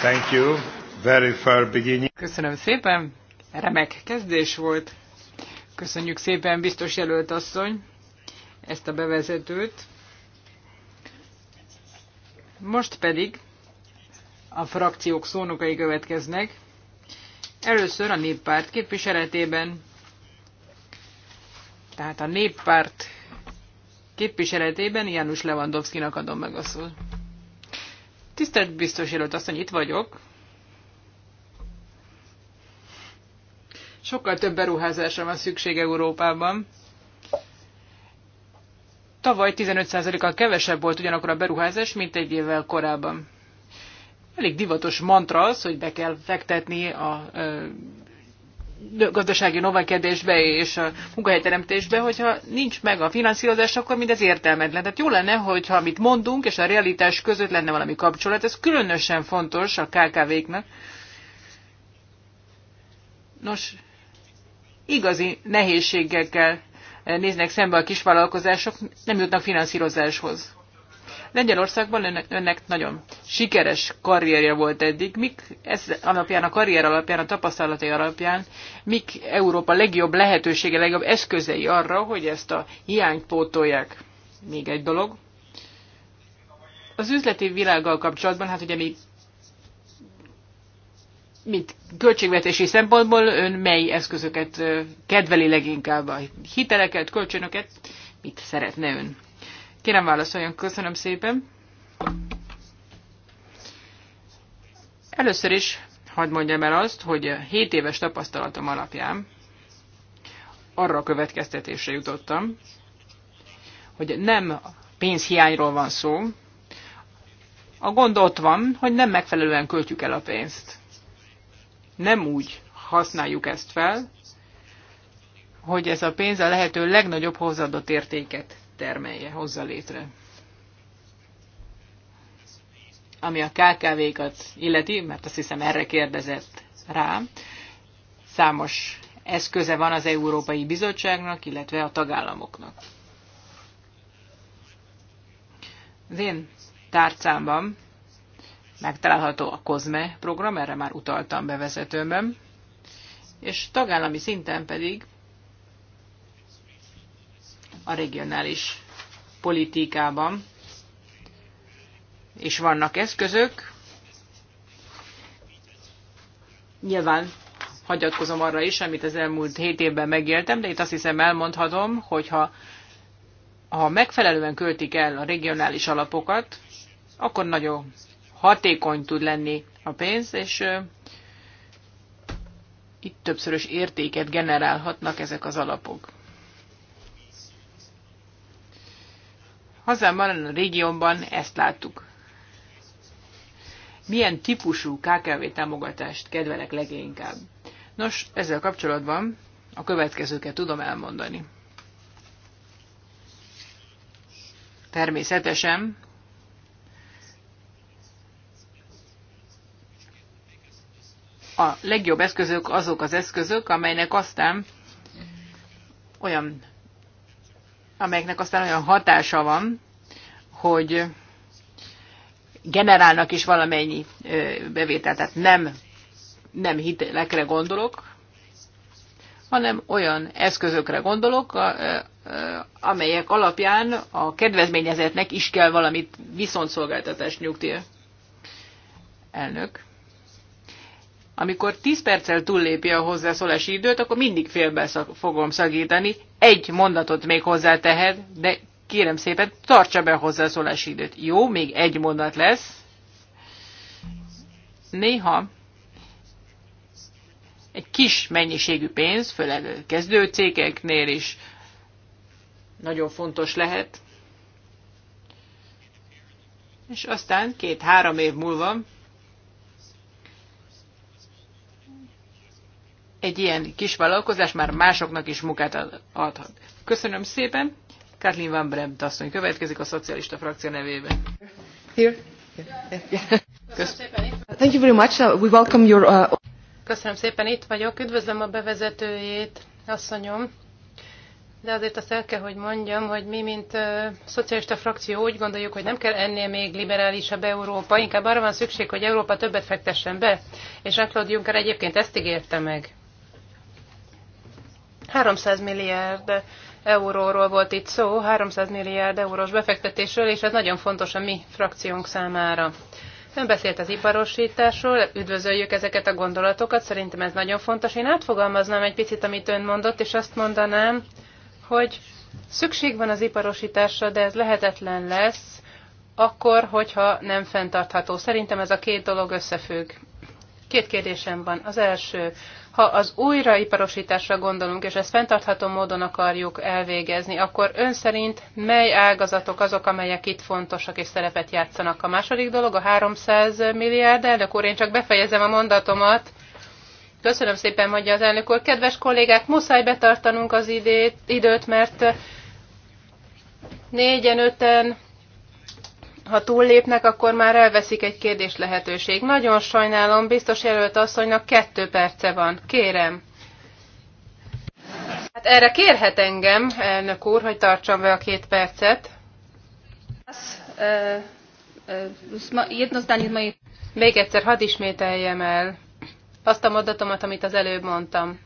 Thank you. Very fair beginning. Köszönöm szépen. Remek kezdés volt. Köszönjük szépen, biztos jelölt asszony, ezt a bevezetőt. Most pedig a frakciók szónokai következnek. Először a néppárt képviseletében, tehát a néppárt képviseletében János nak adom meg a szót. Tisztelt biztos jelölt asszony, itt vagyok. Sokkal több beruházásra van szükség Európában. Tavaly 15%-kal kevesebb volt ugyanakkor a beruházás, mint egy évvel korábban. Elég divatos mantra az, hogy be kell fektetni a gazdasági növekedésbe és a munkahelyteremtésbe, hogyha nincs meg a finanszírozás, akkor mindez értelmetlen. Tehát jó lenne, hogyha amit mondunk, és a realitás között lenne valami kapcsolat, ez különösen fontos a KKV-knak. Nos, igazi nehézségekkel néznek szembe a kisvállalkozások, nem jutnak finanszírozáshoz. Lengyelországban önnek, önnek nagyon sikeres karrierje volt eddig. Mik ez alapján, a karrier alapján, a tapasztalatai alapján, mik Európa legjobb lehetősége, legjobb eszközei arra, hogy ezt a hiányt pótolják? Még egy dolog. Az üzleti világgal kapcsolatban, hát ugye mi mint költségvetési szempontból ön mely eszközöket kedveli leginkább? A hiteleket, kölcsönöket? Mit szeretne ön? Kérem válaszoljon, köszönöm szépen. Először is hadd mondjam el azt, hogy 7 éves tapasztalatom alapján arra a következtetésre jutottam, hogy nem pénzhiányról van szó. A gond ott van, hogy nem megfelelően költjük el a pénzt. Nem úgy használjuk ezt fel, hogy ez a pénz a lehető legnagyobb hozadott értéket termelje, hozza létre. Ami a KKV-kat illeti, mert azt hiszem erre kérdezett rá, számos eszköze van az Európai Bizottságnak, illetve a tagállamoknak. Az én tárcámban megtalálható a COSME program, erre már utaltam bevezetőmben, és tagállami szinten pedig a regionális politikában. És vannak eszközök. Nyilván hagyatkozom arra is, amit az elmúlt hét évben megéltem, de itt azt hiszem elmondhatom, hogyha ha megfelelően költik el a regionális alapokat, akkor nagyon hatékony tud lenni a pénz, és itt többszörös értéket generálhatnak ezek az alapok. Hazámban, a régiónban ezt láttuk. Milyen típusú KKV támogatást kedvelek leginkább? Nos, ezzel kapcsolatban a következőket tudom elmondani. Természetesen a legjobb eszközök azok az eszközök, amelynek aztán olyan amelyeknek aztán olyan hatása van, hogy generálnak is valamennyi bevételt, tehát nem, nem hitelekre gondolok, hanem olyan eszközökre gondolok, amelyek alapján a kedvezményezetnek is kell valamit viszonszolgáltatás nyugtél. Elnök. Amikor 10 perccel túllépje a hozzászólási időt, akkor mindig félbe szak, fogom szagítani. Egy mondatot még hozzá tehet, de kérem szépen, tartsa be a hozzászólási időt. Jó, még egy mondat lesz. Néha egy kis mennyiségű pénz, főleg kezdő cégeknél is nagyon fontos lehet. És aztán két-három év múlva egy ilyen kis vállalkozás már másoknak is munkát adhat. Köszönöm szépen. Kathleen Van Bremt asszony következik a szocialista frakció nevében. Thank you very much. Uh, we welcome your, uh, Köszönöm szépen, itt vagyok. Üdvözlöm a bevezetőjét, asszonyom. De azért azt el kell, hogy mondjam, hogy mi, mint uh, szocialista frakció úgy gondoljuk, hogy nem kell ennél még liberálisabb Európa, inkább arra van szükség, hogy Európa többet fektessen be. És Jean-Claude Juncker egyébként ezt ígérte meg. 300 milliárd euróról volt itt szó, 300 milliárd eurós befektetésről, és ez nagyon fontos a mi frakciónk számára. Ön beszélt az iparosításról, üdvözöljük ezeket a gondolatokat, szerintem ez nagyon fontos. Én átfogalmaznám egy picit, amit ön mondott, és azt mondanám, hogy szükség van az iparosításra, de ez lehetetlen lesz, akkor, hogyha nem fenntartható. Szerintem ez a két dolog összefügg. Két kérdésem van. Az első, ha az újraiparosításra gondolunk, és ezt fenntartható módon akarjuk elvégezni, akkor ön szerint mely ágazatok azok, amelyek itt fontosak és szerepet játszanak? A második dolog a 300 milliárd, elnök úr, én csak befejezem a mondatomat. Köszönöm szépen, mondja az elnök úr. Kedves kollégák, muszáj betartanunk az időt, mert négyen, öten, ha túllépnek, akkor már elveszik egy kérdés lehetőség. Nagyon sajnálom, biztos jelölt asszonynak kettő perce van. Kérem. Hát erre kérhet engem, elnök úr, hogy tartsam be a két percet. Még egyszer hadd ismételjem el azt a mondatomat, amit az előbb mondtam.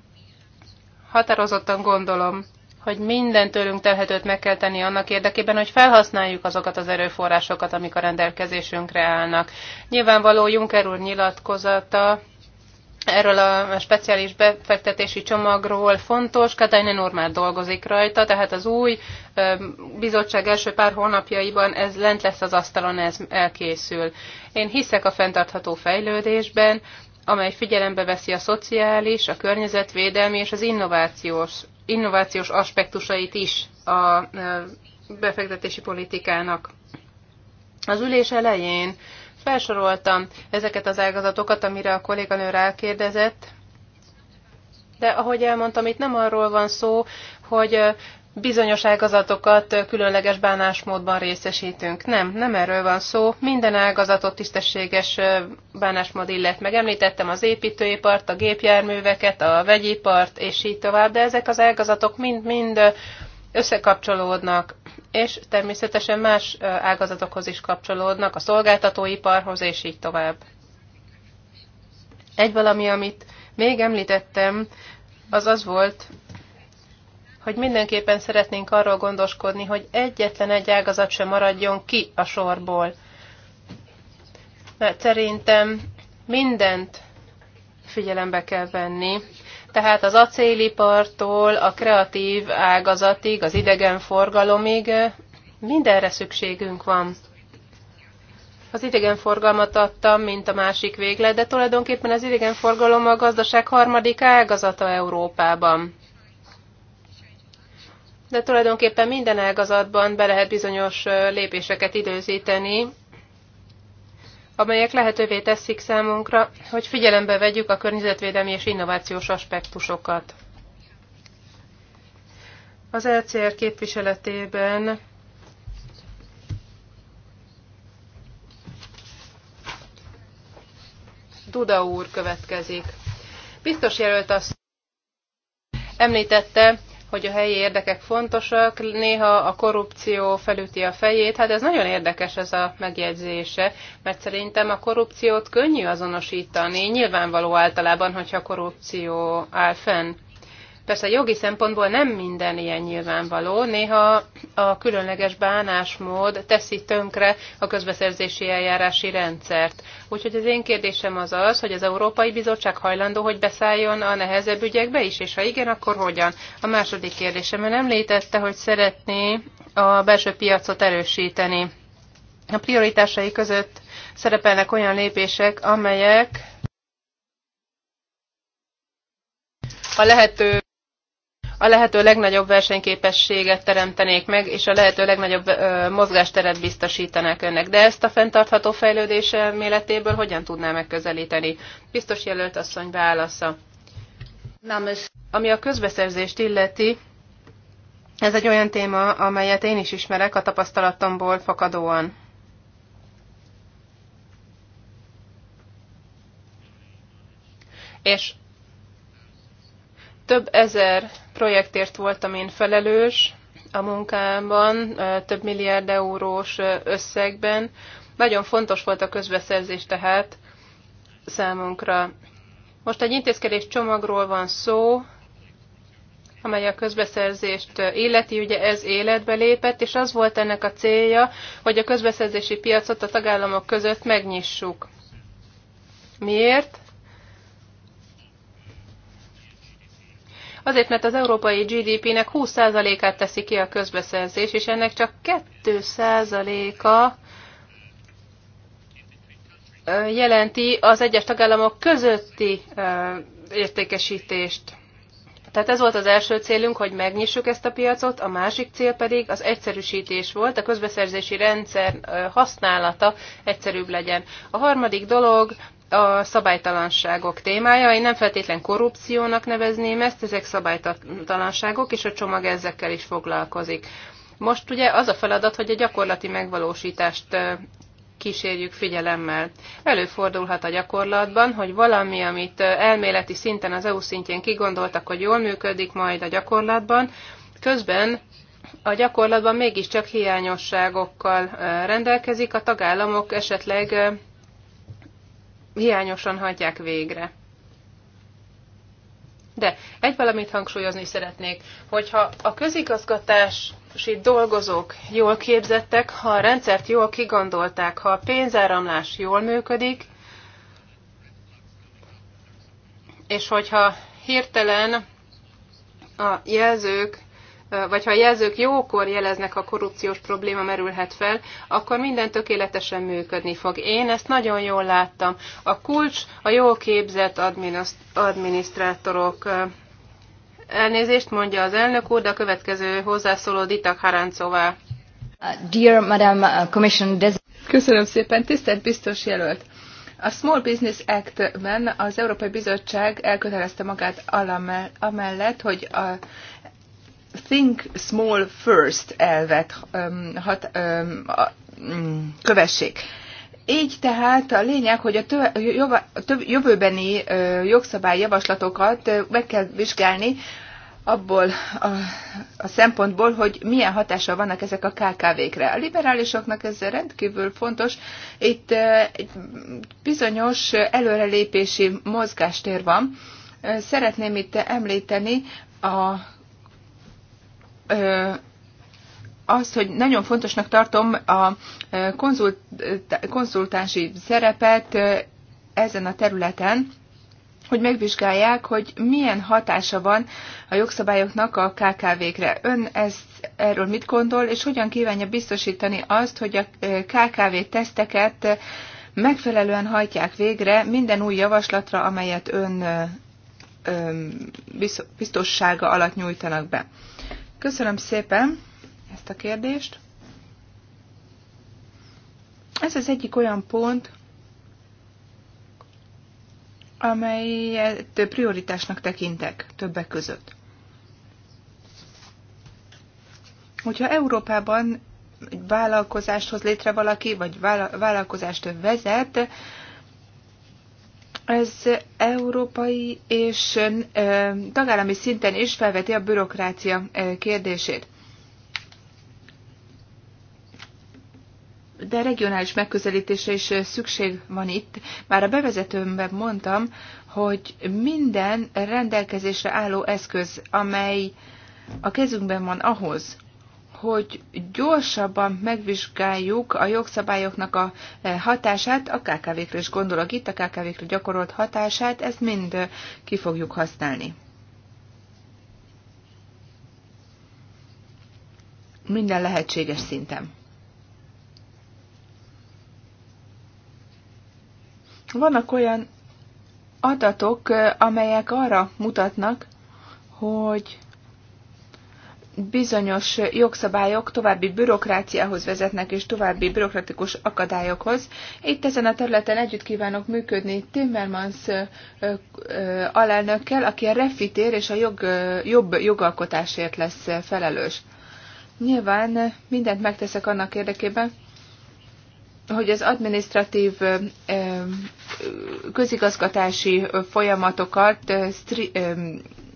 Határozottan gondolom, hogy minden tőlünk telhetőt meg kell tenni annak érdekében, hogy felhasználjuk azokat az erőforrásokat, amik a rendelkezésünkre állnak. Nyilvánvaló Juncker úr nyilatkozata erről a speciális befektetési csomagról fontos, Katajnen úr már dolgozik rajta, tehát az új bizottság első pár hónapjaiban ez lent lesz az asztalon, ez elkészül. Én hiszek a fenntartható fejlődésben, amely figyelembe veszi a szociális, a környezetvédelmi és az innovációs innovációs aspektusait is a befektetési politikának. Az ülés elején felsoroltam ezeket az ágazatokat, amire a kolléganő rákérdezett, de ahogy elmondtam, itt nem arról van szó, hogy bizonyos ágazatokat különleges bánásmódban részesítünk. Nem, nem erről van szó. Minden ágazatot tisztességes bánásmód illet Megemlítettem az építőipart, a gépjárműveket, a vegyipart, és így tovább, de ezek az ágazatok mind-mind összekapcsolódnak, és természetesen más ágazatokhoz is kapcsolódnak, a szolgáltatóiparhoz, és így tovább. Egy valami, amit még említettem, az az volt, hogy mindenképpen szeretnénk arról gondoskodni, hogy egyetlen egy ágazat sem maradjon ki a sorból. Mert szerintem mindent figyelembe kell venni. Tehát az acélipartól a kreatív ágazatig, az idegenforgalomig eh, mindenre szükségünk van. Az idegenforgalmat adtam, mint a másik véglet, de tulajdonképpen az idegenforgalom a gazdaság harmadik ágazata Európában de tulajdonképpen minden ágazatban be lehet bizonyos lépéseket időzíteni, amelyek lehetővé teszik számunkra, hogy figyelembe vegyük a környezetvédelmi és innovációs aspektusokat. Az LCR képviseletében Duda úr következik. Biztos jelölt azt említette hogy a helyi érdekek fontosak, néha a korrupció felüti a fejét. Hát ez nagyon érdekes ez a megjegyzése, mert szerintem a korrupciót könnyű azonosítani, nyilvánvaló általában, hogyha korrupció áll fenn. Persze jogi szempontból nem minden ilyen nyilvánvaló, néha a különleges bánásmód teszi tönkre a közbeszerzési eljárási rendszert. Úgyhogy az én kérdésem az az, hogy az Európai Bizottság hajlandó, hogy beszálljon a nehezebb ügyekbe is, és ha igen, akkor hogyan? A második kérdésem, ön említette, hogy szeretné a belső piacot erősíteni. A prioritásai között szerepelnek olyan lépések, amelyek a lehető a lehető legnagyobb versenyképességet teremtenék meg, és a lehető legnagyobb mozgásteret biztosítanák önnek. De ezt a fenntartható fejlődés elméletéből hogyan tudná megközelíteni? Biztos jelölt asszony válasza. Nem, ami a közbeszerzést illeti, ez egy olyan téma, amelyet én is ismerek a tapasztalatomból fakadóan. És több ezer projektért voltam én felelős a munkámban, több milliárd eurós összegben. Nagyon fontos volt a közbeszerzés tehát számunkra. Most egy intézkedés csomagról van szó, amely a közbeszerzést életi, ugye ez életbe lépett, és az volt ennek a célja, hogy a közbeszerzési piacot a tagállamok között megnyissuk. Miért? Azért, mert az európai GDP-nek 20%-át teszi ki a közbeszerzés, és ennek csak 2%-a jelenti az egyes tagállamok közötti értékesítést. Tehát ez volt az első célunk, hogy megnyissuk ezt a piacot, a másik cél pedig az egyszerűsítés volt, a közbeszerzési rendszer használata egyszerűbb legyen. A harmadik dolog a szabálytalanságok témája. Én nem feltétlen korrupciónak nevezném ezt, ezek szabálytalanságok, és a csomag ezekkel is foglalkozik. Most ugye az a feladat, hogy a gyakorlati megvalósítást kísérjük figyelemmel. Előfordulhat a gyakorlatban, hogy valami, amit elméleti szinten az EU szintjén kigondoltak, hogy jól működik majd a gyakorlatban, közben a gyakorlatban mégiscsak hiányosságokkal rendelkezik, a tagállamok esetleg hiányosan hagyják végre. De egy valamit hangsúlyozni szeretnék, hogyha a közigazgatási dolgozók jól képzettek, ha a rendszert jól kigondolták, ha a pénzáramlás jól működik, és hogyha hirtelen a jelzők vagy ha a jelzők jókor jeleznek, a korrupciós probléma merülhet fel, akkor minden tökéletesen működni fog. Én ezt nagyon jól láttam. A kulcs a jól képzett adminisztrátorok. Elnézést mondja az elnök úr, de a következő hozzászóló Ditak Haráncová. Uh, dear Madam uh, Commission, Köszönöm szépen, tisztelt biztos jelölt! A Small Business Act-ben az Európai Bizottság elkötelezte magát amellett, hogy a think small first elvet um, hat, um, mm, kövessék. Így tehát a lényeg, hogy a, tő, a jövőbeni jogszabályjavaslatokat meg kell vizsgálni abból a, a szempontból, hogy milyen hatással vannak ezek a KKV-kre. A liberálisoknak ez rendkívül fontos. Itt egy bizonyos előrelépési mozgástér van. Szeretném itt említeni a az, hogy nagyon fontosnak tartom a konzult, konzultánsi szerepet ezen a területen, hogy megvizsgálják, hogy milyen hatása van a jogszabályoknak a KKV-kre. Ön ezt, erről mit gondol, és hogyan kívánja biztosítani azt, hogy a KKV teszteket megfelelően hajtják végre minden új javaslatra, amelyet ön biztossága alatt nyújtanak be. Köszönöm szépen ezt a kérdést. Ez az egyik olyan pont, amelyet prioritásnak tekintek többek között. Hogyha Európában egy vállalkozást hoz létre valaki, vagy vállalkozást vezet, ez európai és tagállami szinten is felveti a bürokrácia kérdését. de regionális megközelítésre is szükség van itt. Már a bevezetőmben mondtam, hogy minden rendelkezésre álló eszköz, amely a kezünkben van ahhoz, hogy gyorsabban megvizsgáljuk a jogszabályoknak a e, hatását, a KKV-kre is gondolok itt, a KKV-kre gyakorolt hatását, ezt mind e, ki fogjuk használni. Minden lehetséges szinten. Vannak olyan adatok, e, amelyek arra mutatnak, hogy bizonyos jogszabályok további bürokráciához vezetnek, és további bürokratikus akadályokhoz. Itt ezen a területen együtt kívánok működni Timmermans alelnökkel, aki a refitér és a jog, jobb jogalkotásért lesz felelős. Nyilván mindent megteszek annak érdekében, hogy az administratív közigazgatási folyamatokat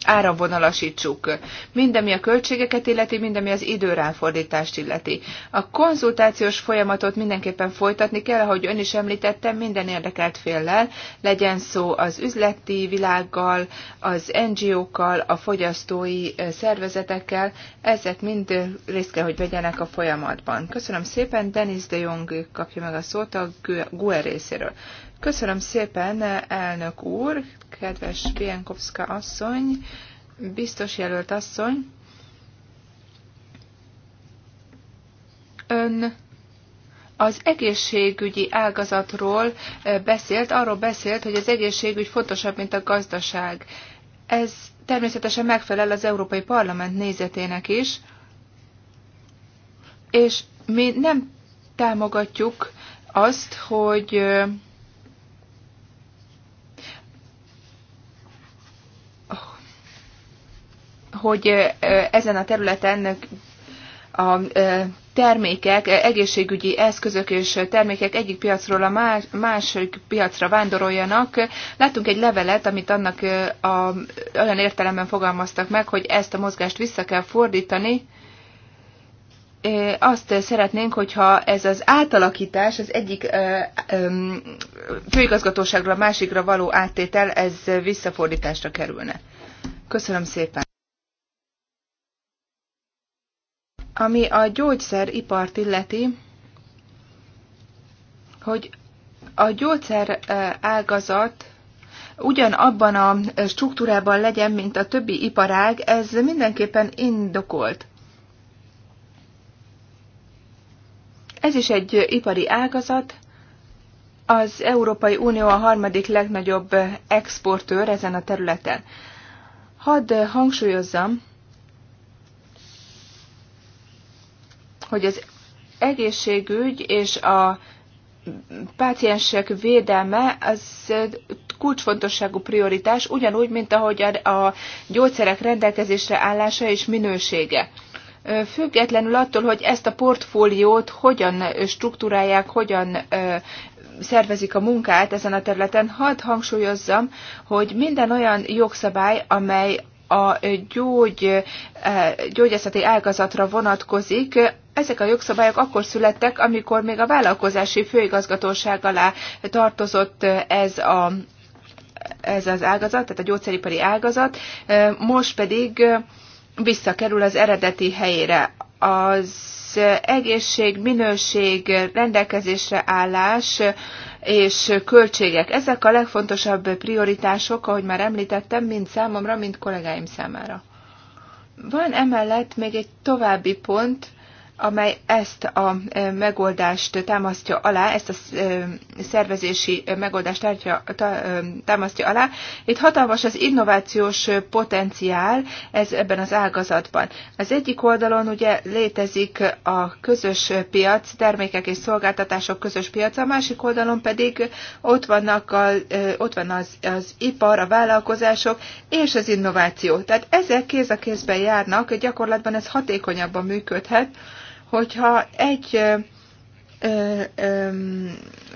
áramvonalasítsuk. Mindemi a költségeket illeti, mindemi az időránfordítást illeti. A konzultációs folyamatot mindenképpen folytatni kell, ahogy ön is említettem, minden érdekelt féllel, legyen szó az üzleti világgal, az NGO-kkal, a fogyasztói szervezetekkel, ezek mind részt kell, hogy vegyenek a folyamatban. Köszönöm szépen, Denis de Jong kapja meg a szót a GUE részéről. Köszönöm szépen, elnök úr, kedves Bienkowska asszony, biztos jelölt asszony. Ön az egészségügyi ágazatról beszélt, arról beszélt, hogy az egészségügy fontosabb, mint a gazdaság. Ez természetesen megfelel az Európai Parlament nézetének is, és mi nem támogatjuk azt, hogy hogy ezen a területen a termékek, egészségügyi eszközök és termékek egyik piacról a másik piacra vándoroljanak. Láttunk egy levelet, amit annak a, olyan értelemben fogalmaztak meg, hogy ezt a mozgást vissza kell fordítani. Azt szeretnénk, hogyha ez az átalakítás, az egyik főigazgatóságra a másikra való áttétel, ez visszafordításra kerülne. Köszönöm szépen! Ami a gyógyszeripart illeti, hogy a gyógyszer ágazat ugyanabban a struktúrában legyen, mint a többi iparág, ez mindenképpen indokolt. Ez is egy ipari ágazat. Az Európai Unió a harmadik legnagyobb exportőr ezen a területen. Hadd hangsúlyozzam, hogy az egészségügy és a páciensek védelme az kulcsfontosságú prioritás, ugyanúgy, mint ahogy a gyógyszerek rendelkezésre állása és minősége. Függetlenül attól, hogy ezt a portfóliót hogyan struktúrálják, hogyan szervezik a munkát ezen a területen, hadd hangsúlyozzam, hogy minden olyan jogszabály, amely a gyógy, eh, gyógyászati ágazatra vonatkozik, ezek a jogszabályok akkor születtek, amikor még a vállalkozási főigazgatóság alá tartozott ez a ez az ágazat, tehát a gyógyszeripari ágazat, eh, most pedig visszakerül az eredeti helyére. Az egészség, minőség, rendelkezésre állás és költségek. Ezek a legfontosabb prioritások, ahogy már említettem, mind számomra, mind kollégáim számára. Van emellett még egy további pont, amely ezt a e, megoldást támasztja alá, ezt a e, szervezési megoldást tárgya, tá, támasztja alá. Itt hatalmas az innovációs potenciál ez ebben az ágazatban. Az egyik oldalon ugye létezik a közös piac, termékek és szolgáltatások közös piaca, a másik oldalon pedig ott, vannak a, ott van az, az ipar, a vállalkozások és az innováció. Tehát ezek kéz a kézben járnak, gyakorlatban ez hatékonyabban működhet, hogyha egy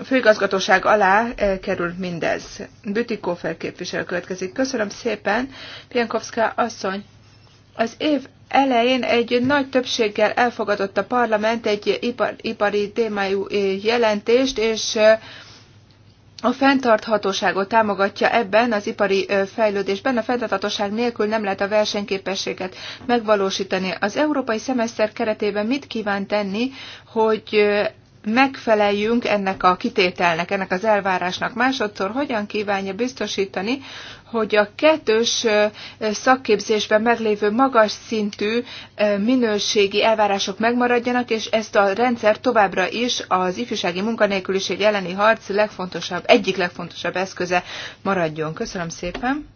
főigazgatóság alá kerül mindez. Bütikó felképviselő következik. Köszönöm szépen, Pienkovská asszony. Az év elején egy nagy többséggel elfogadott a parlament egy ipar, ipari témájú jelentést, és a fenntarthatóságot támogatja ebben az ipari fejlődésben. A fenntarthatóság nélkül nem lehet a versenyképességet megvalósítani. Az európai szemeszter keretében mit kíván tenni, hogy megfeleljünk ennek a kitételnek, ennek az elvárásnak. Másodszor hogyan kívánja biztosítani, hogy a kettős szakképzésben meglévő magas szintű minőségi elvárások megmaradjanak, és ezt a rendszer továbbra is az ifjúsági munkanélküliség elleni harc legfontosabb, egyik legfontosabb eszköze maradjon. Köszönöm szépen!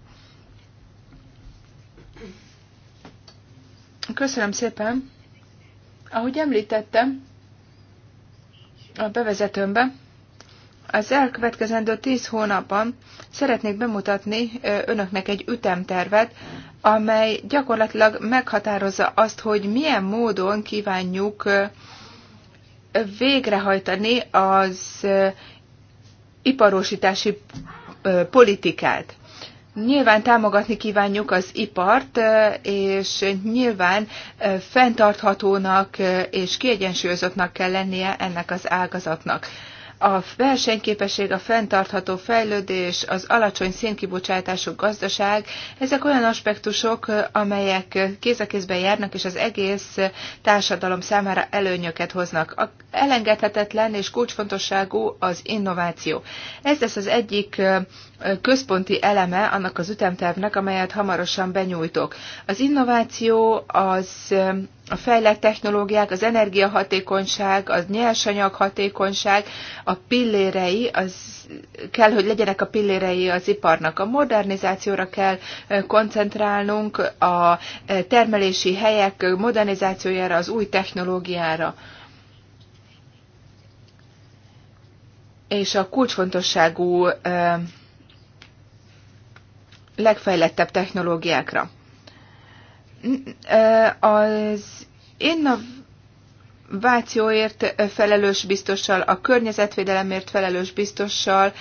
Köszönöm szépen! Ahogy említettem, a bevezetőmbe. Az elkövetkezendő tíz hónapban szeretnék bemutatni önöknek egy ütemtervet, amely gyakorlatilag meghatározza azt, hogy milyen módon kívánjuk végrehajtani az iparosítási politikát. Nyilván támogatni kívánjuk az ipart, és nyilván fenntarthatónak és kiegyensúlyozottnak kell lennie ennek az ágazatnak. A versenyképesség, a fenntartható fejlődés, az alacsony szénkibocsátású gazdaság, ezek olyan aspektusok, amelyek kézben járnak, és az egész társadalom számára előnyöket hoznak. A elengedhetetlen és kulcsfontosságú az innováció. Ez lesz az egyik központi eleme annak az ütemtervnek, amelyet hamarosan benyújtok. Az innováció, az eh, a fejlett technológiák, az energiahatékonyság, az nyersanyag hatékonyság, a pillérei, az kell, hogy legyenek a pillérei az iparnak. A modernizációra kell eh, koncentrálnunk, a eh, termelési helyek modernizációjára, az új technológiára. És a kulcsfontosságú legfejlettebb technológiákra. Az innovációért felelős biztossal, a környezetvédelemért felelős biztossal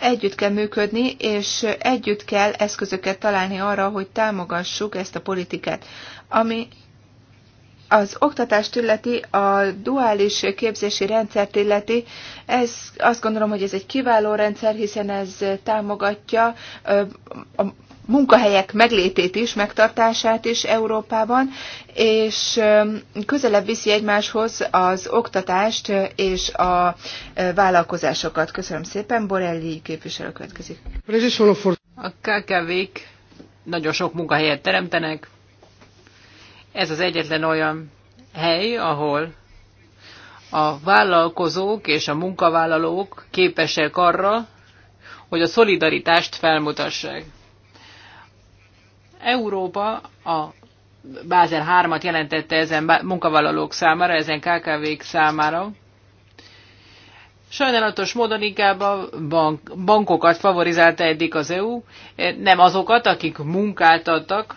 együtt kell működni, és együtt kell eszközöket találni arra, hogy támogassuk ezt a politikát. Ami az oktatást illeti, a duális képzési rendszert illeti, ez, azt gondolom, hogy ez egy kiváló rendszer, hiszen ez támogatja a munkahelyek meglétét is, megtartását is Európában, és közelebb viszi egymáshoz az oktatást és a vállalkozásokat. Köszönöm szépen, Borelli képviselő következik. A kkv nagyon sok munkahelyet teremtenek. Ez az egyetlen olyan hely, ahol a vállalkozók és a munkavállalók képesek arra, hogy a szolidaritást felmutassák. Európa a Bázel 3-at jelentette ezen munkavállalók számára, ezen KKV-k számára. Sajnálatos módon inkább a bank, bankokat favorizálta eddig az EU, e, nem azokat, akik munkát adtak,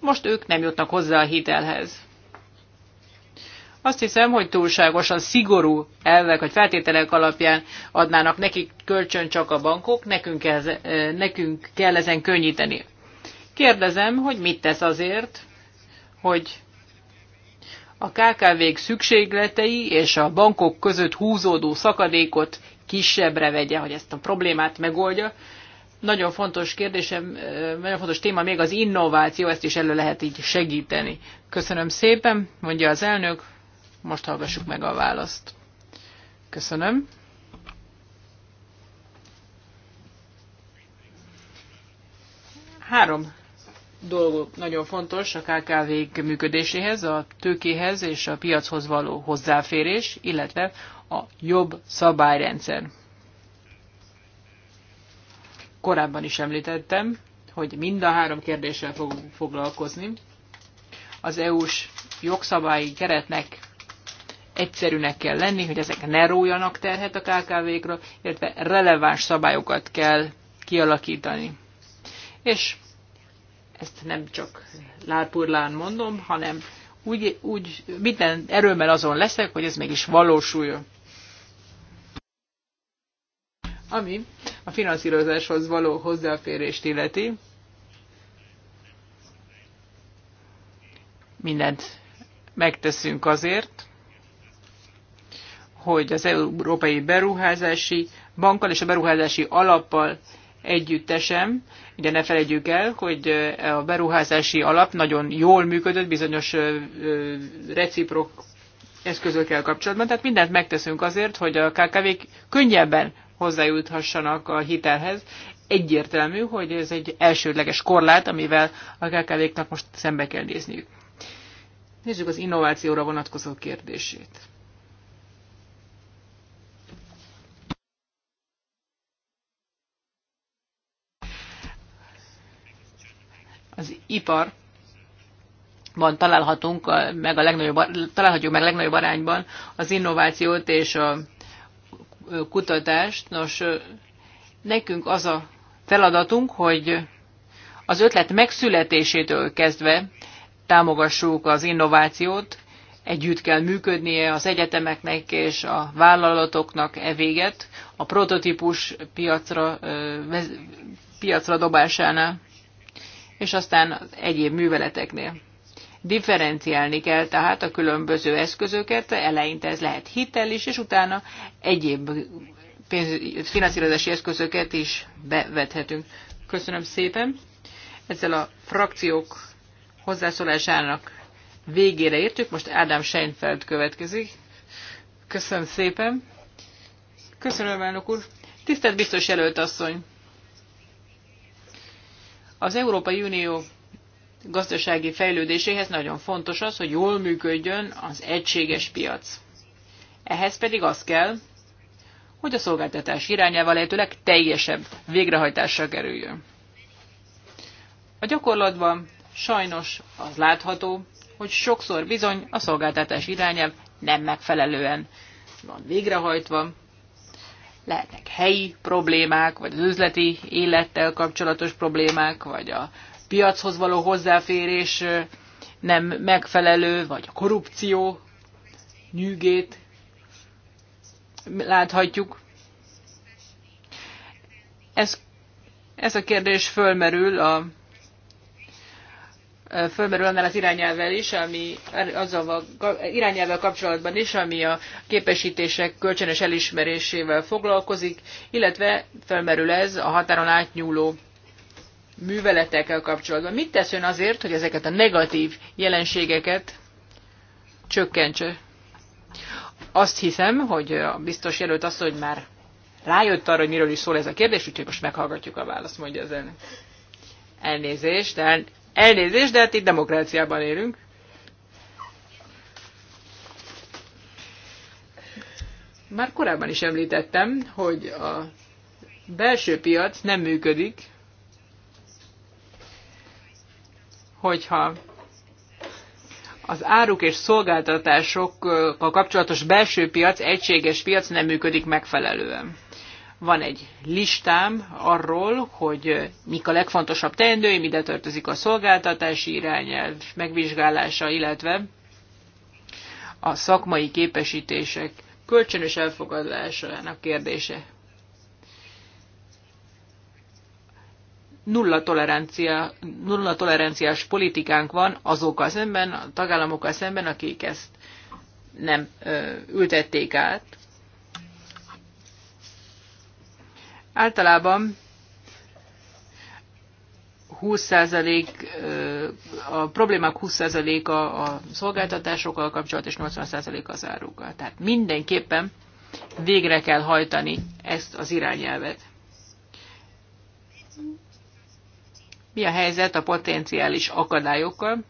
most ők nem jutnak hozzá a hitelhez. Azt hiszem, hogy túlságosan szigorú elvek vagy feltételek alapján adnának nekik kölcsön csak a bankok, nekünk, ez, e, nekünk kell ezen könnyíteni. Kérdezem, hogy mit tesz azért, hogy a KKV-k szükségletei és a bankok között húzódó szakadékot kisebbre vegye, hogy ezt a problémát megoldja. Nagyon fontos kérdésem, nagyon fontos téma még az innováció, ezt is elő lehet így segíteni. Köszönöm szépen, mondja az elnök, most hallgassuk meg a választ. Köszönöm. Három dolgok nagyon fontos a kkv működéséhez, a tőkéhez és a piachoz való hozzáférés, illetve a jobb szabályrendszer. Korábban is említettem, hogy mind a három kérdéssel fogunk foglalkozni. Az EU-s jogszabályi keretnek egyszerűnek kell lenni, hogy ezek ne rójanak terhet a KKV-kra, illetve releváns szabályokat kell kialakítani. És ezt nem csak lárpurlán mondom, hanem úgy, úgy minden erőmmel azon leszek, hogy ez mégis valósuljon. Ami a finanszírozáshoz való hozzáférést illeti, mindent megteszünk azért, hogy az Európai Beruházási Bankkal és a Beruházási Alappal együttesem. Ugye ne felejtjük el, hogy a beruházási alap nagyon jól működött bizonyos reciprok eszközökkel kapcsolatban, tehát mindent megteszünk azért, hogy a KKV-k könnyebben hozzájuthassanak a hitelhez. Egyértelmű, hogy ez egy elsődleges korlát, amivel a KKV-knak most szembe kell nézniük. Nézzük az innovációra vonatkozó kérdését. az ipar van találhatunk meg a legnagyobb, találhatjuk meg a legnagyobb arányban az innovációt és a kutatást. Nos, nekünk az a feladatunk, hogy az ötlet megszületésétől kezdve támogassuk az innovációt, együtt kell működnie az egyetemeknek és a vállalatoknak e véget a prototípus piacra, piacra dobásánál és aztán az egyéb műveleteknél. Differenciálni kell tehát a különböző eszközöket, eleinte ez lehet hitel is, és utána egyéb pénz, finanszírozási eszközöket is bevethetünk. Köszönöm szépen! Ezzel a frakciók hozzászólásának végére értük, most Ádám Seinfeld következik. Köszönöm szépen! Köszönöm, elnök úr! Tisztelt biztos jelölt asszony! Az Európai Unió gazdasági fejlődéséhez nagyon fontos az, hogy jól működjön az egységes piac. Ehhez pedig az kell, hogy a szolgáltatás irányával lehetőleg teljesebb végrehajtásra kerüljön. A gyakorlatban sajnos az látható, hogy sokszor bizony a szolgáltatás irányelv nem megfelelően van végrehajtva, lehetnek helyi problémák, vagy az üzleti élettel kapcsolatos problémák, vagy a piachoz való hozzáférés nem megfelelő, vagy a korrupció nyűgét láthatjuk. Ez, ez a kérdés fölmerül a fölmerül annál az irányelvel is, ami azzal irányelvel kapcsolatban is, ami a képesítések kölcsönös elismerésével foglalkozik, illetve fölmerül ez a határon átnyúló műveletekkel kapcsolatban. Mit tesz ön azért, hogy ezeket a negatív jelenségeket csökkentse? Azt hiszem, hogy a biztos jelölt az, hogy már rájött arra, hogy miről is szól ez a kérdés, úgyhogy most meghallgatjuk a választ, mondja az elnök. Elnézést, de Elnézést, de hát itt demokráciában élünk. Már korábban is említettem, hogy a belső piac nem működik, hogyha az áruk és szolgáltatásokkal kapcsolatos belső piac, egységes piac nem működik megfelelően. Van egy listám arról, hogy mik a legfontosabb teendőim, ide tartozik a szolgáltatási irányelv megvizsgálása, illetve a szakmai képesítések kölcsönös elfogadásának kérdése. Nulla, tolerancia, nulla toleranciás politikánk van azokkal szemben, a tagállamokkal szemben, akik ezt nem ö, ültették át. Általában 20% a problémák 20% a, a szolgáltatásokkal kapcsolat és 80% az árukkal. Tehát mindenképpen végre kell hajtani ezt az irányelvet. Mi a helyzet a potenciális akadályokkal?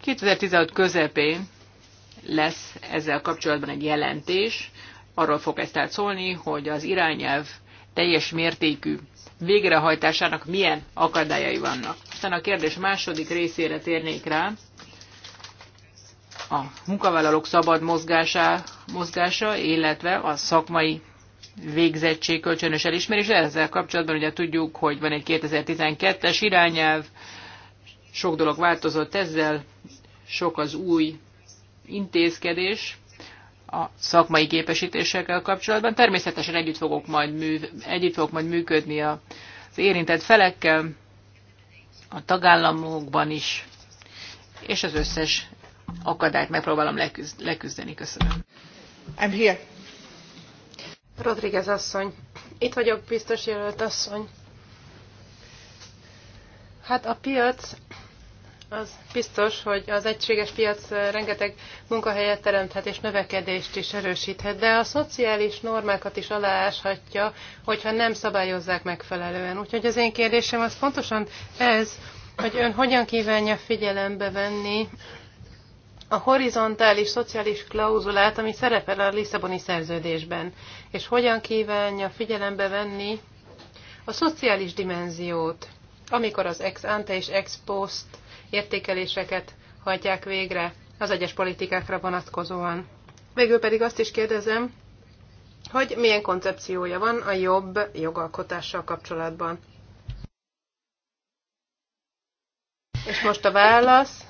2016 közepén lesz ezzel kapcsolatban egy jelentés, arról fog ez tehát szólni, hogy az irányelv teljes mértékű végrehajtásának milyen akadályai vannak. Aztán a kérdés második részére térnék rá, a munkavállalók szabad mozgása, mozgása illetve a szakmai végzettség kölcsönös elismerés. Ezzel kapcsolatban ugye tudjuk, hogy van egy 2012-es irányelv, sok dolog változott ezzel, sok az új intézkedés, a szakmai képesítésekkel kapcsolatban. Természetesen együtt fogok majd, mű együtt fogok majd működni az érintett felekkel, a tagállamokban is, és az összes akadályt megpróbálom leküzd, leküzdeni. Köszönöm. I'm here. Rodriguez asszony. Itt vagyok, biztos jelölt asszony. Hát a piac az biztos, hogy az egységes piac rengeteg munkahelyet teremthet és növekedést is erősíthet, de a szociális normákat is alááshatja, hogyha nem szabályozzák megfelelően. Úgyhogy az én kérdésem az pontosan ez, hogy ön hogyan kívánja figyelembe venni a horizontális szociális klauzulát, ami szerepel a Lisszaboni szerződésben, és hogyan kívánja figyelembe venni a szociális dimenziót, amikor az ex ante és ex post értékeléseket hajtják végre az egyes politikákra vonatkozóan. Végül pedig azt is kérdezem, hogy milyen koncepciója van a jobb jogalkotással kapcsolatban. És most a válasz.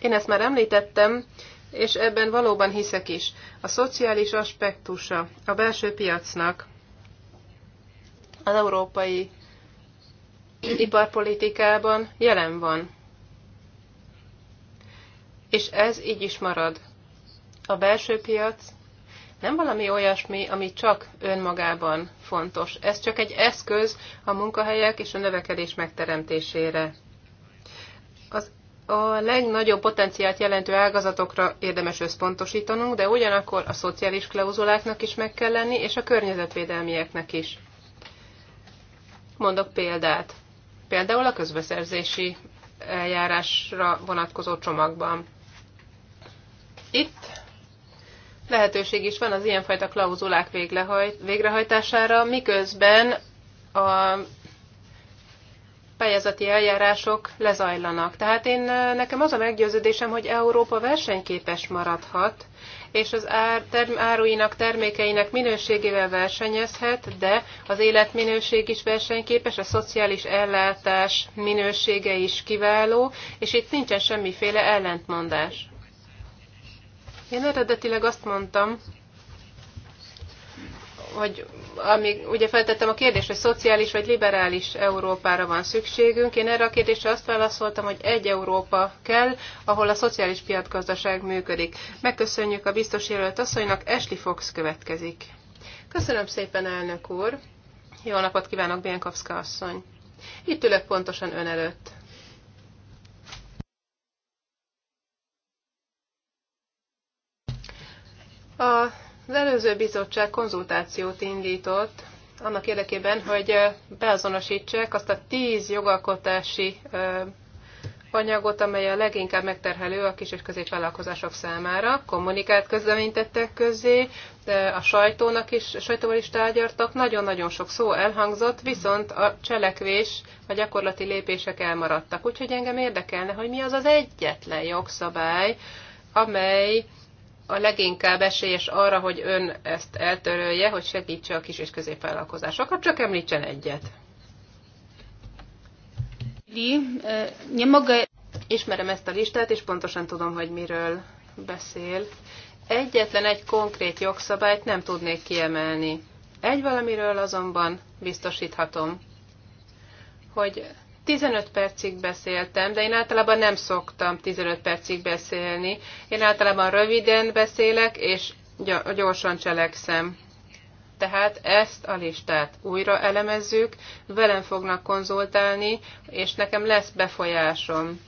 Én ezt már említettem, és ebben valóban hiszek is. A szociális aspektusa a belső piacnak az európai iparpolitikában jelen van. És ez így is marad. A belső piac nem valami olyasmi, ami csak önmagában fontos. Ez csak egy eszköz a munkahelyek és a növekedés megteremtésére. Az a legnagyobb potenciált jelentő ágazatokra érdemes összpontosítanunk, de ugyanakkor a szociális klauzuláknak is meg kell lenni, és a környezetvédelmieknek is. Mondok példát. Például a közbeszerzési eljárásra vonatkozó csomagban. Itt lehetőség is van az ilyenfajta klauzulák végrehajtására, miközben a pályázati eljárások lezajlanak. Tehát én nekem az a meggyőződésem, hogy Európa versenyképes maradhat, és az ár, term, áruinak, termékeinek minőségével versenyezhet, de az életminőség is versenyképes, a szociális ellátás minősége is kiváló, és itt nincsen semmiféle ellentmondás. Én eredetileg azt mondtam, hogy amíg ugye feltettem a kérdést, hogy szociális vagy liberális Európára van szükségünk, én erre a kérdésre azt válaszoltam, hogy egy Európa kell, ahol a szociális piacgazdaság működik. Megköszönjük a biztos jelölt asszonynak, esli Fox következik. Köszönöm szépen, elnök úr! Jó napot kívánok, Bienkowska asszony! Itt ülök pontosan ön előtt. A az előző bizottság konzultációt indított annak érdekében, hogy beazonosítsák azt a tíz jogalkotási anyagot, amely a leginkább megterhelő a kis és középvállalkozások számára. kommunikált közleménytettek közé, de a sajtónak is, a sajtóval is tárgyaltak, nagyon-nagyon sok szó elhangzott, viszont a cselekvés, a gyakorlati lépések elmaradtak. Úgyhogy engem érdekelne, hogy mi az az egyetlen jogszabály, amely a leginkább esélyes arra, hogy ön ezt eltörölje, hogy segítse a kis és középvállalkozásokat, csak említsen egyet. Ismerem ezt a listát, és pontosan tudom, hogy miről beszél. Egyetlen egy konkrét jogszabályt nem tudnék kiemelni. Egy valamiről azonban biztosíthatom, hogy 15 percig beszéltem, de én általában nem szoktam 15 percig beszélni. Én általában röviden beszélek, és gyorsan cselekszem. Tehát ezt a listát újra elemezzük, velem fognak konzultálni, és nekem lesz befolyásom.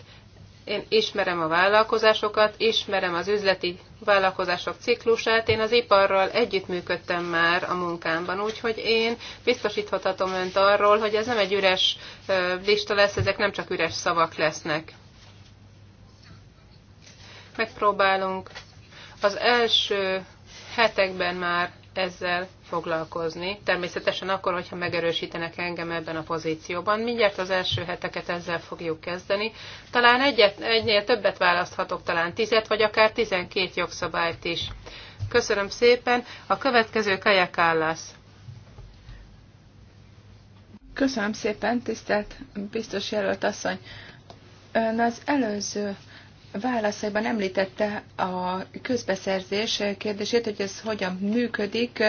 Én ismerem a vállalkozásokat, ismerem az üzleti vállalkozások ciklusát. Én az iparral együttműködtem már a munkámban, úgyhogy én biztosíthatom önt arról, hogy ez nem egy üres lista lesz, ezek nem csak üres szavak lesznek. Megpróbálunk az első hetekben már ezzel foglalkozni. Természetesen akkor, hogyha megerősítenek engem ebben a pozícióban. Mindjárt az első heteket ezzel fogjuk kezdeni. Talán egyet, egynél többet választhatok, talán tizet, vagy akár tizenkét jogszabályt is. Köszönöm szépen. A következő Kajak Állász. Köszönöm szépen, tisztelt biztos jelölt asszony. Ön az előző válaszaiban említette a közbeszerzés kérdését, hogy ez hogyan működik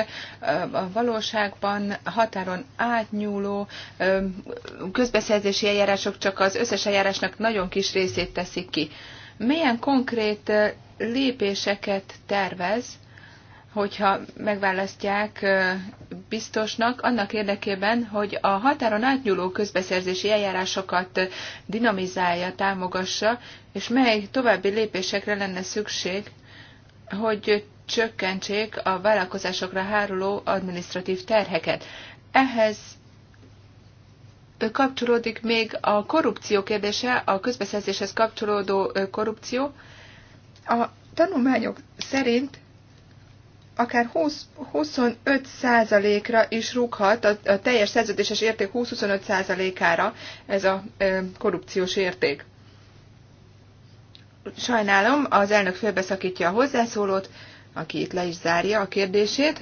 a valóságban, határon átnyúló közbeszerzési eljárások csak az összes eljárásnak nagyon kis részét teszik ki. Milyen konkrét lépéseket tervez hogyha megválasztják biztosnak, annak érdekében, hogy a határon átnyúló közbeszerzési eljárásokat dinamizálja, támogassa, és mely további lépésekre lenne szükség, hogy csökkentsék a vállalkozásokra háruló administratív terheket. Ehhez kapcsolódik még a korrupció kérdése, a közbeszerzéshez kapcsolódó korrupció. A tanulmányok szerint akár 25%-ra is rúghat, a, a teljes szerződéses érték 20-25%-ára ez a e, korrupciós érték. Sajnálom, az elnök félbeszakítja a hozzászólót, aki itt le is zárja a kérdését,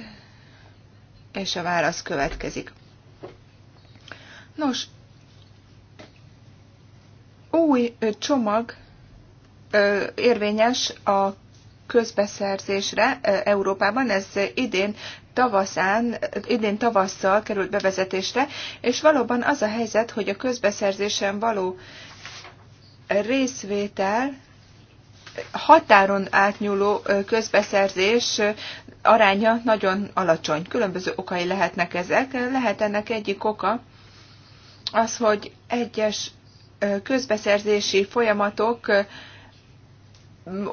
és a válasz következik. Nos, új csomag érvényes a közbeszerzésre Európában. Ez idén tavaszán, idén tavasszal került bevezetésre, és valóban az a helyzet, hogy a közbeszerzésen való részvétel határon átnyúló közbeszerzés aránya nagyon alacsony. Különböző okai lehetnek ezek. Lehet ennek egyik oka az, hogy egyes közbeszerzési folyamatok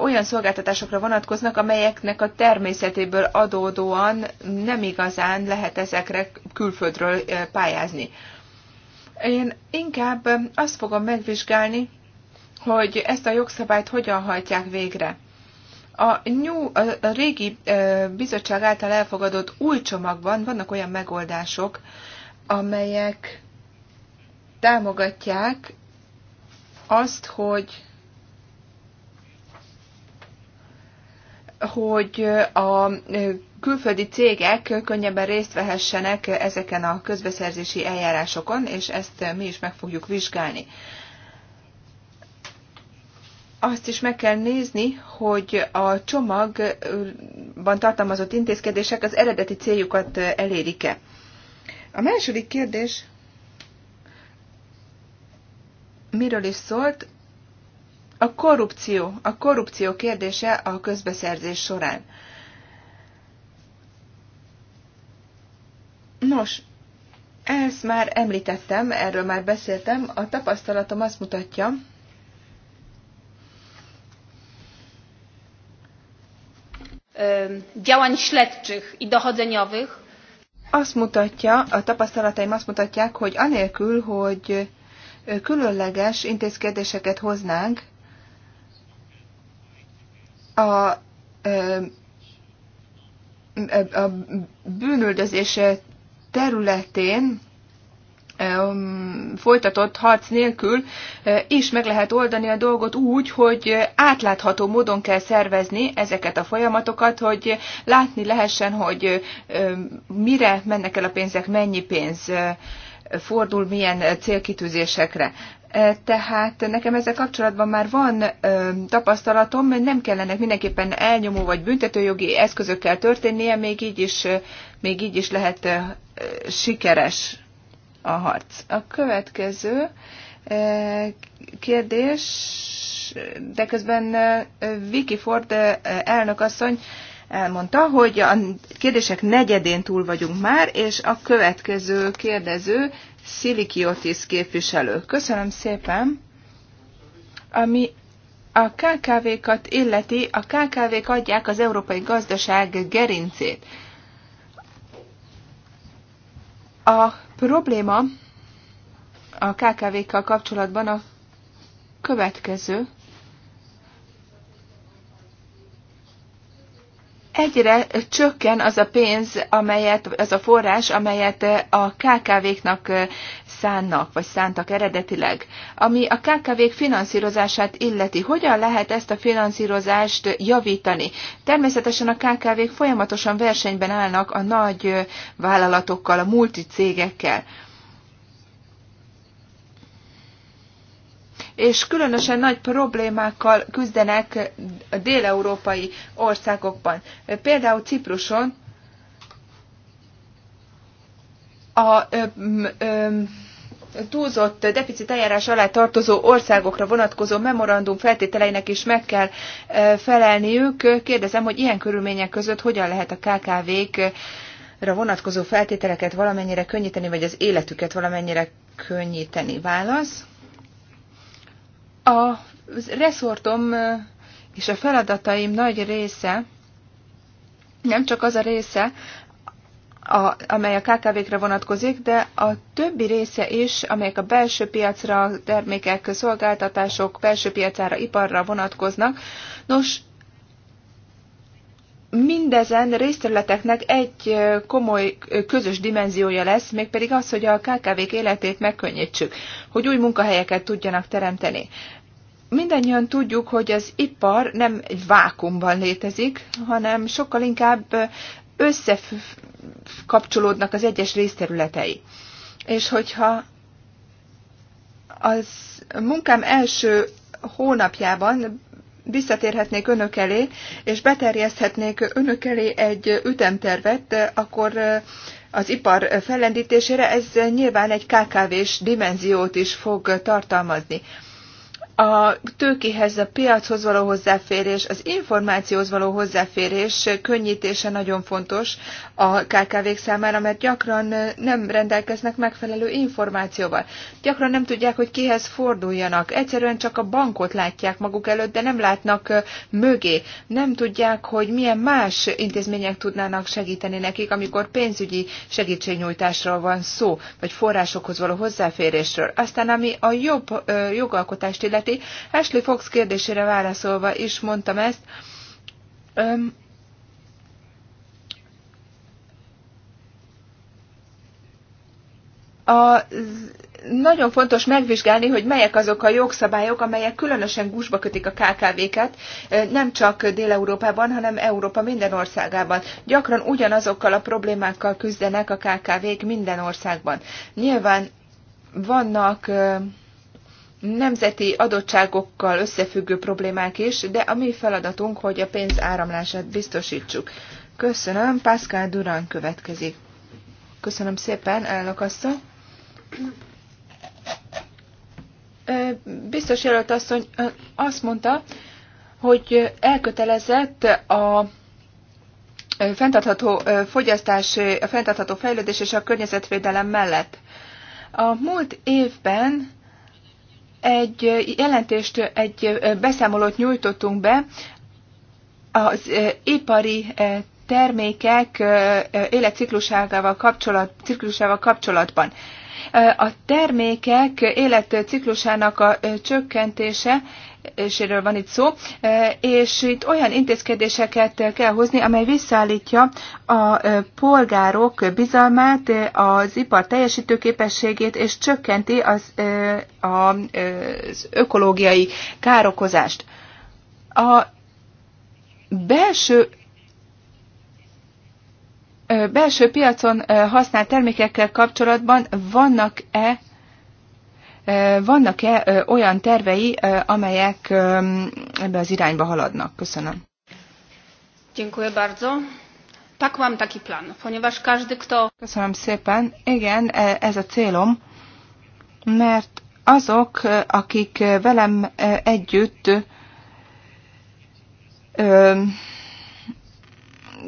olyan szolgáltatásokra vonatkoznak, amelyeknek a természetéből adódóan nem igazán lehet ezekre külföldről pályázni. Én inkább azt fogom megvizsgálni, hogy ezt a jogszabályt hogyan hajtják végre. A, new, a régi bizottság által elfogadott új csomagban vannak olyan megoldások, amelyek támogatják azt, hogy hogy a külföldi cégek könnyebben részt vehessenek ezeken a közbeszerzési eljárásokon, és ezt mi is meg fogjuk vizsgálni. Azt is meg kell nézni, hogy a csomagban tartalmazott intézkedések az eredeti céljukat elérik-e. A második kérdés miről is szólt, a korrupció, a korrupció kérdése a közbeszerzés során. Nos, ezt már említettem, erről már beszéltem, a tapasztalatom azt mutatja, działań śledczych i dochodzeniowych. Azt mutatja, a tapasztalataim azt mutatják, hogy anélkül, hogy különleges intézkedéseket hoznánk, a, a bűnöldözés területén folytatott harc nélkül is meg lehet oldani a dolgot úgy, hogy átlátható módon kell szervezni ezeket a folyamatokat, hogy látni lehessen, hogy mire mennek el a pénzek, mennyi pénz fordul milyen célkitűzésekre tehát nekem ezzel kapcsolatban már van ö, tapasztalatom, nem kellenek mindenképpen elnyomó vagy büntetőjogi eszközökkel történnie, még így is, még így is lehet ö, sikeres a harc. A következő ö, kérdés, de közben Vicky Ford elnökasszony elmondta, hogy a kérdések negyedén túl vagyunk már, és a következő kérdező Szilikiotis képviselő. Köszönöm szépen. Ami a KKV-kat illeti, a KKV-k adják az európai gazdaság gerincét. A probléma a KKV-kkal kapcsolatban a következő. egyre csökken az a pénz, amelyet, az a forrás, amelyet eh, a KKV-knak eh, szánnak, vagy szántak eredetileg. Ami a KKV-k finanszírozását illeti, hogyan lehet ezt a finanszírozást javítani? Természetesen a KKV-k folyamatosan versenyben állnak a nagy eh, vállalatokkal, a multicégekkel. cégekkel és különösen nagy problémákkal küzdenek a déleurópai országokban. Például Cipruson a ö, ö, túlzott deficit eljárás alá tartozó országokra vonatkozó memorandum feltételeinek is meg kell felelniük. Kérdezem, hogy ilyen körülmények között hogyan lehet a KKV-kra vonatkozó feltételeket valamennyire könnyíteni, vagy az életüket valamennyire könnyíteni. Válasz? A reszortom és a feladataim nagy része, nem csak az a része, a, amely a KKV-kre vonatkozik, de a többi része is, amelyek a belső piacra, termékek, szolgáltatások belső piacára, iparra vonatkoznak. Nos, mindezen részterületeknek egy komoly közös dimenziója lesz, mégpedig az, hogy a KKV-k életét megkönnyítsük, hogy új munkahelyeket tudjanak teremteni. Mindennyian tudjuk, hogy az ipar nem egy vákumban létezik, hanem sokkal inkább összekapcsolódnak az egyes részterületei. És hogyha az munkám első hónapjában visszatérhetnék önök elé, és beterjeszthetnék önök elé egy ütemtervet, akkor eh, az ipar fellendítésére ez nyilván egy KKV-s dimenziót is fog tartalmazni a tőkéhez, a piachoz való hozzáférés, az információhoz való hozzáférés könnyítése nagyon fontos a KKV-k számára, mert gyakran nem rendelkeznek megfelelő információval. Gyakran nem tudják, hogy kihez forduljanak. Egyszerűen csak a bankot látják maguk előtt, de nem látnak mögé. Nem tudják, hogy milyen más intézmények tudnának segíteni nekik, amikor pénzügyi segítségnyújtásról van szó, vagy forrásokhoz való hozzáférésről. Aztán ami a jobb jogalkotást illeti, illeti. Ashley Fox kérdésére válaszolva is mondtam ezt. Öm, a nagyon fontos megvizsgálni, hogy melyek azok a jogszabályok, amelyek különösen gusba kötik a KKV-ket, nem csak Dél-Európában, hanem Európa minden országában. Gyakran ugyanazokkal a problémákkal küzdenek a KKV-k minden országban. Nyilván vannak nemzeti adottságokkal összefüggő problémák is, de a mi feladatunk, hogy a pénz áramlását biztosítsuk. Köszönöm, Pászkál Durán következik. Köszönöm szépen, elnök asszony. Biztos jelölt asszony azt mondta, hogy elkötelezett a fenntartható fogyasztás, a fenntartható fejlődés és a környezetvédelem mellett. A múlt évben egy jelentést, egy beszámolót nyújtottunk be az ipari termékek életciklusával kapcsolat, ciklusával kapcsolatban. A termékek életciklusának a csökkentése séről van itt szó, e, és itt olyan intézkedéseket kell hozni, amely visszaállítja a e, polgárok bizalmát, e, az ipar teljesítőképességét, és csökkenti az, az ökológiai károkozást. A belső belső piacon használt termékekkel kapcsolatban vannak-e vannak-e olyan tervei, amelyek ebbe az irányba haladnak? Köszönöm. Dziękuję bardzo. Tak mam taki plan, ponieważ każdy kto... Köszönöm szépen. Igen, e, ez a célom, mert azok, akik velem együtt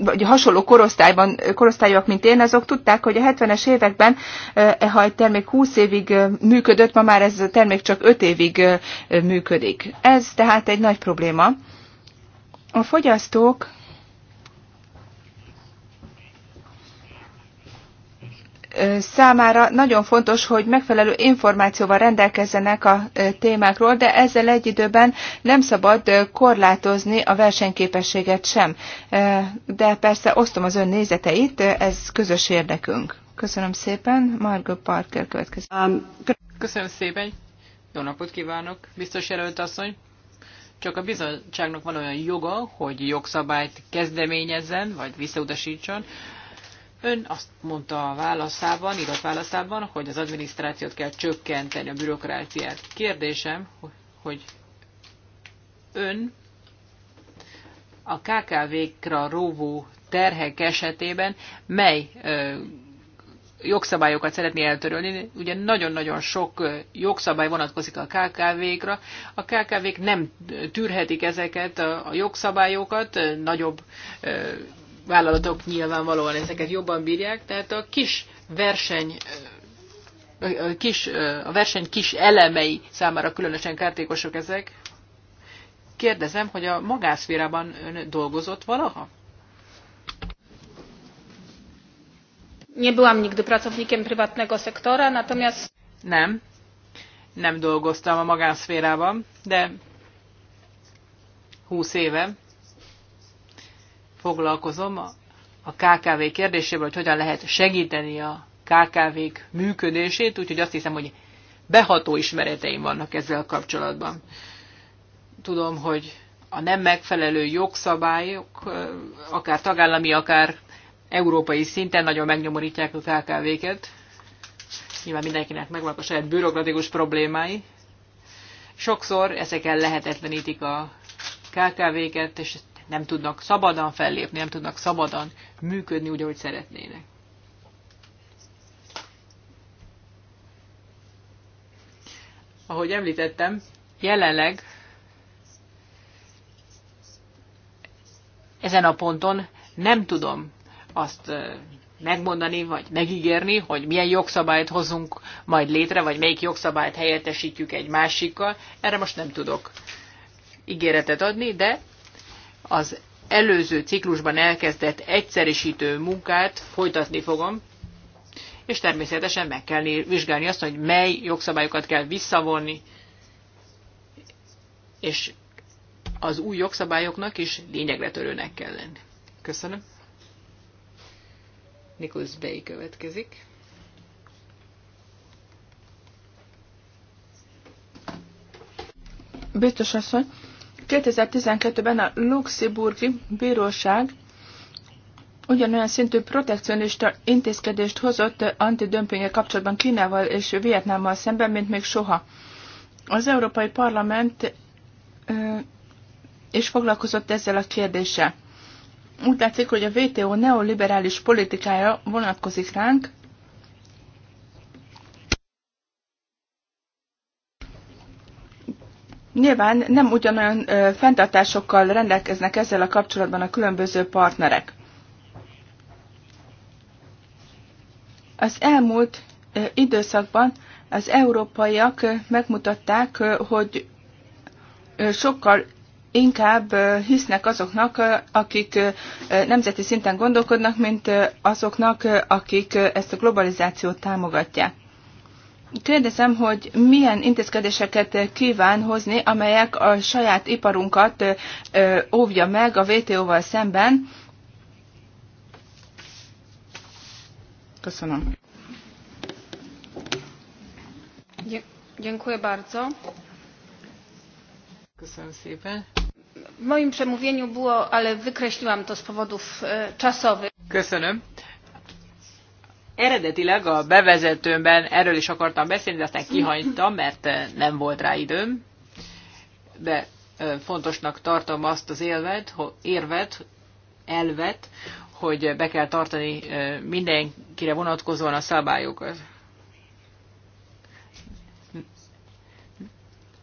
vagy hasonló korosztályban, korosztályok, mint én, azok tudták, hogy a 70-es években, e, ha egy termék 20 évig működött, ma már ez a termék csak 5 évig működik. Ez tehát egy nagy probléma. A fogyasztók számára nagyon fontos, hogy megfelelő információval rendelkezzenek a témákról, de ezzel egy időben nem szabad korlátozni a versenyképességet sem. De persze osztom az ön nézeteit, ez közös érdekünk. Köszönöm szépen, Margo Parker következik. Um, Köszönöm szépen, jó napot kívánok, biztos jelölt asszony. Csak a bizottságnak van olyan joga, hogy jogszabályt kezdeményezzen, vagy visszautasítson, Ön azt mondta a válaszában, írott válaszában, hogy az adminisztrációt kell csökkenteni, a bürokráciát. Kérdésem, hogy ön a KKV-kra róvó terhek esetében mely ö, jogszabályokat szeretné eltörölni. Ugye nagyon-nagyon sok jogszabály vonatkozik a KKV-kra. A KKV-k nem tűrhetik ezeket a jogszabályokat, nagyobb ö, vállalatok nyilvánvalóan ezeket jobban bírják, tehát a kis verseny a, kis, a verseny kis elemei számára különösen kártékosok ezek. Kérdezem, hogy a magászférában ön dolgozott valaha? Nie byłam nigdy pracownikiem prywatnego sektora, natomiast... Nem, nem dolgoztam a magánszférában, de 20 éve foglalkozom a KKV kérdésével, hogy hogyan lehet segíteni a KKV-k működését, úgyhogy azt hiszem, hogy beható ismereteim vannak ezzel kapcsolatban. Tudom, hogy a nem megfelelő jogszabályok, eh, akár tagállami, akár európai szinten nagyon megnyomorítják a KKV-ket. Nyilván mindenkinek megvan a saját bürokratikus problémái. Sokszor ezeken lehetetlenítik a KKV-ket, és nem tudnak szabadon fellépni, nem tudnak szabadon működni úgy, ahogy szeretnének. Ahogy említettem, jelenleg ezen a ponton nem tudom azt megmondani, vagy megígérni, hogy milyen jogszabályt hozunk majd létre, vagy melyik jogszabályt helyettesítjük egy másikkal. Erre most nem tudok ígéretet adni, de az előző ciklusban elkezdett egyszerűsítő munkát folytatni fogom, és természetesen meg kell vizsgálni azt, hogy mely jogszabályokat kell visszavonni, és az új jogszabályoknak is lényegre törőnek kell lenni. Köszönöm. Nikolsz Bay következik. Biztos asszony, 2012-ben a Luxemburgi Bíróság ugyanolyan szintű protekcionista intézkedést hozott antidömpinggel kapcsolatban Kínával és Vietnámmal szemben, mint még soha. Az Európai Parlament és foglalkozott ezzel a kérdéssel. Úgy látszik, hogy a WTO neoliberális politikája vonatkozik ránk, Nyilván nem ugyanolyan fenntartásokkal rendelkeznek ezzel a kapcsolatban a különböző partnerek. Az elmúlt időszakban az európaiak megmutatták, hogy sokkal inkább hisznek azoknak, akik nemzeti szinten gondolkodnak, mint azoknak, akik ezt a globalizációt támogatják kérdezem, hogy milyen intézkedéseket kíván hozni, amelyek a saját iparunkat óvja meg a WTO-val szemben. Köszönöm. Dziękuję bardzo. Köszönöm szépen. W moim przemówieniu było, ale wykreśliłam to z powodów e, czasowych. Köszönöm. Eredetileg a bevezetőmben erről is akartam beszélni, de aztán kihagytam, mert nem volt rá időm. De fontosnak tartom azt az élvet, érvet, elvet, hogy be kell tartani mindenkire vonatkozóan a szabályokat.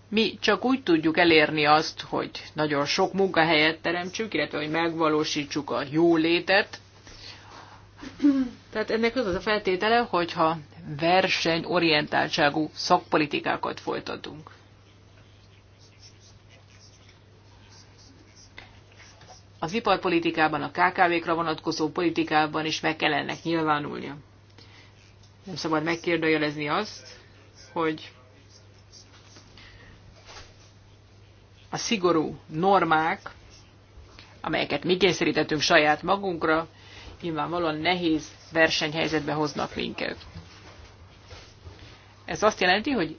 Mi csak úgy tudjuk elérni azt, hogy nagyon sok munkahelyet teremtsük, illetve hogy megvalósítsuk a jólétet, tehát ennek az a feltétele, hogyha versenyorientáltságú szakpolitikákat folytatunk. Az iparpolitikában, a KKV-kra vonatkozó politikában is meg kell ennek nyilvánulnia. Nem szabad megkérdőjelezni azt, hogy a szigorú normák, amelyeket mi kényszerítettünk saját magunkra, nyilvánvalóan nehéz versenyhelyzetbe hoznak minket. Ez azt jelenti, hogy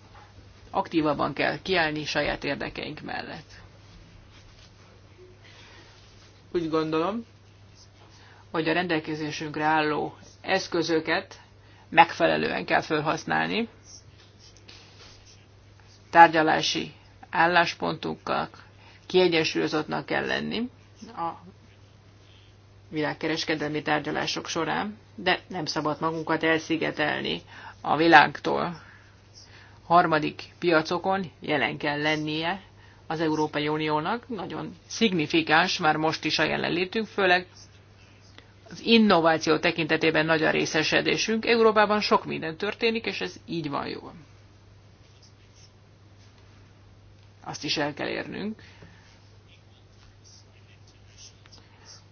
aktívabban kell kiállni saját érdekeink mellett. Úgy gondolom, hogy a rendelkezésünkre álló eszközöket megfelelően kell felhasználni, tárgyalási álláspontunkkal kiegyensúlyozottnak kell lenni a világkereskedelmi tárgyalások során, de nem szabad magunkat elszigetelni a világtól. Harmadik piacokon jelen kell lennie az Európai Uniónak, nagyon szignifikáns már most is a jelenlétünk, főleg az innováció tekintetében nagy a részesedésünk. Európában sok minden történik, és ez így van jól. Azt is el kell érnünk,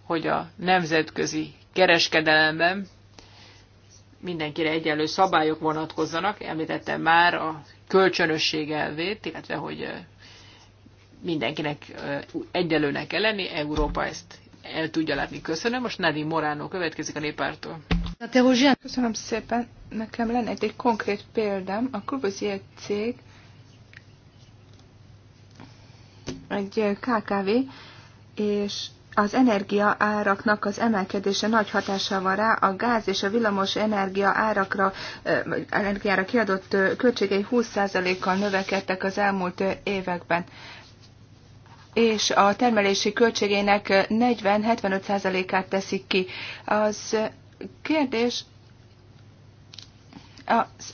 hogy a nemzetközi kereskedelemben mindenkire egyenlő szabályok vonatkozzanak. Említettem már a kölcsönösség elvét, illetve hogy mindenkinek egyenlőnek kell lenni. Európa ezt el tudja látni. Köszönöm. Most Nadi Moránó következik a néppártól. Köszönöm szépen. Nekem lenne egy, egy konkrét példám. A egy cég egy KKV, és az energia áraknak az emelkedése nagy hatással van rá, a gáz és a villamos energia árakra, energiára kiadott költségei 20%-kal növekedtek az elmúlt években és a termelési költségének 40-75%-át teszik ki. Az kérdés az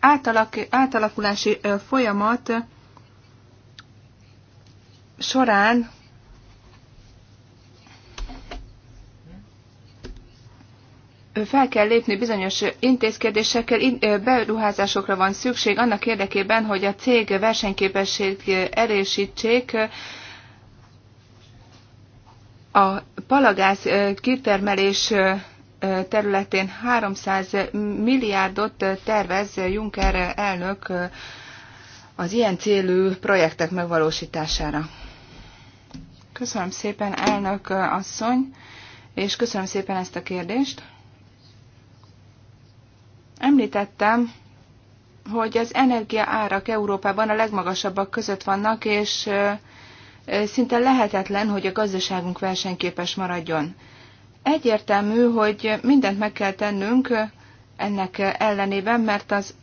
átalak, átalakulási folyamat során fel kell lépni bizonyos intézkedésekkel, beruházásokra van szükség annak érdekében, hogy a cég versenyképességét erősítsék, a palagáz kitermelés területén 300 milliárdot tervez Juncker elnök az ilyen célú projektek megvalósítására. Köszönöm szépen, elnök asszony, és köszönöm szépen ezt a kérdést. Említettem, hogy az energiaárak Európában a legmagasabbak között vannak, és szinte lehetetlen, hogy a gazdaságunk versenyképes maradjon. Egyértelmű, hogy mindent meg kell tennünk ennek ellenében, mert az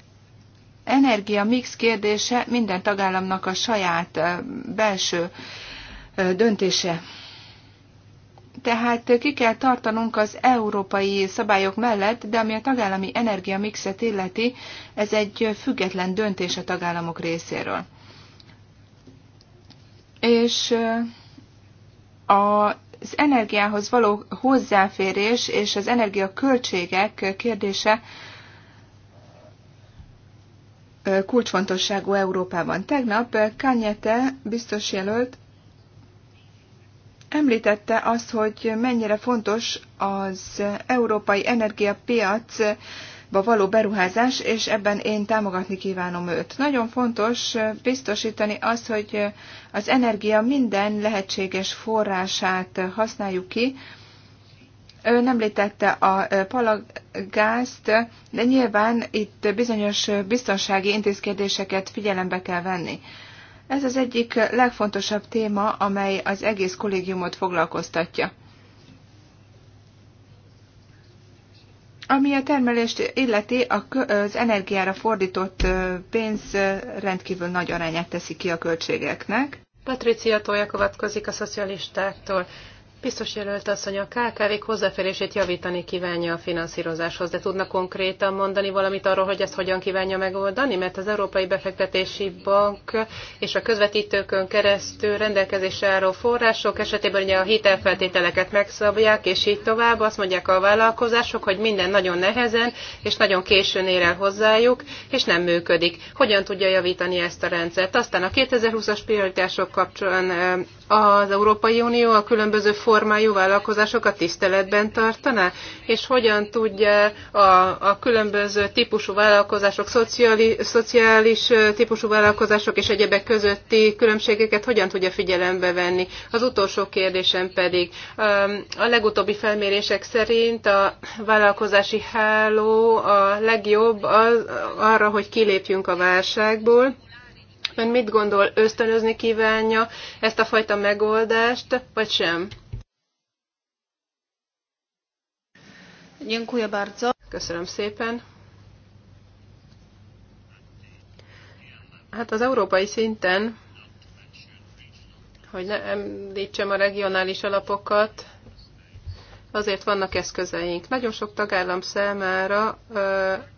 energia mix kérdése minden tagállamnak a saját belső döntése tehát ki kell tartanunk az európai szabályok mellett, de ami a tagállami energiamixet illeti, ez egy független döntés a tagállamok részéről. És az energiához való hozzáférés és az energiaköltségek kérdése kulcsfontosságú Európában. Tegnap Kanyete biztos jelölt Említette azt, hogy mennyire fontos az európai energiapiac való beruházás, és ebben én támogatni kívánom őt. Nagyon fontos biztosítani azt, hogy az energia minden lehetséges forrását használjuk ki. Ő nem létette a palagázt, de nyilván itt bizonyos biztonsági intézkedéseket figyelembe kell venni. Ez az egyik legfontosabb téma, amely az egész kollégiumot foglalkoztatja. Ami a termelést illeti, az energiára fordított pénz rendkívül nagy arányát teszi ki a költségeknek. Patricia Tója következik a szocialistáktól. Biztos jelölt asszony, a KKV-k hozzáférését javítani kívánja a finanszírozáshoz, de tudna konkrétan mondani valamit arról, hogy ezt hogyan kívánja megoldani? Mert az Európai Befektetési Bank és a közvetítőkön keresztül rendelkezésre álló források esetében ugye a hitelfeltételeket megszabják, és így tovább. Azt mondják a vállalkozások, hogy minden nagyon nehezen és nagyon későn ér el hozzájuk, és nem működik. Hogyan tudja javítani ezt a rendszert? Aztán a 2020-as prioritások kapcsolatban eh, az Európai Unió a különböző for formájú vállalkozásokat tiszteletben tartaná, és hogyan tudja a, a különböző típusú vállalkozások, szociali, szociális típusú vállalkozások és egyebek közötti különbségeket hogyan tudja figyelembe venni. Az utolsó kérdésem pedig, a legutóbbi felmérések szerint a vállalkozási háló a legjobb az, arra, hogy kilépjünk a válságból, Ön mit gondol, ösztönözni kívánja ezt a fajta megoldást, vagy sem? Dziękuję bardzo. Köszönöm szépen. Hát az európai szinten, hogy ne említsem a regionális alapokat, azért vannak eszközeink. Nagyon sok tagállam számára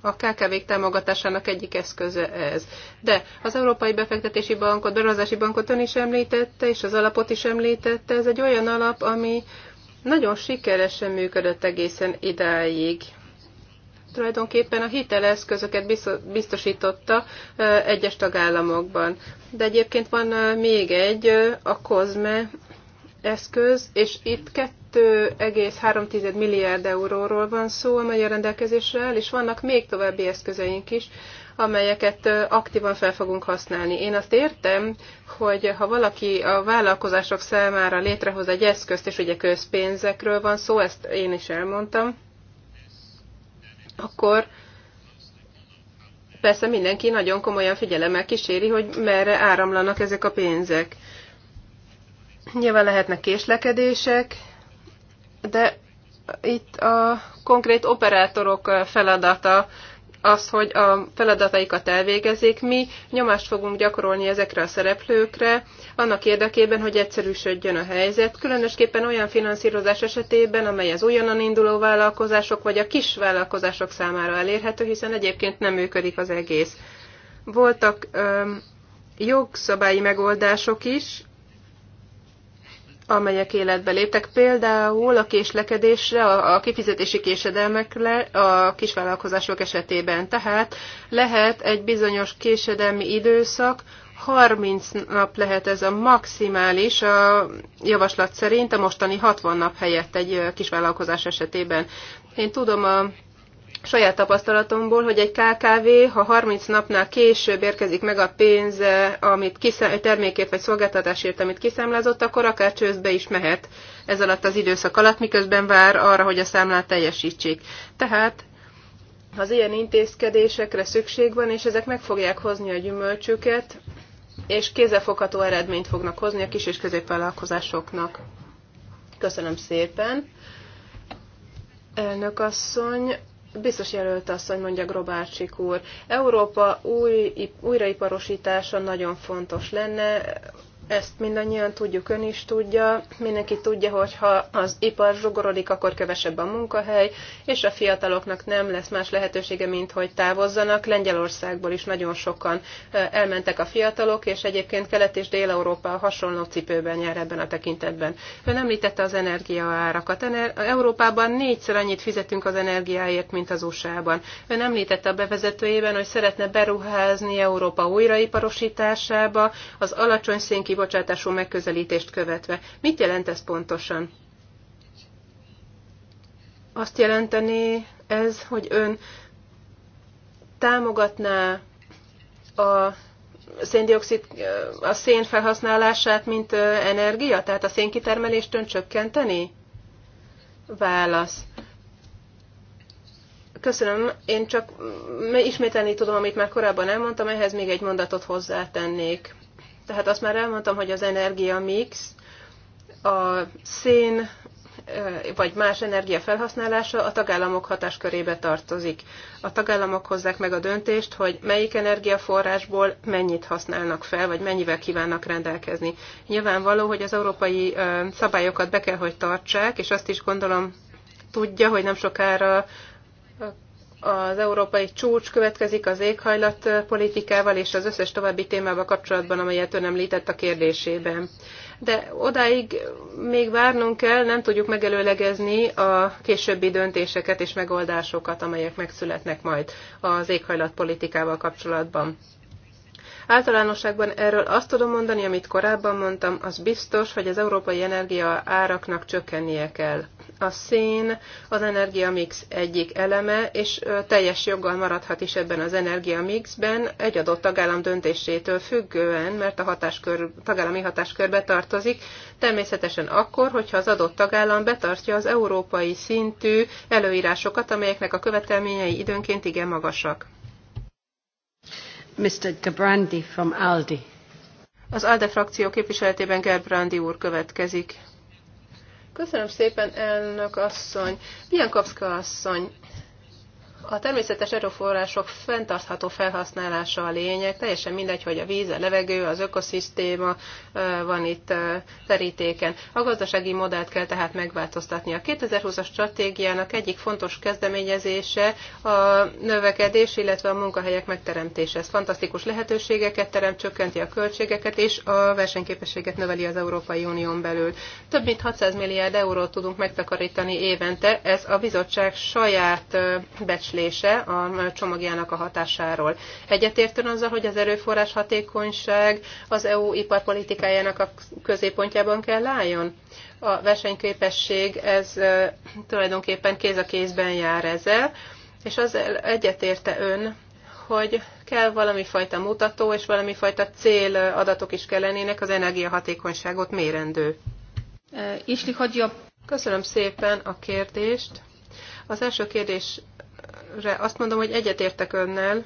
a kkv támogatásának egyik eszköze ez. De az Európai Befektetési Bankot, Berazási Bankot ön is említette, és az alapot is említette. Ez egy olyan alap, ami nagyon sikeresen működött egészen idáig. Tulajdonképpen a hiteleszközöket biztosította egyes tagállamokban. De egyébként van még egy, a COSME eszköz, és itt 2,3 milliárd euróról van szó, amely a rendelkezésre áll, és vannak még további eszközeink is, amelyeket aktívan fel fogunk használni. Én azt értem, hogy ha valaki a vállalkozások számára létrehoz egy eszközt, és ugye közpénzekről van szó, ezt én is elmondtam, akkor persze mindenki nagyon komolyan figyelemmel kíséri, hogy merre áramlanak ezek a pénzek. Nyilván lehetnek késlekedések, de itt a konkrét operátorok feladata az, hogy a feladataikat elvégezik, mi nyomást fogunk gyakorolni ezekre a szereplőkre, annak érdekében, hogy egyszerűsödjön a helyzet, különösképpen olyan finanszírozás esetében, amely az újonnan induló vállalkozások vagy a kis vállalkozások számára elérhető, hiszen egyébként nem működik az egész. Voltak öm, jogszabályi megoldások is, amelyek életbe léptek, például a késlekedésre, a kifizetési késedelmekre a kisvállalkozások esetében. Tehát lehet egy bizonyos késedelmi időszak, 30 nap lehet ez a maximális a javaslat szerint, a mostani 60 nap helyett egy kisvállalkozás esetében. Én tudom a saját tapasztalatomból, hogy egy KKV, ha 30 napnál később érkezik meg a pénz, amit kiszem, termékét vagy szolgáltatásért, amit kiszámlázott, akkor akár csőzbe is mehet ez alatt az időszak alatt, miközben vár arra, hogy a számlát teljesítsék. Tehát az ilyen intézkedésekre szükség van, és ezek meg fogják hozni a gyümölcsüket, és kézefogható eredményt fognak hozni a kis és középvállalkozásoknak. Köszönöm szépen. Elnök asszony, Biztos jelölt hogy mondja Grobárcsik úr. Európa új, újraiparosítása nagyon fontos lenne, ezt mindannyian tudjuk, ön is tudja, mindenki tudja, hogy ha az ipar zsugorodik, akkor kevesebb a munkahely, és a fiataloknak nem lesz más lehetősége, mint hogy távozzanak. Lengyelországból is nagyon sokan elmentek a fiatalok, és egyébként Kelet- és Dél-Európa hasonló cipőben jár ebben a tekintetben. Ön említette az energiaárakat. Európában négyszer annyit fizetünk az energiáért, mint az USA-ban. Ön említette a bevezetőjében, hogy szeretne beruházni Európa újraiparosításába, az alacsony szénki kibocsátású megközelítést követve. Mit jelent ez pontosan? Azt jelenteni ez, hogy ön támogatná a széndiokszid, a szén felhasználását, mint energia? Tehát a szénkitermelést ön csökkenteni? Válasz. Köszönöm, én csak ismételni tudom, amit már korábban elmondtam, ehhez még egy mondatot hozzátennék. Tehát azt már elmondtam, hogy az energia mix, a szén vagy más energia felhasználása a tagállamok hatáskörébe tartozik. A tagállamok hozzák meg a döntést, hogy melyik energiaforrásból mennyit használnak fel, vagy mennyivel kívánnak rendelkezni. Nyilvánvaló, hogy az európai szabályokat be kell, hogy tartsák, és azt is gondolom tudja, hogy nem sokára az európai csúcs következik az éghajlatpolitikával és az összes további témával kapcsolatban, amelyet ön említett a kérdésében. De odáig még várnunk kell, nem tudjuk megelőlegezni a későbbi döntéseket és megoldásokat, amelyek megszületnek majd az éghajlatpolitikával kapcsolatban. Általánosságban erről azt tudom mondani, amit korábban mondtam, az biztos, hogy az európai energia áraknak csökkennie kell a szén az energiamix egyik eleme, és teljes joggal maradhat is ebben az energiamixben egy adott tagállam döntésétől függően, mert a hatáskör, tagállami hatáskörbe tartozik, természetesen akkor, hogyha az adott tagállam betartja az európai szintű előírásokat, amelyeknek a követelményei időnként igen magasak. Mr. Gabrandi from Aldi. Az ALDE frakció képviseletében Gerbrandi úr következik. Köszönöm szépen, elnök asszony. Milyen kapszka asszony? A természetes erőforrások fenntartható felhasználása a lényeg, teljesen mindegy, hogy a víz, a levegő, az ökoszisztéma van itt terítéken. A gazdasági modellt kell tehát megváltoztatni. A 2020-as stratégiának egyik fontos kezdeményezése a növekedés, illetve a munkahelyek megteremtése. Ez fantasztikus lehetőségeket teremt, csökkenti a költségeket és a versenyképességet növeli az Európai Unión belül. Több mint 600 milliárd eurót tudunk megtakarítani évente, ez a bizottság saját becslése ismétlése a csomagjának a hatásáról. Egyetértően azzal, hogy az erőforrás hatékonyság az EU iparpolitikájának a középpontjában kell álljon? A versenyképesség ez tulajdonképpen kéz a kézben jár ezzel, és az egyetérte ön, hogy kell valami fajta mutató és valami fajta céladatok is kellenének az energiahatékonyságot mérendő. Köszönöm szépen a kérdést. Az első kérdés re azt mondom, hogy egyetértek önnel.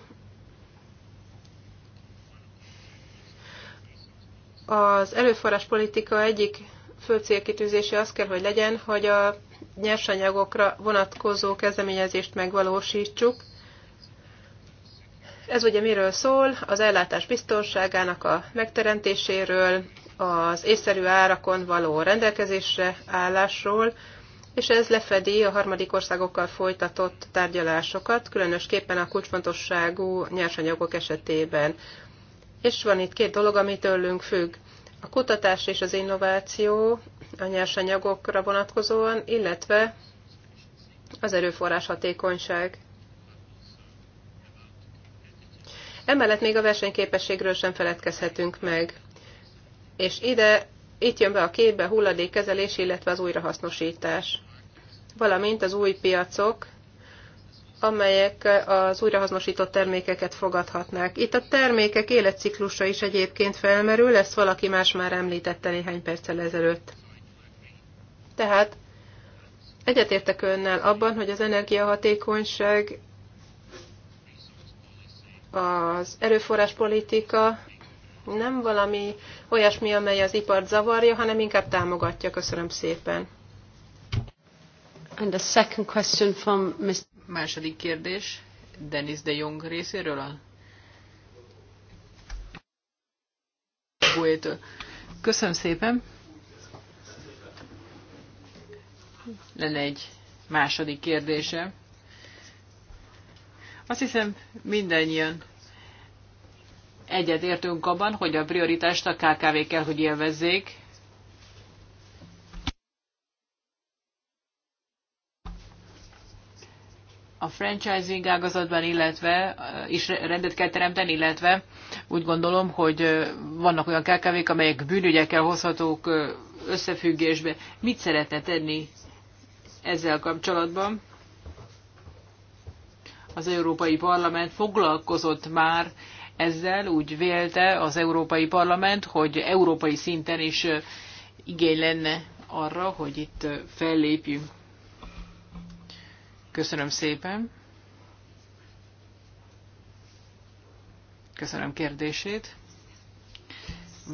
Az politika egyik fő célkitűzése az kell, hogy legyen, hogy a nyersanyagokra vonatkozó kezdeményezést megvalósítsuk. Ez ugye miről szól? Az ellátás biztonságának a megteremtéséről, az észszerű árakon való rendelkezésre állásról, és ez lefedi a harmadik országokkal folytatott tárgyalásokat, különösképpen a kulcsfontosságú nyersanyagok esetében. És van itt két dolog, ami tőlünk függ. A kutatás és az innováció a nyersanyagokra vonatkozóan, illetve az erőforrás hatékonyság. Emellett még a versenyképességről sem feledkezhetünk meg. És ide itt jön be a képbe hulladékkezelés, illetve az újrahasznosítás, valamint az új piacok, amelyek az újrahasznosított termékeket fogadhatnák. Itt a termékek életciklusa is egyébként felmerül, ezt valaki más már említette néhány perccel ezelőtt. Tehát egyetértek önnel abban, hogy az energiahatékonyság, az erőforráspolitika nem valami olyasmi, amely az ipart zavarja, hanem inkább támogatja. Köszönöm szépen. And a second question from Mr. Második kérdés Denis de Jong részéről a Köszönöm szépen. Lenne egy második kérdése. Azt hiszem mindannyian egyetértünk abban, hogy a prioritást a KKV kell, hogy élvezzék. A franchising ágazatban, illetve is rendet kell teremteni, illetve úgy gondolom, hogy vannak olyan KKV-k, amelyek bűnügyekkel hozhatók összefüggésbe. Mit szeretne tenni ezzel kapcsolatban? az Európai Parlament foglalkozott már ezzel úgy vélte az Európai Parlament, hogy európai szinten is igény lenne arra, hogy itt fellépjünk. Köszönöm szépen. Köszönöm kérdését.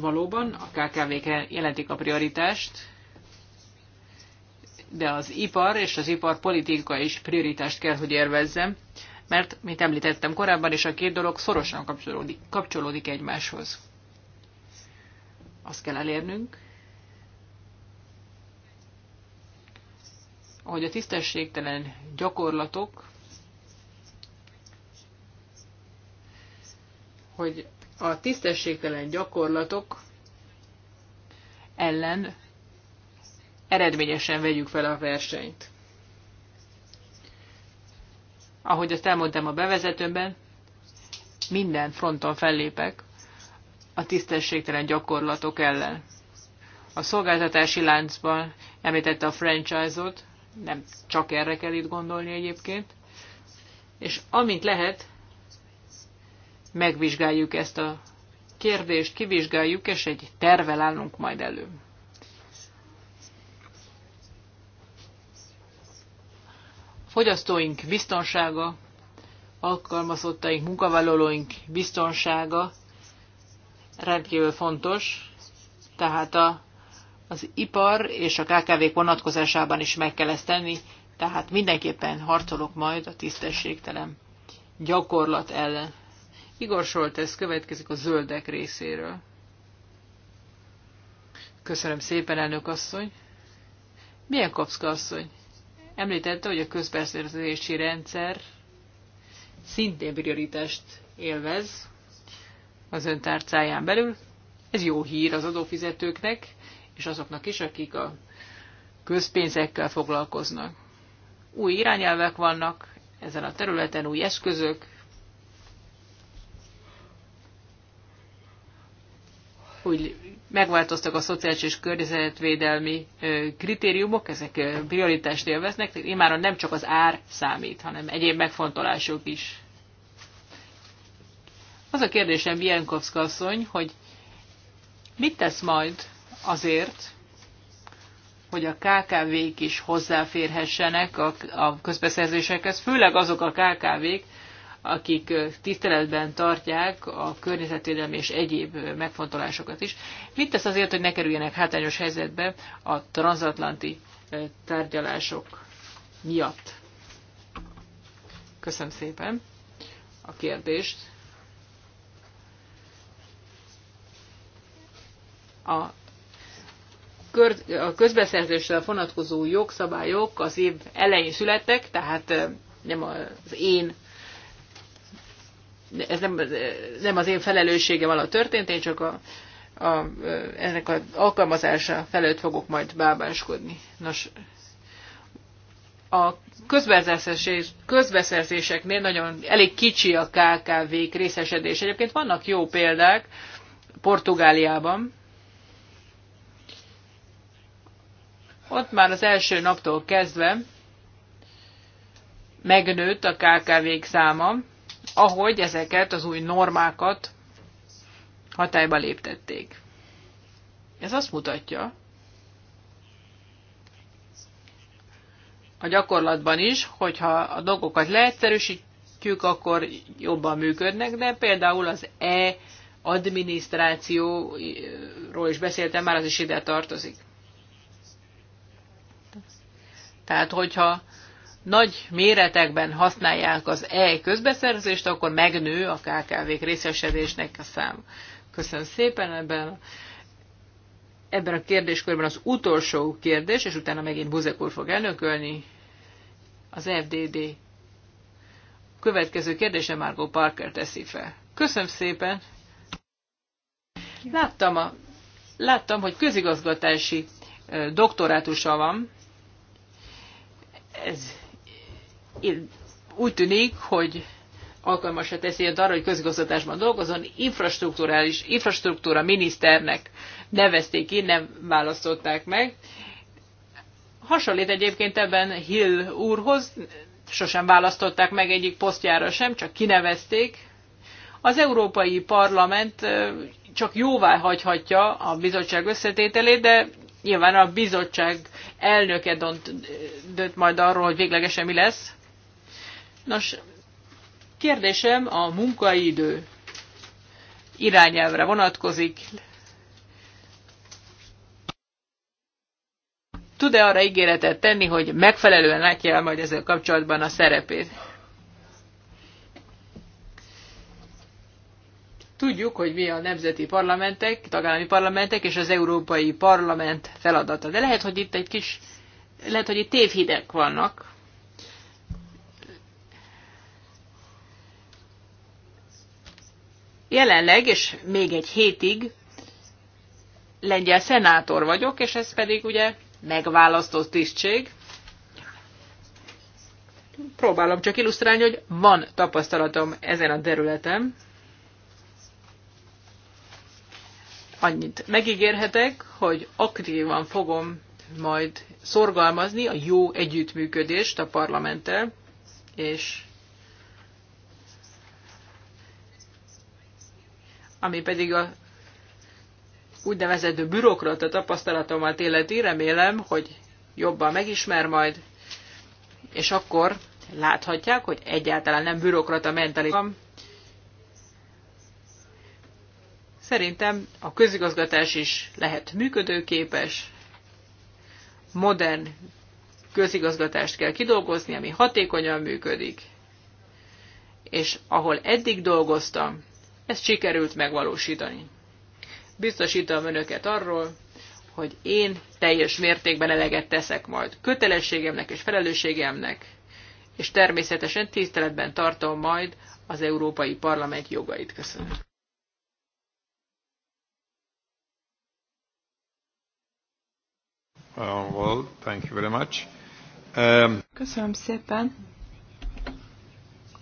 Valóban a KKV-k jelentik a prioritást, de az ipar és az iparpolitika is prioritást kell, hogy érvezzem mert, mint említettem korábban is, a két dolog szorosan kapcsolódik, kapcsolódik egymáshoz. Azt kell elérnünk, hogy a tisztességtelen gyakorlatok, hogy a tisztességtelen gyakorlatok ellen eredményesen vegyük fel a versenyt. Ahogy azt elmondtam a bevezetőben, minden fronton fellépek a tisztességtelen gyakorlatok ellen. A szolgáltatási láncban említette a franchise-ot, nem csak erre kell itt gondolni egyébként, és amint lehet, megvizsgáljuk ezt a kérdést, kivizsgáljuk, és egy tervel állunk majd elő. fogyasztóink biztonsága, alkalmazottaink, munkavállalóink biztonsága rendkívül fontos, tehát a, az ipar és a kkv vonatkozásában is meg kell ezt tenni, tehát mindenképpen harcolok majd a tisztességtelen gyakorlat ellen. Igor ez következik a zöldek részéről. Köszönöm szépen, elnök asszony. Milyen kapszka asszony? Említette, hogy a közbeszerzési rendszer szintén prioritást élvez az ön tárcáján belül. Ez jó hír az adófizetőknek, és azoknak is, akik a közpénzekkel foglalkoznak. Új irányelvek vannak ezen a területen, új eszközök, úgy megváltoztak a szociális és környezetvédelmi kritériumok, ezek prioritást élveznek, imáron nem csak az ár számít, hanem egyéb megfontolások is. Az a kérdésem, Bienkowska asszony, hogy mit tesz majd azért, hogy a KKV-k is hozzáférhessenek a, a közbeszerzésekhez, főleg azok a KKV-k, akik tiszteletben tartják a környezetvédelmi és egyéb megfontolásokat is. Mit tesz azért, hogy ne kerüljenek hátrányos helyzetbe a transatlanti tárgyalások miatt? Köszönöm szépen a kérdést. A a közbeszerzésre vonatkozó jogszabályok az év elején születtek, tehát nem az én ez nem, nem az én felelősségem alatt történt, én csak a, a, ennek az alkalmazása felőtt fogok majd bábáskodni. Nos, a közbeszerzéseknél nagyon elég kicsi a KKV-k részesedés. Egyébként vannak jó példák Portugáliában. Ott már az első naptól kezdve megnőtt a KKV-k száma, ahogy ezeket az új normákat hatályba léptették. Ez azt mutatja, a gyakorlatban is, hogyha a dolgokat leegyszerűsítjük, akkor jobban működnek, de például az e adminisztrációról is beszéltem, már az is ide tartozik. Tehát, hogyha nagy méretekben használják az e-közbeszerzést, akkor megnő a KKV-k részesedésnek a szám. Köszönöm szépen ebben. Ebben a kérdéskörben az utolsó kérdés, és utána megint Buzek úr fog elnökölni, az FDD. Következő kérdése Margot Parker teszi fel. Köszönöm szépen! Láttam, a, láttam hogy közigazgatási doktorátusa van, ez úgy tűnik, hogy alkalmasra teszi őt arra, hogy közigazgatásban dolgozon, infrastruktúrális, infrastruktúra miniszternek nevezték ki, nem választották meg. Hasonlít egyébként ebben Hill úrhoz, sosem választották meg egyik posztjára sem, csak kinevezték. Az Európai Parlament csak jóvá hagyhatja a bizottság összetételét, de nyilván a bizottság elnöke dönt, dönt majd arról, hogy véglegesen mi lesz. Nos, kérdésem a munkaidő irányelvre vonatkozik. Tud-e arra ígéretet tenni, hogy megfelelően látja el majd ezzel kapcsolatban a szerepét? Tudjuk, hogy mi a nemzeti parlamentek, tagállami parlamentek és az Európai Parlament feladata. De lehet, hogy itt egy kis, lehet, hogy itt tévhidek vannak. Jelenleg, és még egy hétig lengyel szenátor vagyok, és ez pedig ugye megválasztott tisztség. Próbálom csak illusztrálni, hogy van tapasztalatom ezen a területen. Annyit megígérhetek, hogy aktívan fogom majd szorgalmazni a jó együttműködést a parlamenttel, és ami pedig a úgynevezett bürokrata tapasztalatomat illeti, remélem, hogy jobban megismer majd, és akkor láthatják, hogy egyáltalán nem bürokrata mentalitás. Szerintem a közigazgatás is lehet működőképes, modern közigazgatást kell kidolgozni, ami hatékonyan működik, és ahol eddig dolgoztam, ezt sikerült megvalósítani. Biztosítom önöket arról, hogy én teljes mértékben eleget teszek majd kötelességemnek és felelősségemnek, és természetesen tiszteletben tartom majd az Európai Parlament jogait. Köszönöm. Uh, well, thank you very much. Um... Köszönöm szépen.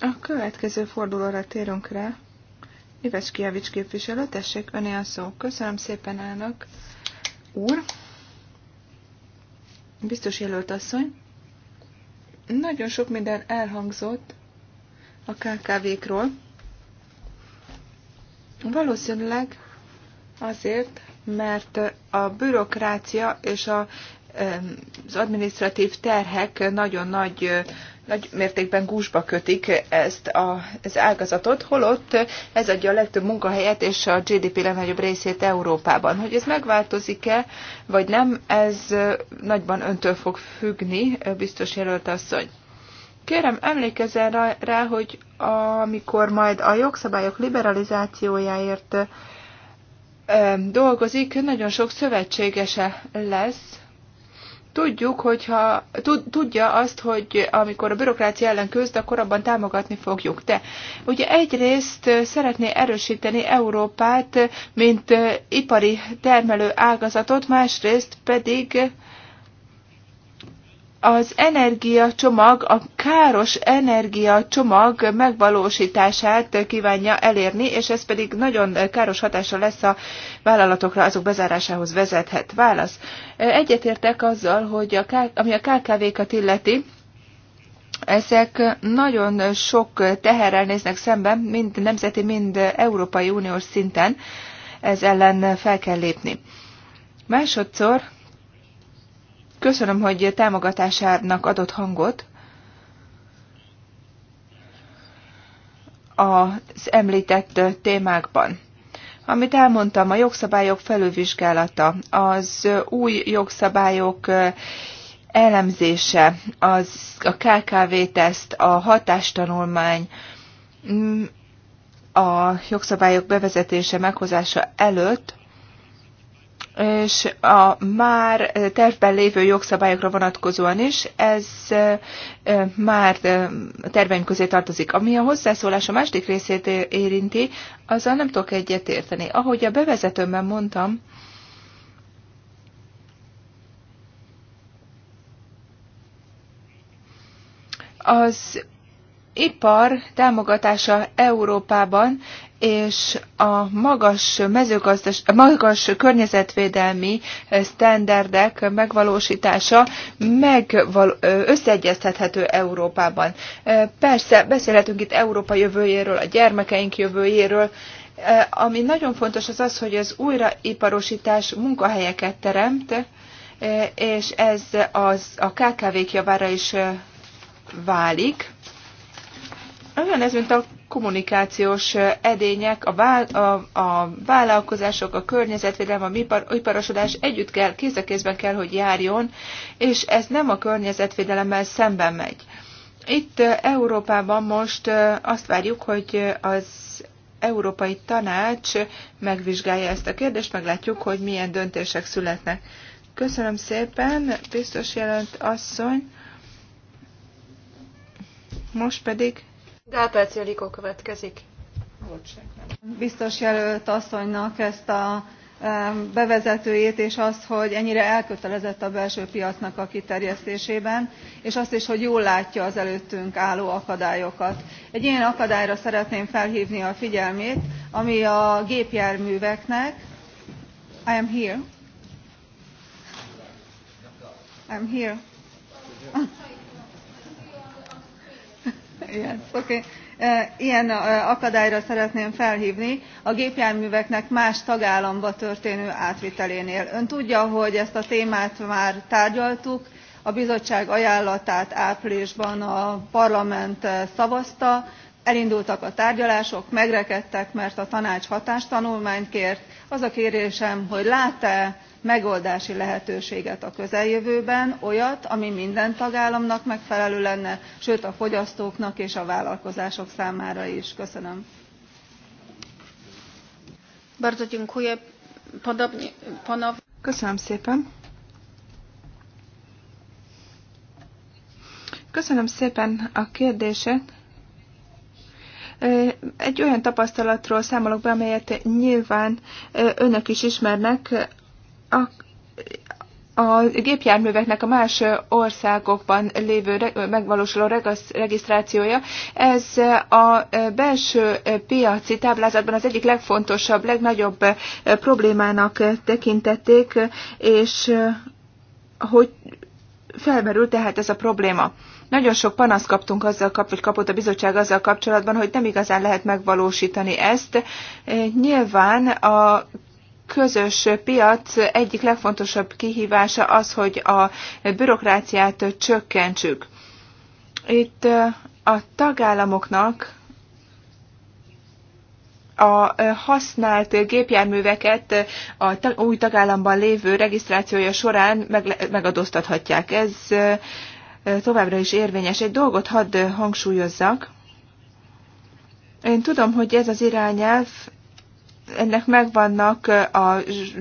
A következő fordulóra térünk rá. Ives Kijavics képviselő, tessék, öné a szó. Köszönöm szépen, elnök úr. Biztos jelölt asszony. Nagyon sok minden elhangzott a KKV-król. Valószínűleg azért, mert a bürokrácia és a, az administratív terhek nagyon nagy nagy mértékben gúzsba kötik ezt a, az ágazatot, holott ez adja a legtöbb munkahelyet és a GDP legnagyobb részét Európában. Hogy ez megváltozik-e, vagy nem, ez nagyban öntől fog függni, biztos jelölt asszony. Kérem, emlékezzen rá, rá, hogy amikor majd a jogszabályok liberalizációjáért dolgozik, nagyon sok szövetségese lesz Tudjuk, hogyha tudja azt, hogy amikor a bürokrácia ellen küzd, akkor abban támogatni fogjuk. De ugye egyrészt szeretné erősíteni Európát, mint eh, ipari termelő ágazatot, másrészt pedig az energiacsomag, a káros energiacsomag megvalósítását kívánja elérni, és ez pedig nagyon káros hatása lesz a vállalatokra, azok bezárásához vezethet. Válasz. Egyetértek azzal, hogy a, ami a KKV-kat illeti, ezek nagyon sok teherrel néznek szemben, mind nemzeti, mind Európai Uniós szinten. Ez ellen fel kell lépni. Másodszor Köszönöm, hogy támogatásának adott hangot. az említett témákban. Amit elmondtam, a jogszabályok felülvizsgálata, az új jogszabályok elemzése, az a KKV-teszt, a hatástanulmány, mm, a jogszabályok bevezetése, meghozása előtt és a már tervben lévő jogszabályokra vonatkozóan is, ez már terveim közé tartozik. Ami a hozzászólás a második részét érinti, azzal nem tudok egyet érteni. Ahogy a bevezetőmben mondtam, az ipar támogatása Európában és a magas, mezőgazdas, a magas környezetvédelmi eh, sztenderdek megvalósítása megval, összeegyeztethető Európában. Eh, persze, beszélhetünk itt Európa jövőjéről, a gyermekeink jövőjéről, eh, ami nagyon fontos az az, hogy az újraiparosítás munkahelyeket teremt, és ez az a KKV-k javára is válik. Olyan ez, mint a kommunikációs edények, a, vál, a, a vállalkozások, a környezetvédelem, a ipar, iparosodás együtt kell, kéz a kézben kell, hogy járjon, és ez nem a környezetvédelemmel szemben megy. Itt Európában most azt várjuk, hogy az Európai Tanács megvizsgálja ezt a kérdést, meglátjuk, hogy milyen döntések születnek. Köszönöm szépen, biztos jelent asszony. Most pedig Gálperc következik. Biztos jelölt asszonynak ezt a bevezetőjét és azt hogy ennyire elkötelezett a belső piacnak a kiterjesztésében és azt is hogy jól látja az előttünk álló akadályokat. egy ilyen akadályra szeretném felhívni a figyelmét ami a gépjárműveknek i am here i am here Yes, okay. Eh, ilyen eh, akadályra szeretném felhvni a gépjárműveknek más tagállamba történő átvitelénél. ön tudja hogy ezt a témát már tárgyaltuk a bizottság ajánlatát áprilisban a parlament eh, szavazta elindultak a tárgyalások megrekedtek mert a tanács hatástanulmányt kért. az a kérésem hogy lát e megoldási lehetőséget a közeljövőben olyat ami minden tagállamnak megfelelő lenne sőt a fogyasztóknak és a vállalkozások számára is. köszönöm. Köszönöm szépen. Köszönöm szépen a kérdéset. Egy olyan tapasztalatról számolok be, amelyet nyilván önök is ismernek, a a gépjárműveknek a más országokban lévő megvalósuló regisztrációja, ez a belső piaci táblázatban az egyik legfontosabb, legnagyobb problémának tekintették, és hogy felmerül tehát ez a probléma. Nagyon sok panaszt kaptunk azzal kap, vagy kapott a bizottság azzal kapcsolatban, hogy nem igazán lehet megvalósítani ezt. Nyilván a közös piac egyik legfontosabb kihívása az, hogy a bürokráciát csökkentsük. Itt a tagállamoknak a használt gépjárműveket a új tagállamban lévő regisztrációja során megadóztathatják. Ez továbbra is érvényes. Egy dolgot hadd hangsúlyozzak. Én tudom, hogy ez az irányelv ennek megvannak a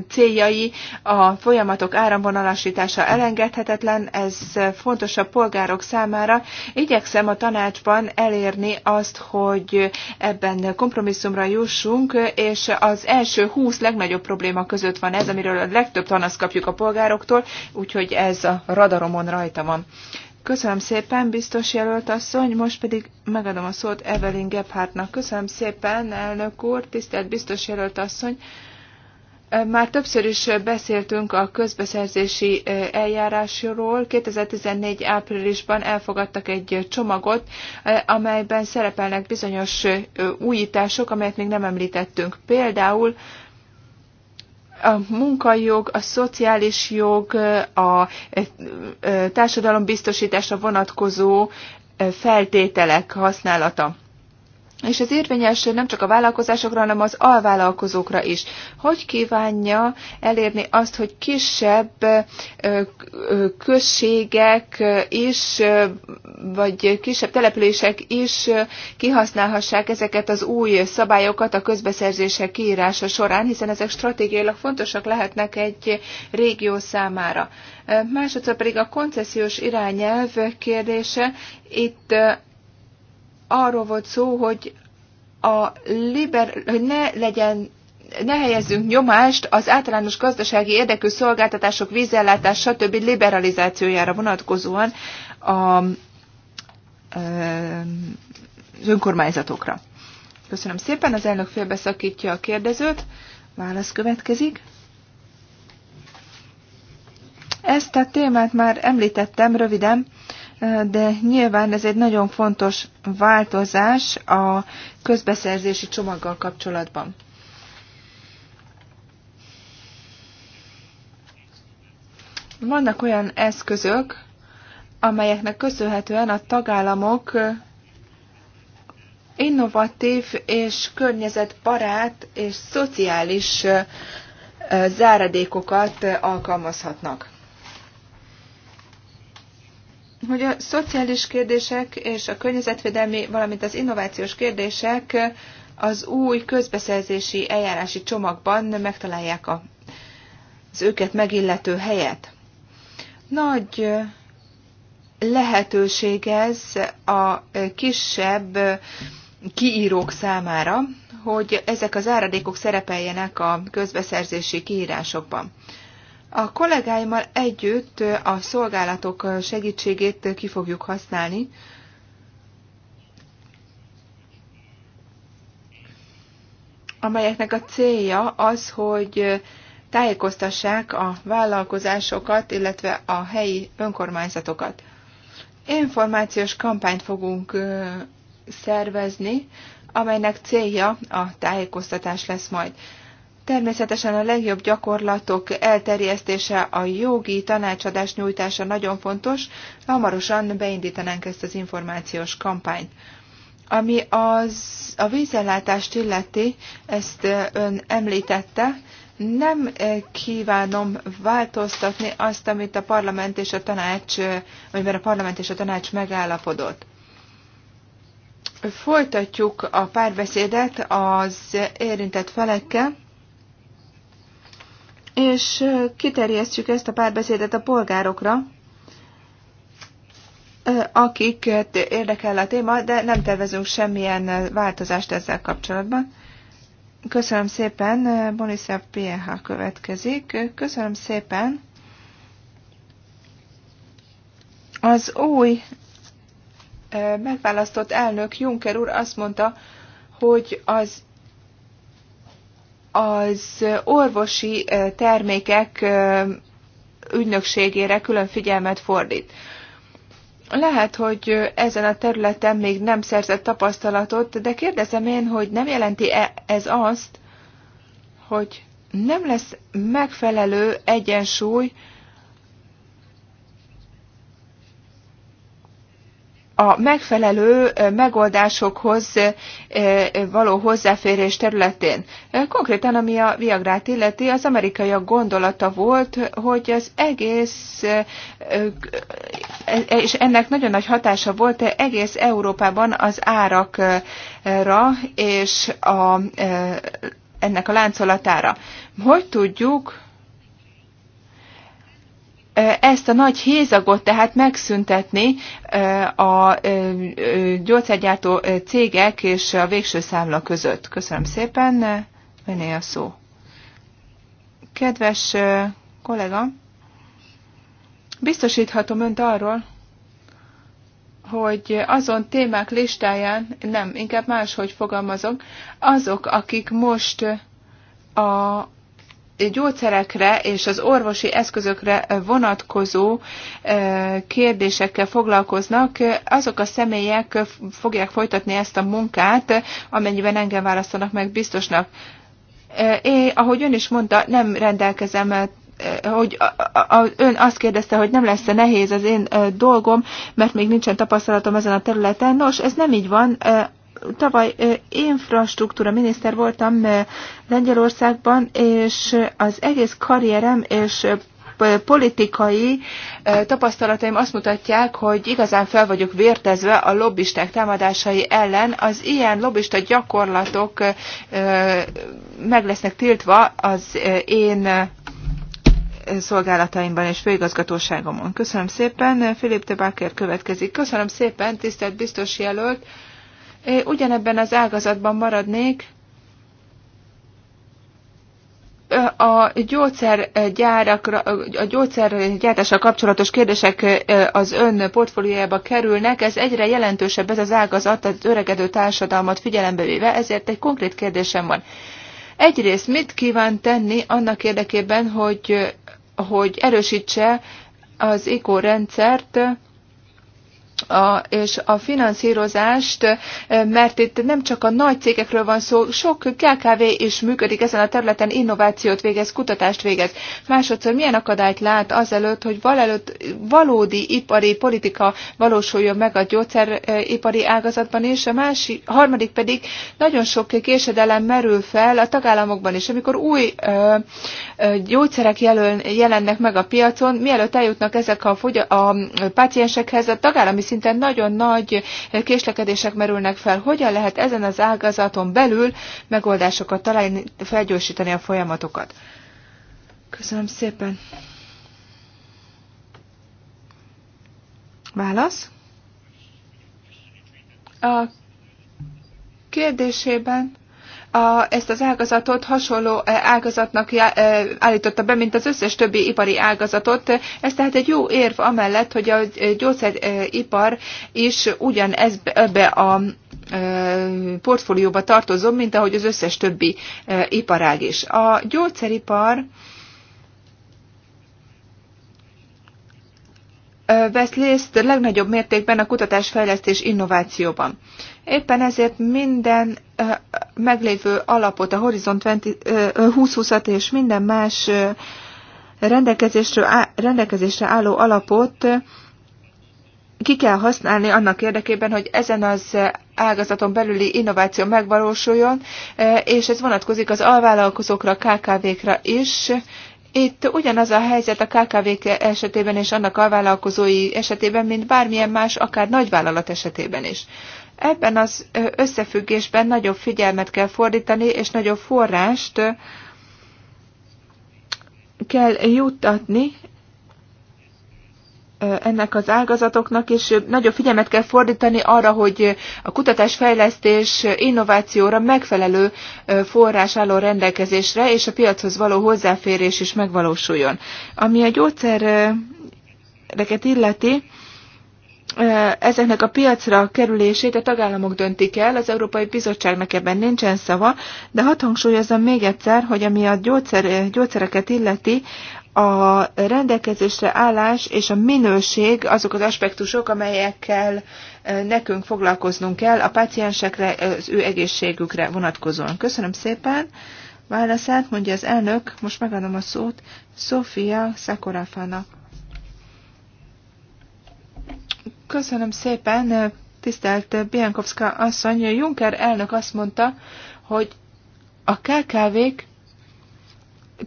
céljai, a folyamatok áramvonalasítása elengedhetetlen, ez fontos a polgárok számára. Igyekszem a tanácsban elérni azt, hogy ebben kompromisszumra jussunk, és az első 20 legnagyobb probléma között van ez, amiről a legtöbb tanaszt kapjuk a polgároktól, úgyhogy ez a radaromon rajta van. Köszönöm szépen, biztos jelölt asszony, most pedig megadom a szót Evelyn Gebhardtnak. Köszönöm szépen, elnök úr, tisztelt biztos jelölt asszony. Már többször is beszéltünk a közbeszerzési eljárásról. 2014 áprilisban elfogadtak egy csomagot, amelyben szerepelnek bizonyos újítások, amelyet még nem említettünk. Például a munkajog, a szociális jog, a e, e, társadalombiztosításra vonatkozó e, feltételek használata és ez érvényes nem csak a vállalkozásokra, hanem az alvállalkozókra is. Hogy kívánja elérni azt, hogy kisebb községek is, vagy kisebb települések is kihasználhassák ezeket az új szabályokat a közbeszerzések kiírása során, hiszen ezek stratégiailag fontosak lehetnek egy régió számára. Másodszor pedig a koncesziós irányelv kérdése. Itt arról volt szó, hogy a liber, hogy ne legyen ne helyezzünk nyomást az általános gazdasági érdekű szolgáltatások, vízellátás, stb. liberalizációjára vonatkozóan a, az önkormányzatokra. Köszönöm szépen, az elnök félbeszakítja a kérdezőt. Válasz következik. Ezt a témát már említettem röviden de nyilván ez egy nagyon fontos változás a közbeszerzési csomaggal kapcsolatban. Vannak olyan eszközök, amelyeknek köszönhetően a tagállamok innovatív és környezetbarát és szociális záradékokat alkalmazhatnak hogy a szociális kérdések és a környezetvédelmi, valamint az innovációs kérdések az új közbeszerzési eljárási csomagban megtalálják a, az őket megillető helyet. Nagy lehetőség ez a kisebb kiírók számára, hogy ezek az áradékok szerepeljenek a közbeszerzési kiírásokban. A kollégáimmal együtt a szolgálatok segítségét ki fogjuk használni. amelyeknek a célja az, hogy tájékoztassák a vállalkozásokat, illetve a helyi önkormányzatokat. Információs kampányt fogunk szervezni, amelynek célja a tájékoztatás lesz majd. Természetesen a legjobb gyakorlatok elterjesztése, a jogi tanácsadás nyújtása nagyon fontos. Hamarosan beindítanánk ezt az információs kampányt. Ami az, a vízellátást illeti, ezt ön említette, nem kívánom változtatni azt, amit a parlament és a tanács, amiben a parlament és a tanács megállapodott. Folytatjuk a párbeszédet az érintett felekkel, és kiterjesztjük ezt a párbeszédet a polgárokra, akiket érdekel a téma, de nem tervezünk semmilyen változást ezzel kapcsolatban. Köszönöm szépen, Bonisza Pieha következik. Köszönöm szépen. Az új megválasztott elnök Juncker úr azt mondta, hogy az az orvosi termékek ügynökségére külön figyelmet fordít. Lehet, hogy ezen a területen még nem szerzett tapasztalatot, de kérdezem én, hogy nem jelenti -e ez azt, hogy nem lesz megfelelő egyensúly a megfelelő megoldásokhoz való hozzáférés területén. Konkrétan, ami a Viagrát illeti, az amerikaiak gondolata volt, hogy az egész, és ennek nagyon nagy hatása volt egész Európában az árakra és a, ennek a láncolatára. Hogy tudjuk, ezt a nagy hézagot tehát megszüntetni a gyógyszergyártó cégek és a végső számla között. Köszönöm szépen, öné a szó. Kedves kollega, biztosíthatom önt arról, hogy azon témák listáján, nem, inkább máshogy fogalmazok, azok, akik most a gyógyszerekre és az orvosi eszközökre vonatkozó kérdésekkel foglalkoznak, azok a személyek fogják folytatni ezt a munkát, amennyiben engem választanak meg biztosnak. Én, ahogy ön is mondta, nem rendelkezem hogy a, a, ön azt kérdezte, hogy nem lesz-e nehéz az én dolgom, mert még nincsen tapasztalatom ezen a területen. Nos, ez nem így van tavaly infrastruktúra miniszter voltam Lengyelországban, és az egész karrierem és politikai tapasztalataim azt mutatják, hogy igazán fel vagyok vértezve a lobbisták támadásai ellen. Az ilyen lobbista gyakorlatok meg lesznek tiltva az én szolgálataimban és főigazgatóságomon. Köszönöm szépen, Filip Tebáker következik. Köszönöm szépen, tisztelt biztos jelölt! ugyanebben az ágazatban maradnék, a gyógyszergyárakra, a gyógyszergyártással kapcsolatos kérdések az ön portfóliójába kerülnek, ez egyre jelentősebb ez az ágazat az öregedő társadalmat figyelembe véve, ezért egy konkrét kérdésem van. Egyrészt mit kíván tenni annak érdekében, hogy, hogy erősítse az ICO rendszert, a, és a finanszírozást, e, mert itt nem csak a nagy cégekről van szó, sok KKV is működik ezen a területen, innovációt végez, kutatást végez. Másodszor milyen akadályt lát azelőtt, hogy valelőtt valódi ipari politika valósuljon meg a gyógyszeripari e, ágazatban, és a másik, harmadik pedig nagyon sok késedelem merül fel a tagállamokban is. Amikor új ö, e, ö, gyógyszerek jelöl, jelennek meg a piacon, mielőtt eljutnak ezek a, fogy- a páciensekhez, a tagállami szint szinten nagyon nagy késlekedések merülnek fel. Hogyan lehet ezen az ágazaton belül megoldásokat találni, felgyorsítani a folyamatokat? Köszönöm szépen. Válasz? A kérdésében a, ezt az ágazatot hasonló e, ágazatnak e, állította be, mint az összes többi ipari ágazatot. Ez tehát egy jó érv amellett, hogy a gyógyszeripar is ugyan ez, ebbe a e, portfólióba tartozom, mint ahogy az összes többi iparág is. A gyógyszeripar vesz részt legnagyobb mértékben a kutatásfejlesztés innovációban. Éppen ezért minden meglévő alapot, a Horizont 2020-at és minden más rendelkezésre álló alapot ki kell használni annak érdekében, hogy ezen az ágazaton belüli innováció megvalósuljon, és ez vonatkozik az alvállalkozókra, KKV-kra is. Itt ugyanaz a helyzet a KKV esetében és annak alvállalkozói esetében, mint bármilyen más, akár nagyvállalat esetében is. Ebben az összefüggésben nagyobb figyelmet kell fordítani, és nagyobb forrást kell juttatni ennek az ágazatoknak, és nagyobb figyelmet kell fordítani arra, hogy a kutatásfejlesztés innovációra megfelelő forrás álló rendelkezésre, és a piachoz való hozzáférés is megvalósuljon. Ami a gyógyszer illeti, ezeknek a piacra kerülését a tagállamok döntik el, az Európai Bizottságnak ebben nincsen szava, de hat hangsúlyozom még egyszer, hogy ami a gyógyszer, gyógyszereket illeti, a rendelkezésre állás és a minőség azok az aspektusok, amelyekkel nekünk foglalkoznunk kell a páciensekre, az ő egészségükre vonatkozóan. Köszönöm szépen! Válaszát mondja az elnök, most megadom a szót Sofia Szakorafának. Köszönöm szépen, tisztelt Biankovska asszony. Juncker elnök azt mondta, hogy a KKV-k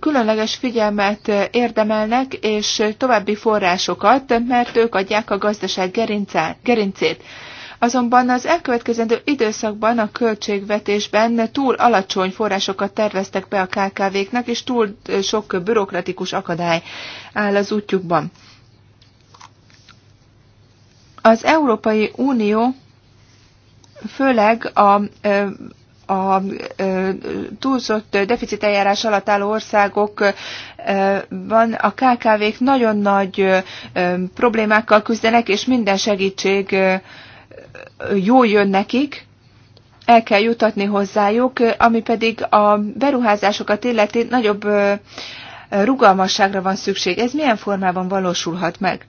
különleges figyelmet érdemelnek, és további forrásokat, mert ők adják a gazdaság gerincét. Azonban az elkövetkezendő időszakban a költségvetésben túl alacsony forrásokat terveztek be a kkv knek és túl sok bürokratikus akadály áll az útjukban. Az Európai Unió főleg a a túlzott deficit eljárás alatt álló országokban a KKV-k nagyon nagy problémákkal küzdenek, és minden segítség jó jön nekik, el kell jutatni hozzájuk, ami pedig a beruházásokat illeti nagyobb rugalmasságra van szükség. Ez milyen formában valósulhat meg?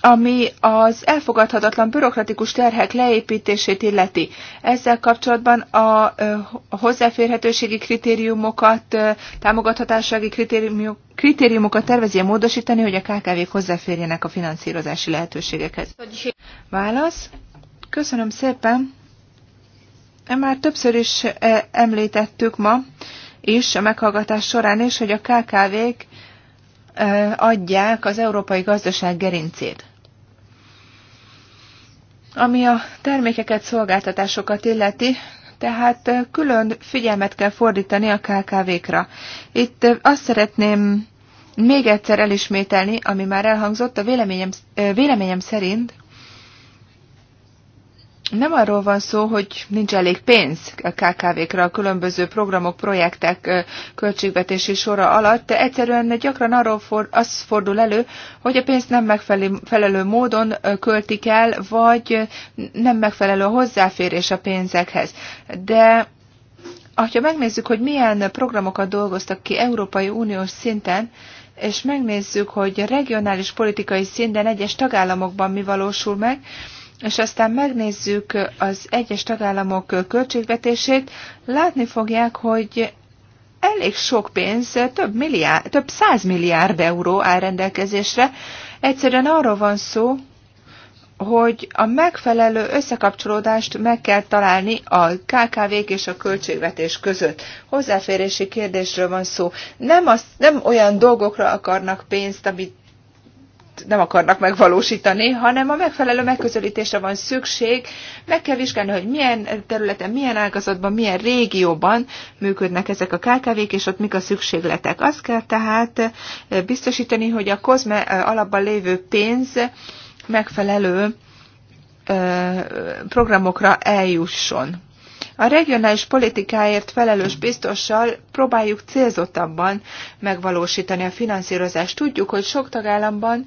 ami az elfogadhatatlan bürokratikus terhek leépítését illeti. Ezzel kapcsolatban a hozzáférhetőségi kritériumokat, támogathatásági kritériumokat tervezi módosítani, hogy a KKV-k hozzáférjenek a finanszírozási lehetőségekhez. Válasz. Köszönöm szépen. Már többször is említettük ma is a meghallgatás során is, hogy a KKV-k adják az európai gazdaság gerincét. Ami a termékeket, szolgáltatásokat illeti, tehát külön figyelmet kell fordítani a KKV-kra. Itt azt szeretném még egyszer elismételni, ami már elhangzott, a véleményem, véleményem szerint nem arról van szó, hogy nincs elég pénz a KKV-kra a különböző programok, projektek költségvetési sora alatt, de egyszerűen gyakran arról for, az fordul elő, hogy a pénzt nem megfelelő módon költik el, vagy nem megfelelő a hozzáférés a pénzekhez. De ha megnézzük, hogy milyen programokat dolgoztak ki Európai Uniós szinten, és megnézzük, hogy regionális politikai szinten egyes tagállamokban mi valósul meg, és aztán megnézzük az egyes tagállamok költségvetését, látni fogják, hogy elég sok pénz, több, milliárd, több százmilliárd euró áll rendelkezésre. Egyszerűen arról van szó, hogy a megfelelő összekapcsolódást meg kell találni a KKV-k és a költségvetés között. Hozzáférési kérdésről van szó. Nem, az, nem olyan dolgokra akarnak pénzt, amit nem akarnak megvalósítani, hanem a megfelelő megközelítésre van szükség. Meg kell vizsgálni, hogy milyen területen, milyen ágazatban, milyen régióban működnek ezek a KKV-k, és ott mik a szükségletek. Azt kell tehát eh, biztosítani, hogy a kozme eh, alapban lévő pénz megfelelő eh, programokra eljusson. A regionális politikáért felelős biztossal próbáljuk célzottabban megvalósítani a finanszírozást. Tudjuk, hogy sok tagállamban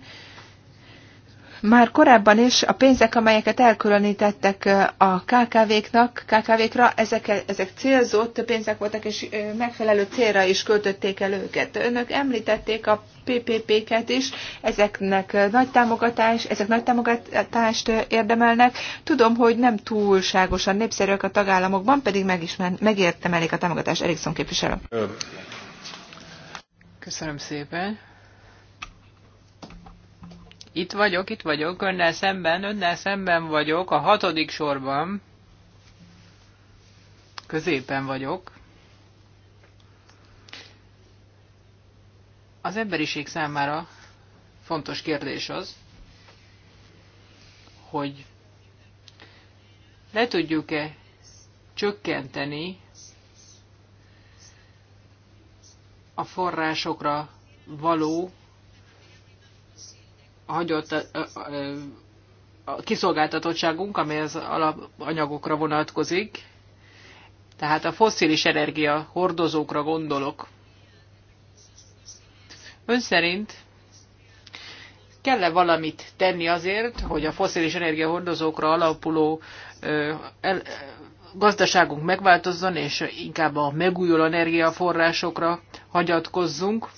már korábban is a pénzek, amelyeket elkülönítettek a KKV-knak, KKV-kra, ezek, ezek célzott pénzek voltak, és megfelelő célra is költötték el őket. Önök említették a PPP-ket is, ezeknek nagy támogatás, ezek nagy támogatást érdemelnek. Tudom, hogy nem túlságosan népszerűek a tagállamokban, pedig megismer, megértemelik a támogatást. Erikson képviselő. Köszönöm szépen. Itt vagyok, itt vagyok, önnel szemben, önnel szemben vagyok, a hatodik sorban. Középen vagyok. Az emberiség számára fontos kérdés az, hogy le tudjuk-e csökkenteni a forrásokra való hagyott a, a, a kiszolgáltatottságunk, amely az alapanyagokra vonatkozik. Tehát a fosszilis energia hordozókra gondolok. Ön szerint kell-e valamit tenni azért, hogy a foszilis hordozókra alapuló ö, el, gazdaságunk megváltozzon, és inkább a megújuló energiaforrásokra hagyatkozzunk,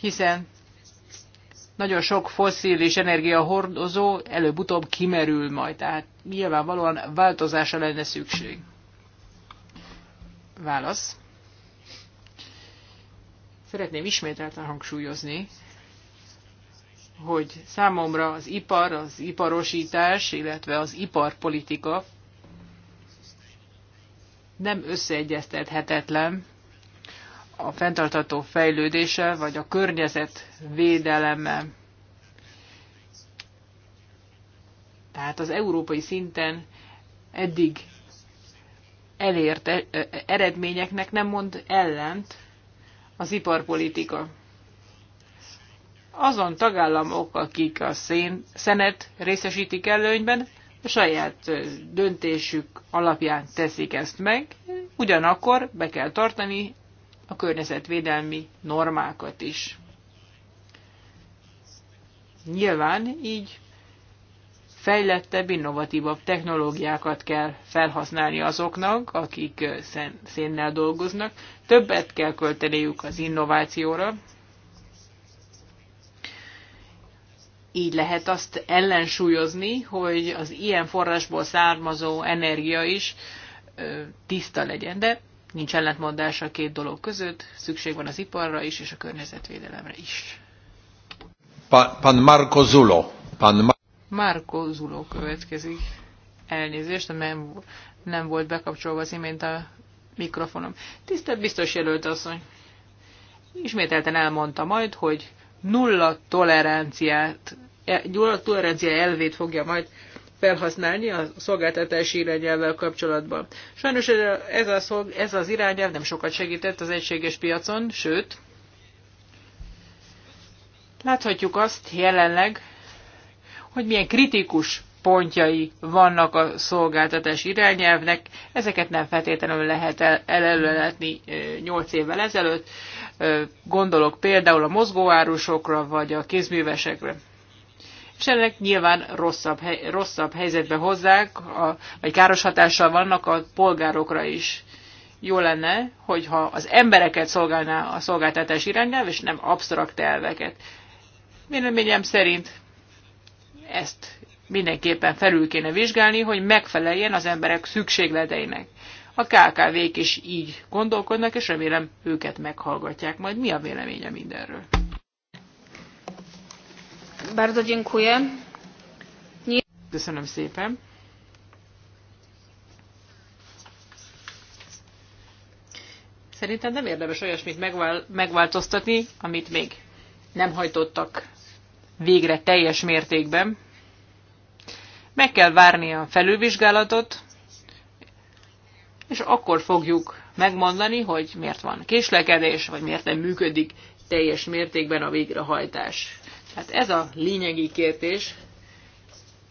hiszen nagyon sok fosszilis energiahordozó előbb-utóbb kimerül majd, tehát nyilvánvalóan változásra lenne szükség. Válasz. Szeretném ismételten hangsúlyozni, hogy számomra az ipar, az iparosítás, illetve az iparpolitika nem összeegyeztethetetlen a fenntartató fejlődése vagy a környezet védelemmel. Tehát az európai szinten eddig elért e, e, eredményeknek nem mond ellent az iparpolitika. Azon tagállamok, akik a szén, szenet részesítik előnyben, a saját döntésük alapján teszik ezt meg, ugyanakkor be kell tartani a környezetvédelmi normákat is. Nyilván így fejlettebb, innovatívabb technológiákat kell felhasználni azoknak, akik szénnel dolgoznak, többet kell költeniük az innovációra, így lehet azt ellensúlyozni, hogy az ilyen forrásból származó energia is tiszta legyen. De Nincs ellentmondás a két dolog között, szükség van az iparra is, és a környezetvédelemre is. Pa, pan Marco Zulo. Pan Ma- Marco Zulo következik. Elnézést, nem, nem volt bekapcsolva az imént a mikrofonom. Tisztelt biztos jelölt asszony! Ismételten elmondta majd, hogy nulla toleranciát, e, nulla toleranciá elvét fogja majd felhasználni a szolgáltatási irányelvvel kapcsolatban. Sajnos ez, a szolg, ez az irányelv nem sokat segített az egységes piacon, sőt, láthatjuk azt jelenleg, hogy milyen kritikus pontjai vannak a szolgáltatás irányelvnek, ezeket nem feltétlenül lehet elelőletni 8 évvel ezelőtt. Gondolok például a mozgóárusokra vagy a kézművesekre és nyilván rosszabb, rosszabb helyzetbe hozzák, a, vagy káros hatással vannak a polgárokra is. Jó lenne, hogyha az embereket szolgálná a szolgáltatás irányelv, és nem absztrakt elveket. Véleményem szerint ezt mindenképpen felül kéne vizsgálni, hogy megfeleljen az emberek szükségleteinek. A KKV-k is így gondolkodnak, és remélem őket meghallgatják majd. Mi a véleménye mindenről? Bardzo dziękuję. Köszönöm szépen. Szerintem nem érdemes olyasmit megvál, megváltoztatni, amit még nem hajtottak végre teljes mértékben. Meg kell várni a felülvizsgálatot, és akkor fogjuk megmondani, hogy miért van késlekedés, vagy miért nem működik teljes mértékben a végrehajtás. Hát ez a lényegi kérdés.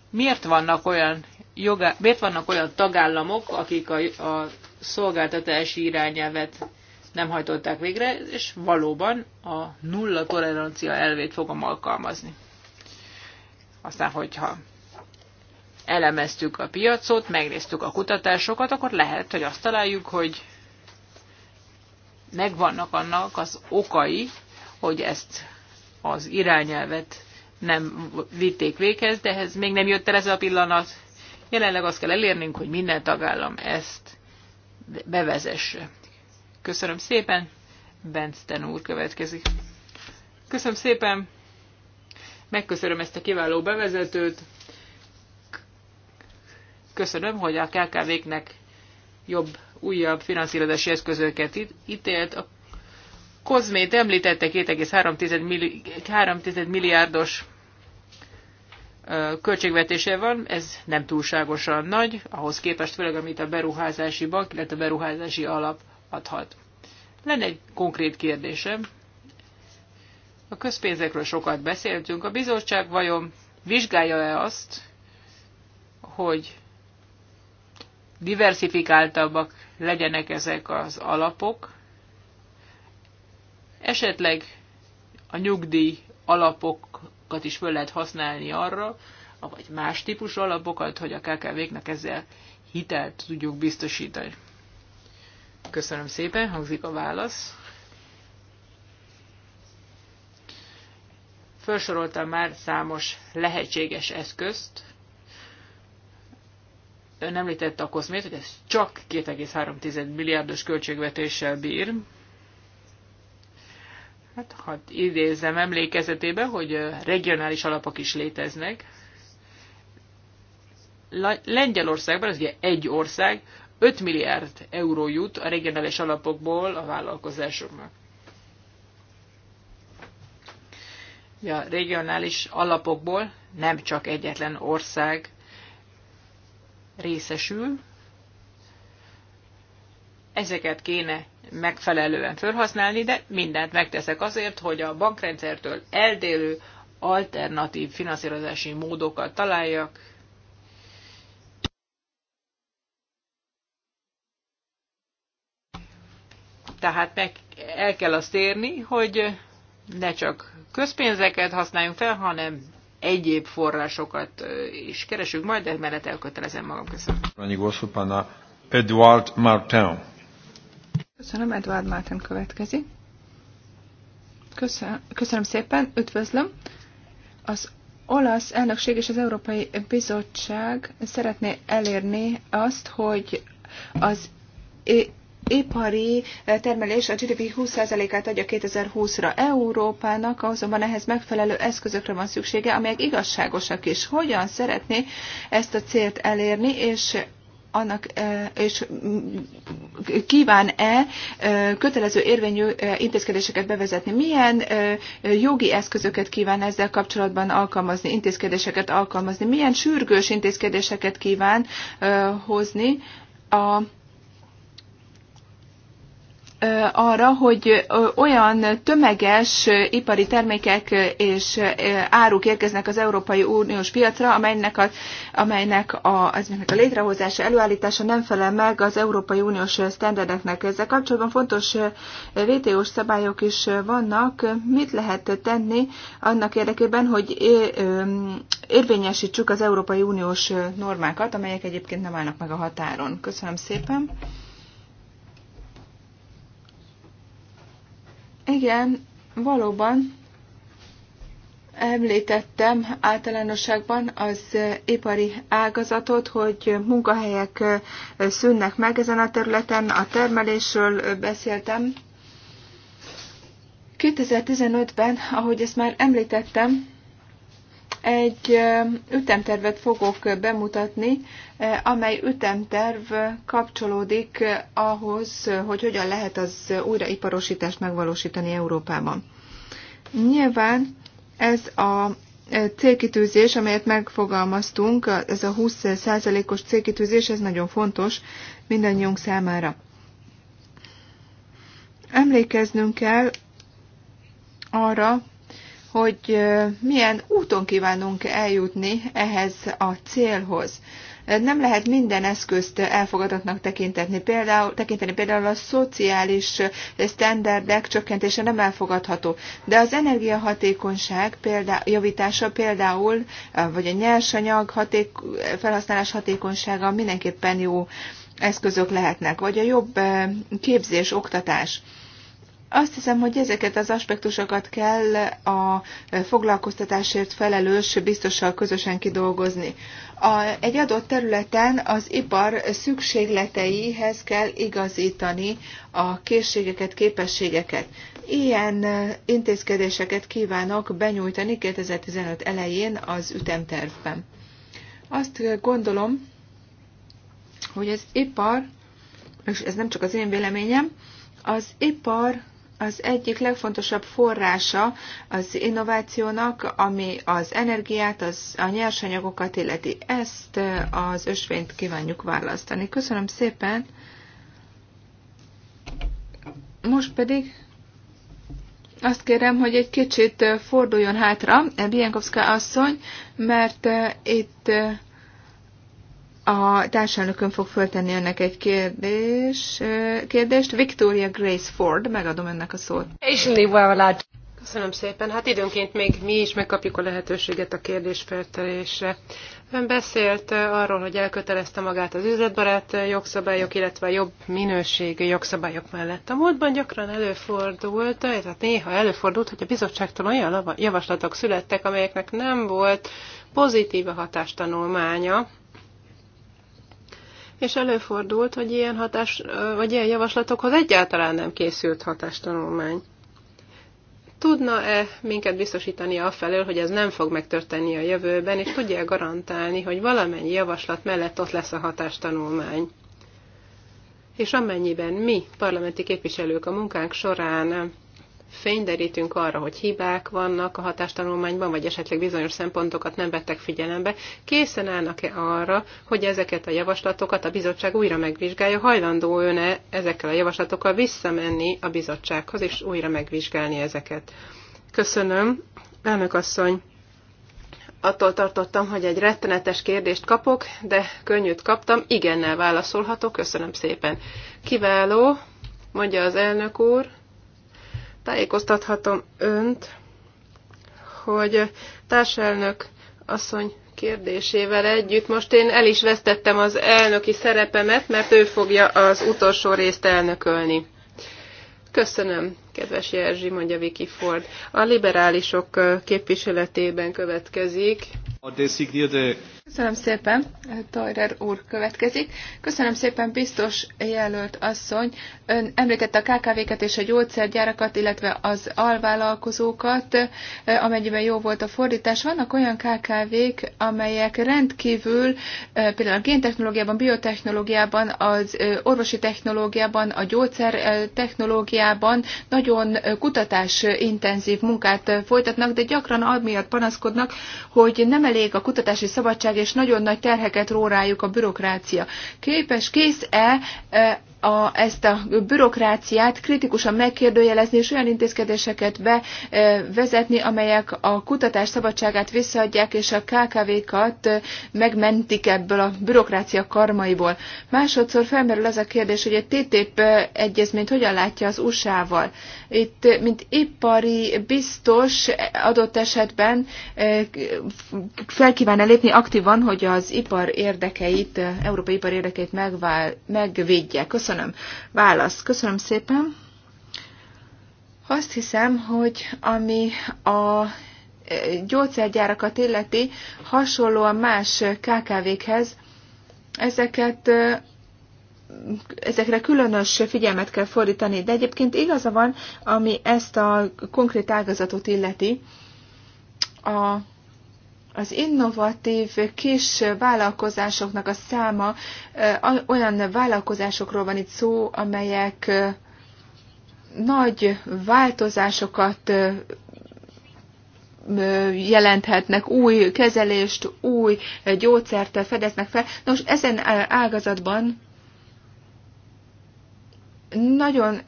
Miért vannak olyan, jogá, miért vannak olyan tagállamok, akik a, a szolgáltatási irányelvet nem hajtották végre, és valóban a nulla tolerancia elvét fogom alkalmazni. Aztán, hogyha elemeztük a piacot, megnéztük a kutatásokat, akkor lehet, hogy azt találjuk, hogy megvannak annak az okai, hogy ezt az irányelvet nem vitték véghez, de ez még nem jött el ez a pillanat. Jelenleg azt kell elérnünk, hogy minden tagállam ezt bevezesse. Köszönöm szépen, Benzten úr következik. Köszönöm szépen, megköszönöm ezt a kiváló bevezetőt, köszönöm, hogy a KKV-knek jobb, újabb finanszírozási eszközöket ítélt. A Kozmét említette 2,3 milliárdos költségvetése van, ez nem túlságosan nagy, ahhoz képest főleg, amit a beruházási bank, illetve a beruházási alap adhat. Lenne egy konkrét kérdésem. A közpénzekről sokat beszéltünk. A bizottság vajon vizsgálja-e azt, hogy diversifikáltabbak legyenek ezek az alapok, Esetleg a nyugdíj alapokat is föl lehet használni arra, vagy más típusú alapokat, hogy a kkv knek ezzel hitelt tudjuk biztosítani. Köszönöm szépen, hangzik a válasz. Felsoroltam már számos lehetséges eszközt. Ön említette a koszmét, hogy ez csak 2,3 milliárdos költségvetéssel bír. Hát hát idézem emlékezetébe, hogy regionális alapok is léteznek. Lengyelországban, ez ugye egy ország, 5 milliárd euró jut a regionális alapokból a vállalkozásoknak. Ja, regionális alapokból nem csak egyetlen ország részesül, ezeket kéne megfelelően felhasználni, de mindent megteszek azért, hogy a bankrendszertől eltérő alternatív finanszírozási módokat találjak, Tehát meg el kell azt érni, hogy ne csak közpénzeket használjunk fel, hanem egyéb forrásokat is keresünk majd, de mellett elkötelezem magam. Köszönöm. Eduard Martin. Köszönöm, Edward Martin következik. Köszönöm, köszönöm szépen, üdvözlöm. Az olasz elnökség és az Európai Bizottság szeretné elérni azt, hogy az ipari termelés a GDP 20%-át adja 2020-ra Európának, azonban ehhez megfelelő eszközökre van szüksége, amelyek igazságosak is. Hogyan szeretné ezt a célt elérni, és annak, és mm, kíván-e kötelező érvényű intézkedéseket bevezetni? Milyen jogi eszközöket kíván ezzel kapcsolatban alkalmazni, intézkedéseket alkalmazni? Milyen sürgős intézkedéseket kíván hozni a arra, hogy olyan tömeges ipari termékek és áruk érkeznek az Európai Uniós piacra, amelynek a, amelynek a, ezeknek a létrehozása, előállítása nem felel meg az Európai Uniós sztenderdeknek. Ezzel kapcsolatban fontos VTO-s szabályok is vannak. Mit lehet tenni annak érdekében, hogy érvényesítsük az Európai Uniós normákat, amelyek egyébként nem állnak meg a határon? Köszönöm szépen! Igen, valóban említettem általánosságban az ipari ágazatot, hogy munkahelyek szűnnek meg ezen a területen, a termelésről beszéltem. 2015-ben, ahogy ezt már említettem, egy ütemtervet fogok bemutatni, amely ütemterv kapcsolódik ahhoz, hogy hogyan lehet az újraiparosítást megvalósítani Európában. Nyilván ez a célkitűzés, amelyet megfogalmaztunk, ez a 20%-os célkitűzés, ez nagyon fontos mindannyiunk számára. Emlékeznünk kell arra, hogy milyen úton kívánunk eljutni ehhez a célhoz. Nem lehet minden eszközt elfogadatnak tekinteni. Például, tekinteni például a szociális sztenderdek csökkentése nem elfogadható. De az energiahatékonyság példá, javítása például, vagy a nyersanyag haték, felhasználás hatékonysága mindenképpen jó eszközök lehetnek, vagy a jobb képzés, oktatás. Azt hiszem, hogy ezeket az aspektusokat kell a foglalkoztatásért felelős biztossal közösen kidolgozni. A, egy adott területen az ipar szükségleteihez kell igazítani a készségeket, képességeket. Ilyen intézkedéseket kívánok benyújtani 2015 elején az ütemtervben. Azt gondolom, hogy az ipar, és ez nem csak az én véleményem, az ipar az egyik legfontosabb forrása az innovációnak, ami az energiát, az, a nyersanyagokat illeti. Ezt az ösvényt kívánjuk választani. Köszönöm szépen. Most pedig azt kérem, hogy egy kicsit forduljon hátra Bienkowska asszony, mert itt a társelnökön fog föltenni önnek egy kérdés, kérdést. Victoria Grace Ford, megadom önnek a szót. És Köszönöm szépen. Hát időnként még mi is megkapjuk a lehetőséget a feltelésre. Ön beszélt arról, hogy elkötelezte magát az üzletbarát jogszabályok, illetve a jobb minőségű jogszabályok mellett. A múltban gyakran előfordult, tehát néha előfordult, hogy a bizottságtól olyan javaslatok születtek, amelyeknek nem volt pozitív a hatástanulmánya, és előfordult, hogy ilyen, hatás, vagy ilyen javaslatokhoz egyáltalán nem készült hatástanulmány. Tudna-e minket biztosítani afelől, hogy ez nem fog megtörténni a jövőben, és tudja -e garantálni, hogy valamennyi javaslat mellett ott lesz a hatástanulmány? És amennyiben mi, parlamenti képviselők a munkánk során fényderítünk arra, hogy hibák vannak a hatástanulmányban, vagy esetleg bizonyos szempontokat nem vettek figyelembe, készen állnak-e arra, hogy ezeket a javaslatokat a bizottság újra megvizsgálja, hajlandó ön-e ezekkel a javaslatokkal visszamenni a bizottsághoz, és újra megvizsgálni ezeket. Köszönöm, elnök asszony! attól tartottam, hogy egy rettenetes kérdést kapok, de könnyűt kaptam, igennel válaszolható, köszönöm szépen. Kiváló, mondja az elnök úr, Tájékoztathatom önt, hogy társelnök asszony kérdésével együtt. Most én el is vesztettem az elnöki szerepemet, mert ő fogja az utolsó részt elnökölni. Köszönöm, kedves Jerzsi, mondja Vicky Ford. A liberálisok képviseletében következik a designierte... Köszönöm szépen, Toirer úr következik. Köszönöm szépen, biztos jelölt asszony. Ön említette a KKV-ket és a gyógyszergyárakat, illetve az alvállalkozókat, amennyiben jó volt a fordítás. Vannak olyan KKV-k, amelyek rendkívül, például a géntechnológiában, biotechnológiában, az orvosi technológiában, a gyógyszer technológiában nagyon kutatásintenzív munkát folytatnak, de gyakran admiatt panaszkodnak, hogy nem elég a kutatási szabadság, és nagyon nagy terheket rórájuk a bürokrácia. Képes, kész-e a, ezt a bürokráciát kritikusan megkérdőjelezni, és olyan intézkedéseket bevezetni, amelyek a kutatás szabadságát visszaadják, és a KKV-kat megmentik ebből a bürokrácia karmaiból. Másodszor felmerül az a kérdés, hogy a TTIP egyezményt hogyan látja az USA-val. Itt, mint ipari biztos adott esetben felkívánna lépni aktívan, hogy az ipar érdekeit, európai ipar érdekeit megvál, megvédje. Köszönöm Köszönöm. Válasz. Köszönöm szépen. Azt hiszem, hogy ami a e, gyógyszergyárakat illeti, hasonlóan más KKV-khez, ezeket e, ezekre különös figyelmet kell fordítani, de egyébként igaza van, ami ezt a konkrét ágazatot illeti. A az innovatív kis vállalkozásoknak a száma, olyan vállalkozásokról van itt szó, amelyek nagy változásokat jelenthetnek, új kezelést, új gyógyszert fedeznek fel. Nos, ezen ágazatban nagyon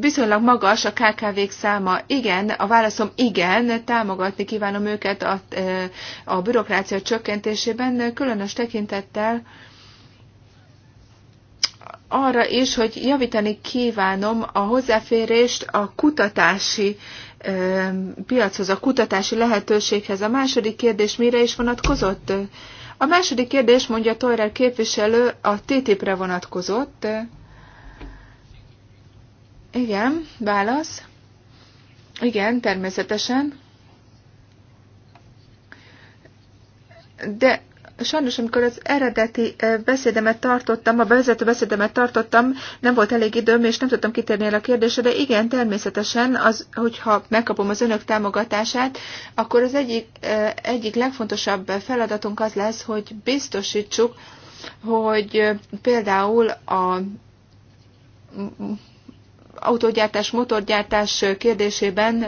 viszonylag magas a KKV-k száma. Igen, a válaszom igen, támogatni kívánom őket a, a bürokrácia csökkentésében, különös tekintettel arra is, hogy javítani kívánom a hozzáférést a kutatási piachoz, a kutatási lehetőséghez. A második kérdés mire is vonatkozott? A második kérdés, mondja Toyer képviselő, a TTIP-re vonatkozott. Igen, válasz. Igen, természetesen. De sajnos, amikor az eredeti beszédemet tartottam, a bevezető beszédemet tartottam, nem volt elég időm, és nem tudtam kitérni el a kérdésre, de igen, természetesen, az, hogyha megkapom az önök támogatását, akkor az egyik, egyik legfontosabb feladatunk az lesz, hogy biztosítsuk, hogy például a autógyártás, motorgyártás kérdésében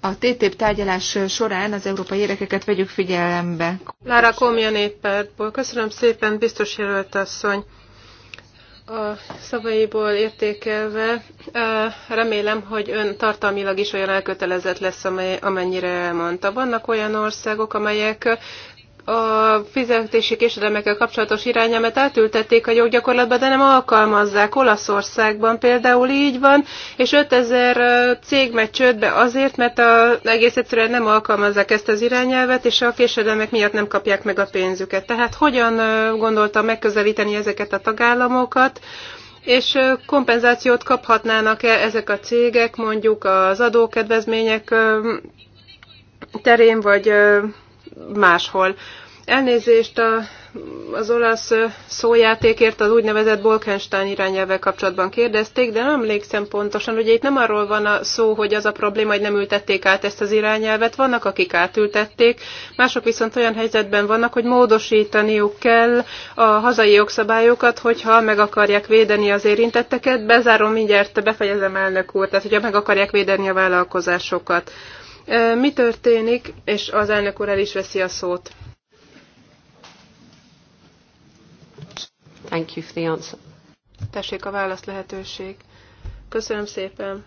a TTIP tárgyalás során az európai érekeket vegyük figyelembe. Lára Komja néppártból. Köszönöm szépen, biztos jelölt asszony. A szavaiból értékelve remélem, hogy ön tartalmilag is olyan elkötelezett lesz, amennyire elmondta. Vannak olyan országok, amelyek a fizetési késedelmekkel kapcsolatos irányelmet átültették a joggyakorlatba, de nem alkalmazzák. Olaszországban például így van, és 5000 cég megy csődbe azért, mert a, egész egyszerűen nem alkalmazzák ezt az irányelvet, és a késedelmek miatt nem kapják meg a pénzüket. Tehát hogyan gondolta megközelíteni ezeket a tagállamokat? És kompenzációt kaphatnának-e ezek a cégek mondjuk az adókedvezmények terén, vagy máshol. Elnézést a, az olasz szójátékért az úgynevezett Bolkenstein irányelvvel kapcsolatban kérdezték, de nem emlékszem pontosan, ugye itt nem arról van a szó, hogy az a probléma, hogy nem ültették át ezt az irányelvet, vannak, akik átültették, mások viszont olyan helyzetben vannak, hogy módosítaniuk kell a hazai jogszabályokat, hogyha meg akarják védeni az érintetteket, bezárom mindjárt, befejezem elnök úr, tehát hogyha meg akarják védeni a vállalkozásokat. Mi történik, és az elnök úr el is veszi a szót. Thank you for the answer. Tessék a válasz lehetőség. Köszönöm szépen.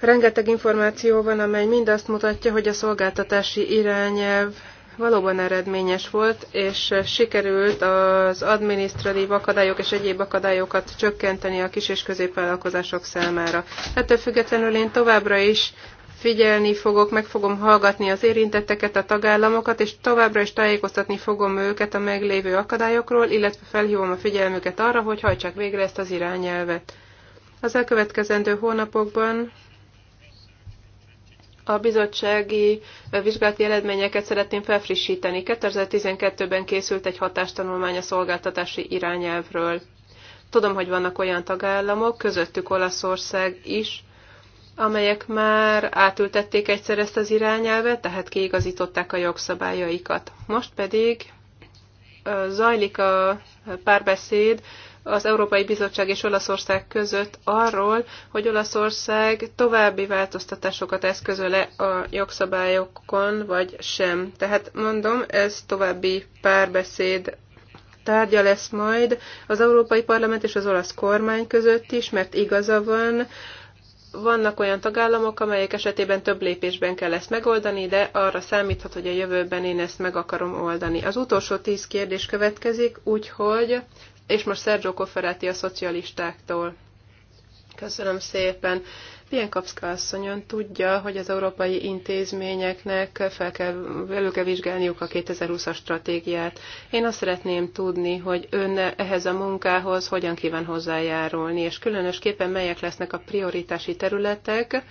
Rengeteg információ van, amely mind azt mutatja, hogy a szolgáltatási irányelv valóban eredményes volt, és sikerült az adminisztratív akadályok és egyéb akadályokat csökkenteni a kis és középvállalkozások számára. Ettől függetlenül én továbbra is figyelni fogok, meg fogom hallgatni az érintetteket, a tagállamokat, és továbbra is tájékoztatni fogom őket a meglévő akadályokról, illetve felhívom a figyelmüket arra, hogy hajtsák végre ezt az irányelvet. Az elkövetkezendő hónapokban a bizottsági vizsgálati eredményeket szeretném felfrissíteni. 2012-ben készült egy hatástanulmány a szolgáltatási irányelvről. Tudom, hogy vannak olyan tagállamok, közöttük Olaszország is, amelyek már átültették egyszer ezt az irányelvet, tehát kiigazították a jogszabályaikat. Most pedig zajlik a párbeszéd az Európai Bizottság és Olaszország között arról, hogy Olaszország további változtatásokat eszközöle a jogszabályokon, vagy sem. Tehát mondom, ez további párbeszéd tárgya lesz majd az Európai Parlament és az olasz kormány között is, mert igaza van, vannak olyan tagállamok, amelyek esetében több lépésben kell ezt megoldani, de arra számíthat, hogy a jövőben én ezt meg akarom oldani. Az utolsó tíz kérdés következik, úgyhogy, és most Sergio Cofferati a szocialistáktól. Köszönöm szépen. Pienkapszka asszonyon tudja, hogy az európai intézményeknek fel kell, elő kell vizsgálniuk a 2020-as stratégiát. Én azt szeretném tudni, hogy ön ehhez a munkához hogyan kíván hozzájárulni, és különösképpen melyek lesznek a prioritási területek,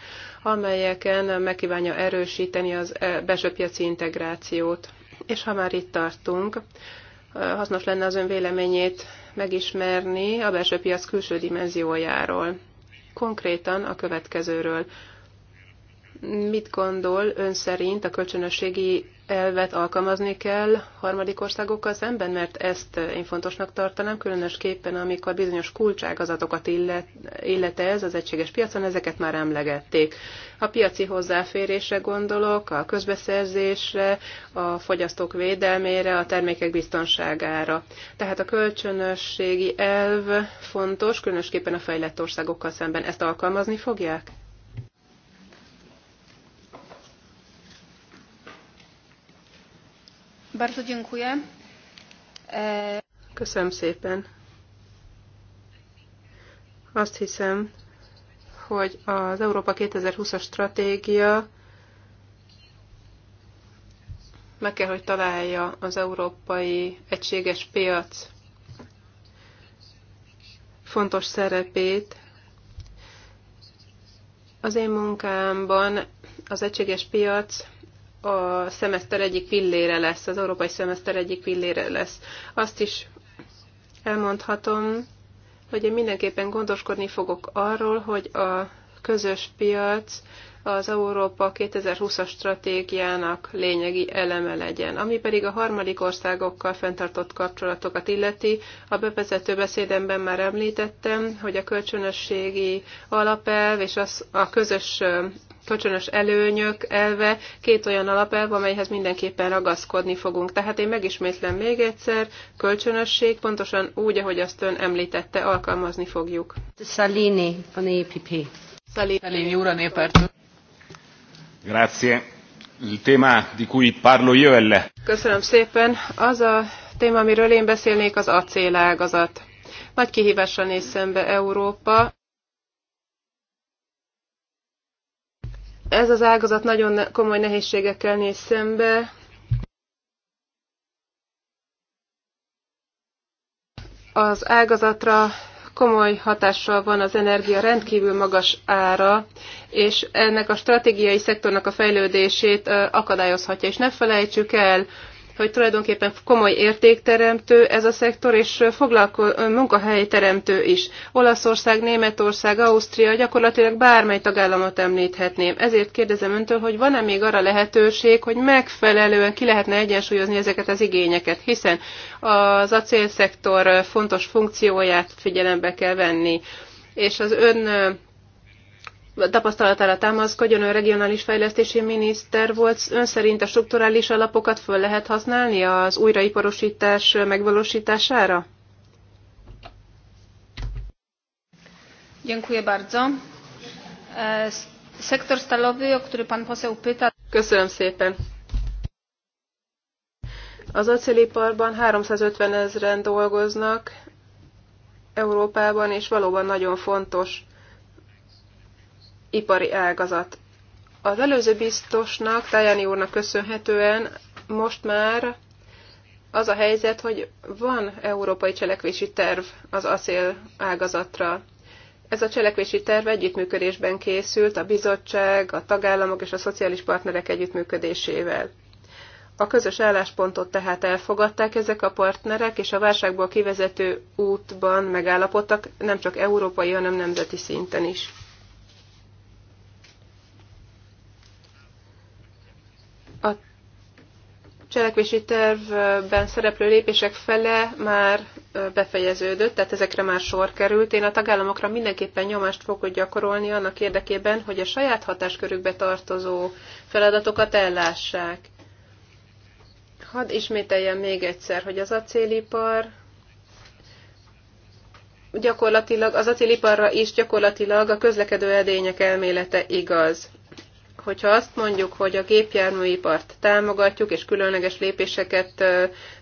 amelyeken megkívánja erősíteni az e, belső piaci integrációt. És ha már itt tartunk, e, hasznos lenne az ön véleményét megismerni a belső piac külső dimenziójáról konkrétan a következőről. Mit gondol ön szerint a kölcsönösségi elvet alkalmazni kell harmadik országokkal szemben, mert ezt én fontosnak tartanám, különösképpen amikor bizonyos kulcságazatokat illet, illete ez az egységes piacon, ezeket már emlegették. A piaci hozzáférésre gondolok, a közbeszerzésre, a fogyasztók védelmére, a termékek biztonságára. Tehát a kölcsönösségi elv fontos, különösképpen a fejlett országokkal szemben. Ezt alkalmazni fogják? Bardzo dziękuję. E, Köszönöm szépen. Azt hiszem, hogy az Európa 2020-as stratégia meg kell, hogy találja az európai egységes piac fontos szerepét. Az én munkámban az egységes piac a szemeszter egyik pillére lesz, az európai szemeszter egyik pillére lesz. Azt is elmondhatom, hogy én mindenképpen gondoskodni fogok arról, hogy a közös piac az Európa 2020-as stratégiának lényegi eleme legyen. Ami pedig a harmadik országokkal fenntartott kapcsolatokat illeti, a bevezető beszédemben már említettem, hogy a kölcsönösségi alapelv és az, a közös kölcsönös előnyök elve két olyan alapelv, amelyhez mindenképpen ragaszkodni fogunk. Tehát én megismétlem még egyszer, kölcsönösség pontosan úgy, ahogy azt ön említette, alkalmazni fogjuk. Salini van EPP. Salini, ura, úr a Grazie. Il tema di cui parlo io è Köszönöm szépen. Az a téma, amiről én beszélnék, az acélágazat. Nagy kihívással néz szembe Európa ez az ágazat nagyon komoly nehézségekkel néz szembe. Az ágazatra komoly hatással van az energia rendkívül magas ára, és ennek a stratégiai szektornak a fejlődését akadályozhatja. És ne felejtsük el, hogy tulajdonképpen komoly értékteremtő ez a szektor, és foglalko- munkahelyteremtő is. Olaszország, Németország, Ausztria, gyakorlatilag bármely tagállamot említhetném. Ezért kérdezem öntől, hogy van-e még arra lehetőség, hogy megfelelően ki lehetne egyensúlyozni ezeket az igényeket, hiszen az acélszektor fontos funkcióját figyelembe kell venni, és az ön tapasztalatára támaszkodjon, ön regionális fejlesztési miniszter volt, ön szerint a strukturális alapokat föl lehet használni az újraiparosítás megvalósítására? Dziękuję bardzo. E, sektor stalowy, o który pan poseł pyta. Köszönöm szépen. Az acéliparban 350 ezeren dolgoznak Európában, és valóban nagyon fontos ipari ágazat. Az előző biztosnak, Tajani úrnak köszönhetően most már az a helyzet, hogy van európai cselekvési terv az acél ágazatra. Ez a cselekvési terv együttműködésben készült a bizottság, a tagállamok és a szociális partnerek együttműködésével. A közös álláspontot tehát elfogadták ezek a partnerek, és a válságból kivezető útban megállapodtak nem csak európai, hanem nemzeti szinten is. A cselekvési tervben szereplő lépések fele már befejeződött, tehát ezekre már sor került. Én a tagállamokra mindenképpen nyomást fogok gyakorolni annak érdekében, hogy a saját hatáskörükbe tartozó feladatokat ellássák. Hadd ismételjem még egyszer, hogy az acélipar gyakorlatilag, az acéliparra is gyakorlatilag a közlekedő edények elmélete igaz hogyha azt mondjuk, hogy a gépjárműipart támogatjuk, és különleges lépéseket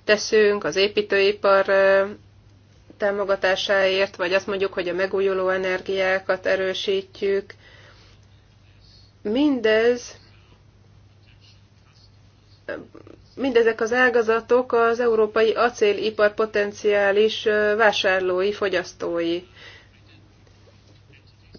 teszünk az építőipar támogatásáért, vagy azt mondjuk, hogy a megújuló energiákat erősítjük, mindez mindezek az ágazatok az európai acélipar potenciális vásárlói, fogyasztói.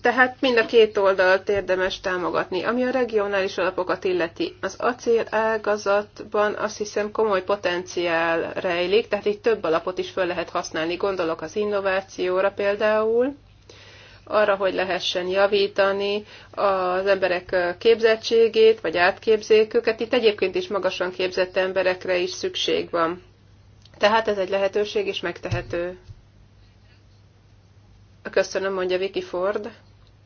Tehát mind a két oldalt érdemes támogatni. Ami a regionális alapokat illeti, az acél ágazatban azt hiszem komoly potenciál rejlik, tehát itt több alapot is föl lehet használni. Gondolok az innovációra például, arra, hogy lehessen javítani az emberek képzettségét, vagy átképzék őket. Itt egyébként is magasan képzett emberekre is szükség van. Tehát ez egy lehetőség, és megtehető. Köszönöm, mondja Vicky Ford.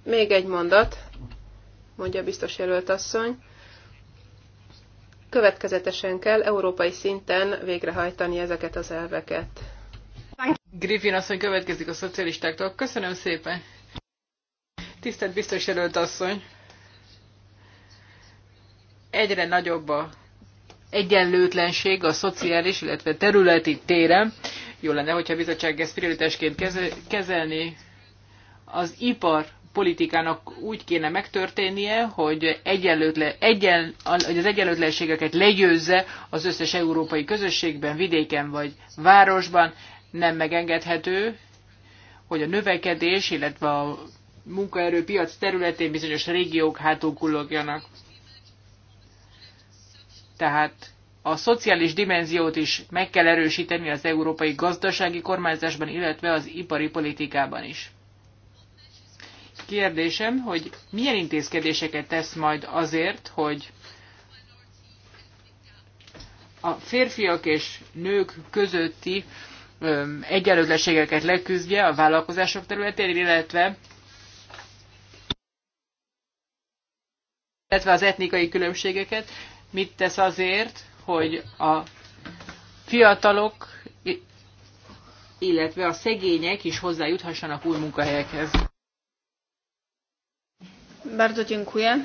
Még egy mondat, mondja biztos jelölt asszony. Következetesen kell európai szinten végrehajtani ezeket az elveket. Griffin asszony következik a szocialistáktól. Köszönöm szépen. Tisztelt biztos jelölt asszony. Egyre nagyobb a egyenlőtlenség a szociális, illetve területi téren. Jó lenne, hogyha a bizottság ezt prioritásként kezelni. Az ipar politikának úgy kéne megtörténnie, hogy, egyenlőtle, egyen, hogy az egyenlőtlenségeket legyőzze az összes európai közösségben, vidéken vagy városban. Nem megengedhető, hogy a növekedés, illetve a munkaerőpiac területén bizonyos régiók hátulkullogjanak. Tehát a szociális dimenziót is meg kell erősíteni az európai gazdasági kormányzásban, illetve az ipari politikában is kérdésem, hogy milyen intézkedéseket tesz majd azért, hogy a férfiak és nők közötti egyenlőtlenségeket leküzdje a vállalkozások területén, illetve illetve az etnikai különbségeket, mit tesz azért, hogy a fiatalok, illetve a szegények is hozzájuthassanak új munkahelyekhez. Bardzo dziękuję.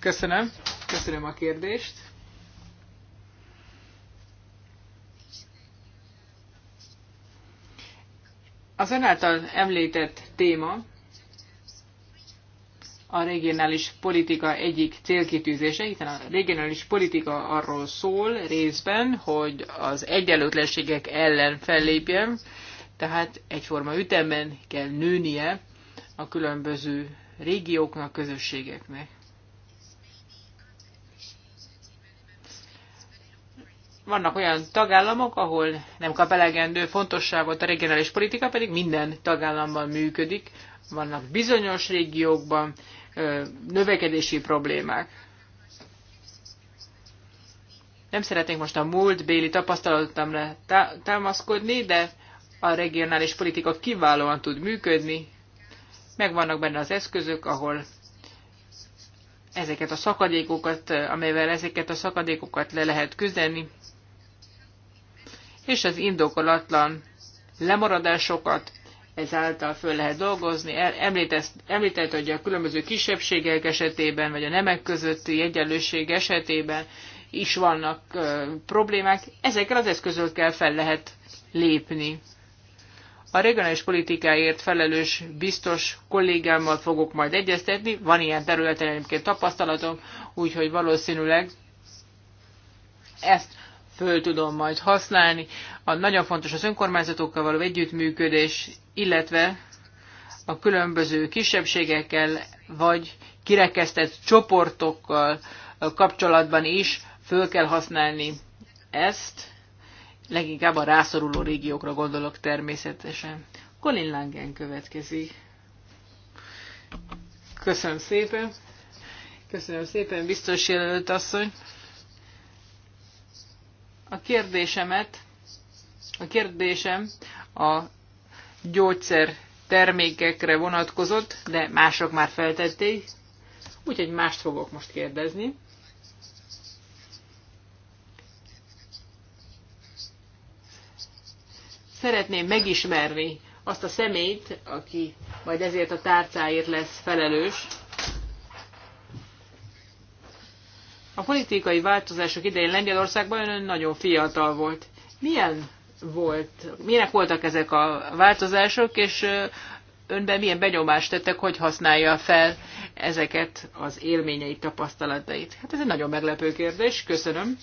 Köszönöm. Köszönöm a kérdést. Az ön által említett téma a regionális politika egyik célkitűzése, hiszen a regionális politika arról szól részben, hogy az egyenlőtlenségek ellen fellépjen, tehát egyforma ütemben kell nőnie a különböző régióknak, közösségeknek. Vannak olyan tagállamok, ahol nem kap elegendő fontosságot a regionális politika, pedig minden tagállamban működik. Vannak bizonyos régiókban növekedési problémák. Nem szeretnék most a béli tapasztalatomra támaszkodni, de a regionális politika kiválóan tud működni, megvannak benne az eszközök, ahol ezeket a szakadékokat, amivel ezeket a szakadékokat le lehet küzdeni, és az indokolatlan lemaradásokat ezáltal föl lehet dolgozni. Említett, hogy a különböző kisebbségek esetében, vagy a nemek közötti egyenlőség esetében is vannak problémák. Ezekkel az eszközökkel fel lehet lépni. A regionális politikáért felelős biztos kollégámmal fogok majd egyeztetni. Van ilyen területen egyébként tapasztalatom, úgyhogy valószínűleg ezt föl tudom majd használni. A nagyon fontos az önkormányzatokkal való együttműködés, illetve a különböző kisebbségekkel vagy kirekesztett csoportokkal kapcsolatban is föl kell használni ezt. Leginkább a rászoruló régiókra gondolok természetesen. Colin Langen következik. Köszönöm szépen. Köszönöm szépen, biztos jelölt asszony. A kérdésemet, a kérdésem a gyógyszer termékekre vonatkozott, de mások már feltették, úgyhogy mást fogok most kérdezni. szeretném megismerni azt a szemét, aki majd ezért a tárcáért lesz felelős. A politikai változások idején Lengyelországban ön nagyon fiatal volt. Milyen volt, milyenek voltak ezek a változások, és önben milyen benyomást tettek, hogy használja fel ezeket az élményeit, tapasztalatait? Hát ez egy nagyon meglepő kérdés, köszönöm.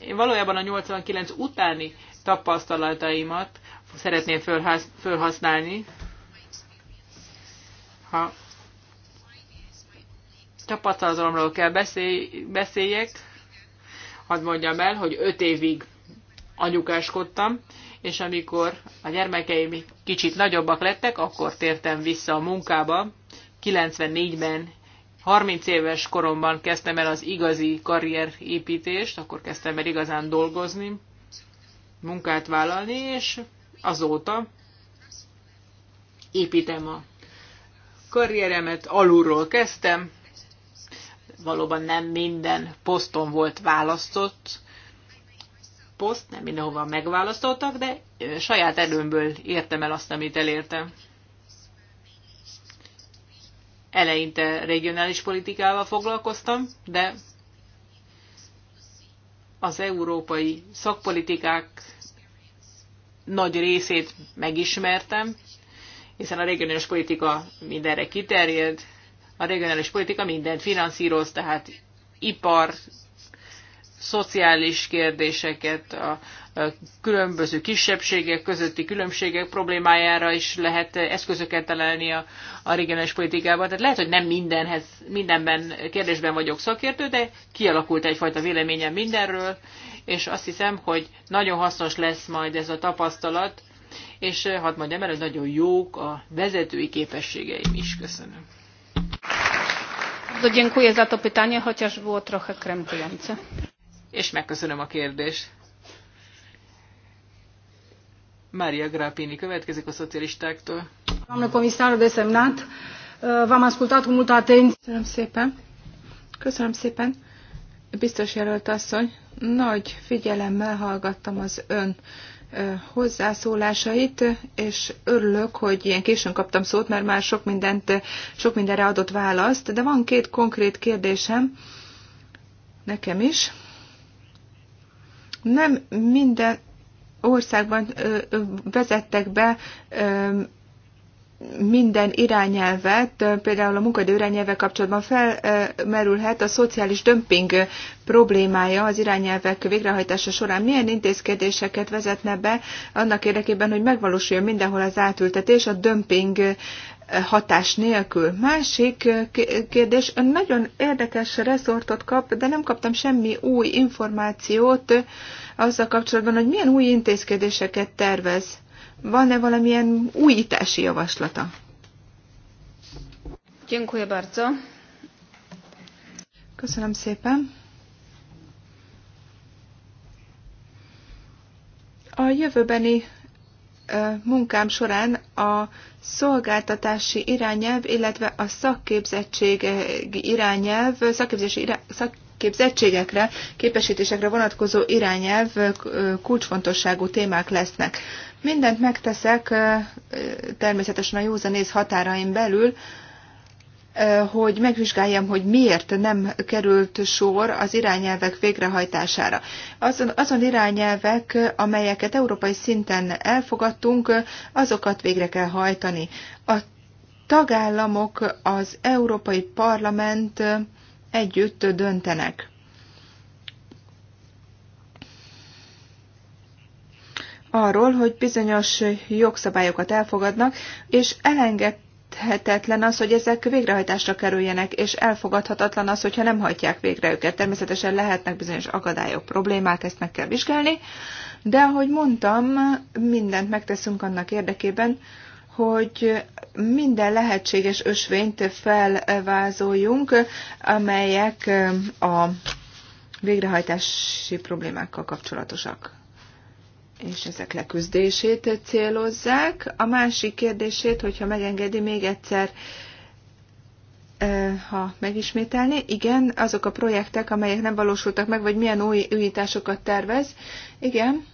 Én valójában a 89 utáni tapasztalataimat szeretném felhasználni. fölhasználni. Ha tapasztalatomról kell beszélj, beszéljek, hadd mondjam el, hogy 5 évig anyukáskodtam, és amikor a gyermekeim kicsit nagyobbak lettek, akkor tértem vissza a munkába. 94-ben 30 éves koromban kezdtem el az igazi karrierépítést, akkor kezdtem el igazán dolgozni, munkát vállalni, és azóta építem a karrieremet, alulról kezdtem, valóban nem minden poszton volt választott poszt, nem mindenhova megválasztottak, de saját erőmből értem el azt, amit elértem. Eleinte regionális politikával foglalkoztam, de az európai szakpolitikák nagy részét megismertem, hiszen a regionális politika mindenre kiterjed, a regionális politika mindent finanszíroz, tehát ipar, szociális kérdéseket, a különböző kisebbségek közötti különbségek problémájára is lehet eszközöket találni a, a regionális politikában. Tehát lehet, hogy nem mindenhez, mindenben kérdésben vagyok szakértő, de kialakult egyfajta véleményem mindenről, és azt hiszem, hogy nagyon hasznos lesz majd ez a tapasztalat, és eh, hadd mondjam el, hogy nagyon jók a vezetői képességeim is. Köszönöm. Bardzo dziękuję za to pytanie, chociaż było trochę krępujące és megköszönöm a kérdést. Mária Grappini következik a szocialistáktól. Doamnă comisară desemnat, v-am ascultat cu multă atenție. Köszönöm szépen. Köszönöm szépen. Biztos jelölt asszony, nagy figyelemmel hallgattam az ön hozzászólásait, és örülök, hogy ilyen későn kaptam szót, mert már sok, mindent, sok mindenre adott választ, de van két konkrét kérdésem nekem is. Nem minden országban vezettek be minden irányelvet, például a munkadő irányelve kapcsolatban felmerülhet a szociális dömping problémája az irányelvek végrehajtása során. Milyen intézkedéseket vezetne be annak érdekében, hogy megvalósuljon mindenhol az átültetés a dömping hatás nélkül. Másik kérdés, nagyon érdekes reszortot kap, de nem kaptam semmi új információt azzal kapcsolatban, hogy milyen új intézkedéseket tervez. Van-e valamilyen újítási javaslata? Dziękuję bardzo. Köszönöm szépen. A jövőbeni munkám során a szolgáltatási irányelv, illetve a szakképzettség irányelv, szakképzési szak képzettségekre, képesítésekre vonatkozó irányelv kulcsfontosságú témák lesznek. Mindent megteszek természetesen a józanész határain belül, hogy megvizsgáljam, hogy miért nem került sor az irányelvek végrehajtására. Azon, azon irányelvek, amelyeket európai szinten elfogadtunk, azokat végre kell hajtani. A tagállamok, az Európai Parlament együtt döntenek. arról, hogy bizonyos jogszabályokat elfogadnak, és elenged, elengedhetetlen az, hogy ezek végrehajtásra kerüljenek, és elfogadhatatlan az, hogyha nem hajtják végre őket. Természetesen lehetnek bizonyos akadályok, problémák, ezt meg kell vizsgálni, de ahogy mondtam, mindent megteszünk annak érdekében, hogy minden lehetséges ösvényt felvázoljunk, amelyek a végrehajtási problémákkal kapcsolatosak és ezek leküzdését célozzák. A másik kérdését, hogyha megengedi még egyszer, eh, ha megismételni, igen, azok a projektek, amelyek nem valósultak meg, vagy milyen új újításokat tervez, igen,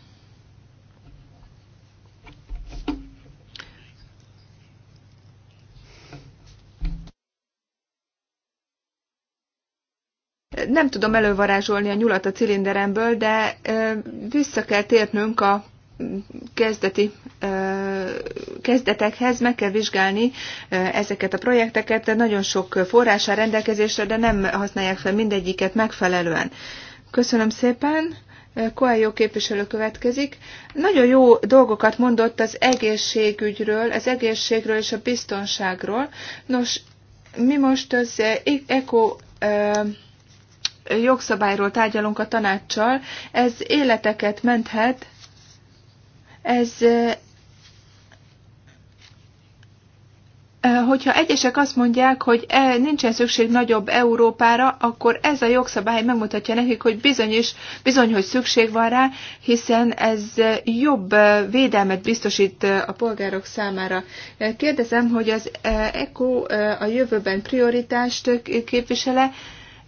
nem tudom elővarázsolni a nyulat a cilinderemből, de vissza kell térnünk a kezdeti kezdetekhez, meg kell vizsgálni ezeket a projekteket, nagyon sok forrás rendelkezésre, de nem használják fel mindegyiket megfelelően. Köszönöm szépen! Koeljó képviselő következik. Nagyon jó dolgokat mondott az egészségügyről, az egészségről és a biztonságról. Nos, mi most az ECO jogszabályról tárgyalunk a tanácssal, ez életeket menthet, ez eh, eh, hogyha egyesek azt mondják, hogy eh, nincsen szükség nagyobb Európára, akkor ez a jogszabály megmutatja nekik, hogy bizony, is, bizony hogy szükség van rá, hiszen ez jobb védelmet biztosít a polgárok számára. Kérdezem, hogy az ECO a jövőben prioritást képvisele,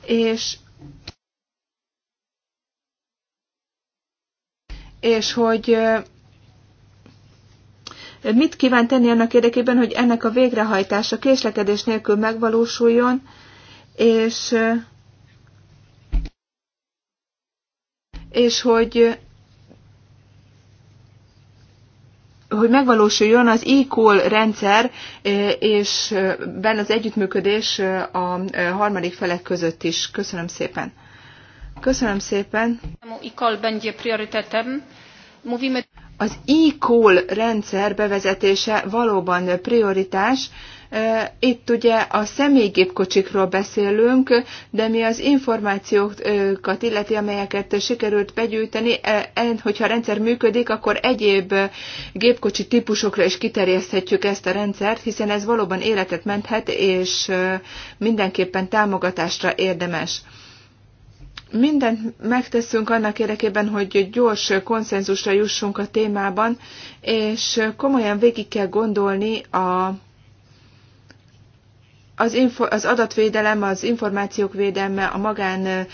és és hogy mit kíván tenni annak érdekében, hogy ennek a végrehajtása késlekedés nélkül megvalósuljon, és, és hogy hogy megvalósuljon az e rendszer és benne az együttműködés a harmadik felek között is. Köszönöm szépen. Köszönöm szépen. Az e-call rendszer bevezetése valóban prioritás. E, itt ugye a személygépkocsikról beszélünk, de mi az információkat illeti, amelyeket sikerült begyűjteni, e, e, hogyha a rendszer működik, akkor egyéb gépkocsi típusokra is kiterjeszthetjük ezt a rendszert, hiszen ez valóban életet menthet, és mindenképpen támogatásra érdemes mindent megteszünk annak érdekében, hogy gyors konszenzusra jussunk a témában, és komolyan végig kell gondolni a, az, info, az adatvédelem, az információk védelme, a magán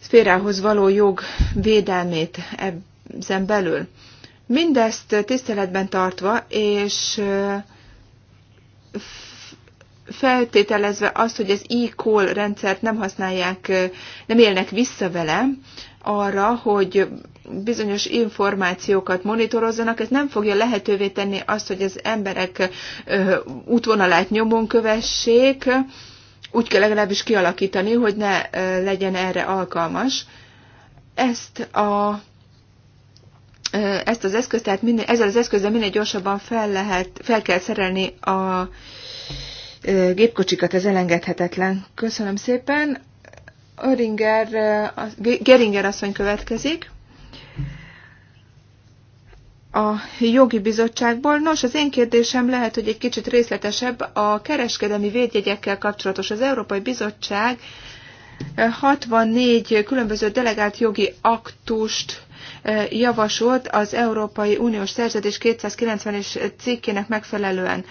szférához való jog védelmét ezen belül. Mindezt tiszteletben tartva, és feltételezve azt, hogy az e-call rendszert nem használják, nem élnek vissza vele, arra, hogy bizonyos információkat monitorozzanak, ez nem fogja lehetővé tenni azt, hogy az emberek útvonalát nyomon kövessék, úgy kell legalábbis kialakítani, hogy ne legyen erre alkalmas. Ezt a ezt az eszközt, tehát minél, ezzel az eszközzel minél gyorsabban fel, lehet, fel kell szerelni a, gépkocsikat, ez elengedhetetlen. Köszönöm szépen. Öringer, Geringer asszony következik a jogi bizottságból. Nos, az én kérdésem lehet, hogy egy kicsit részletesebb. A kereskedelmi védjegyekkel kapcsolatos az Európai Bizottság 64 különböző delegált jogi aktust javasolt az Európai Uniós Szerződés 290-es cikkének megfelelően.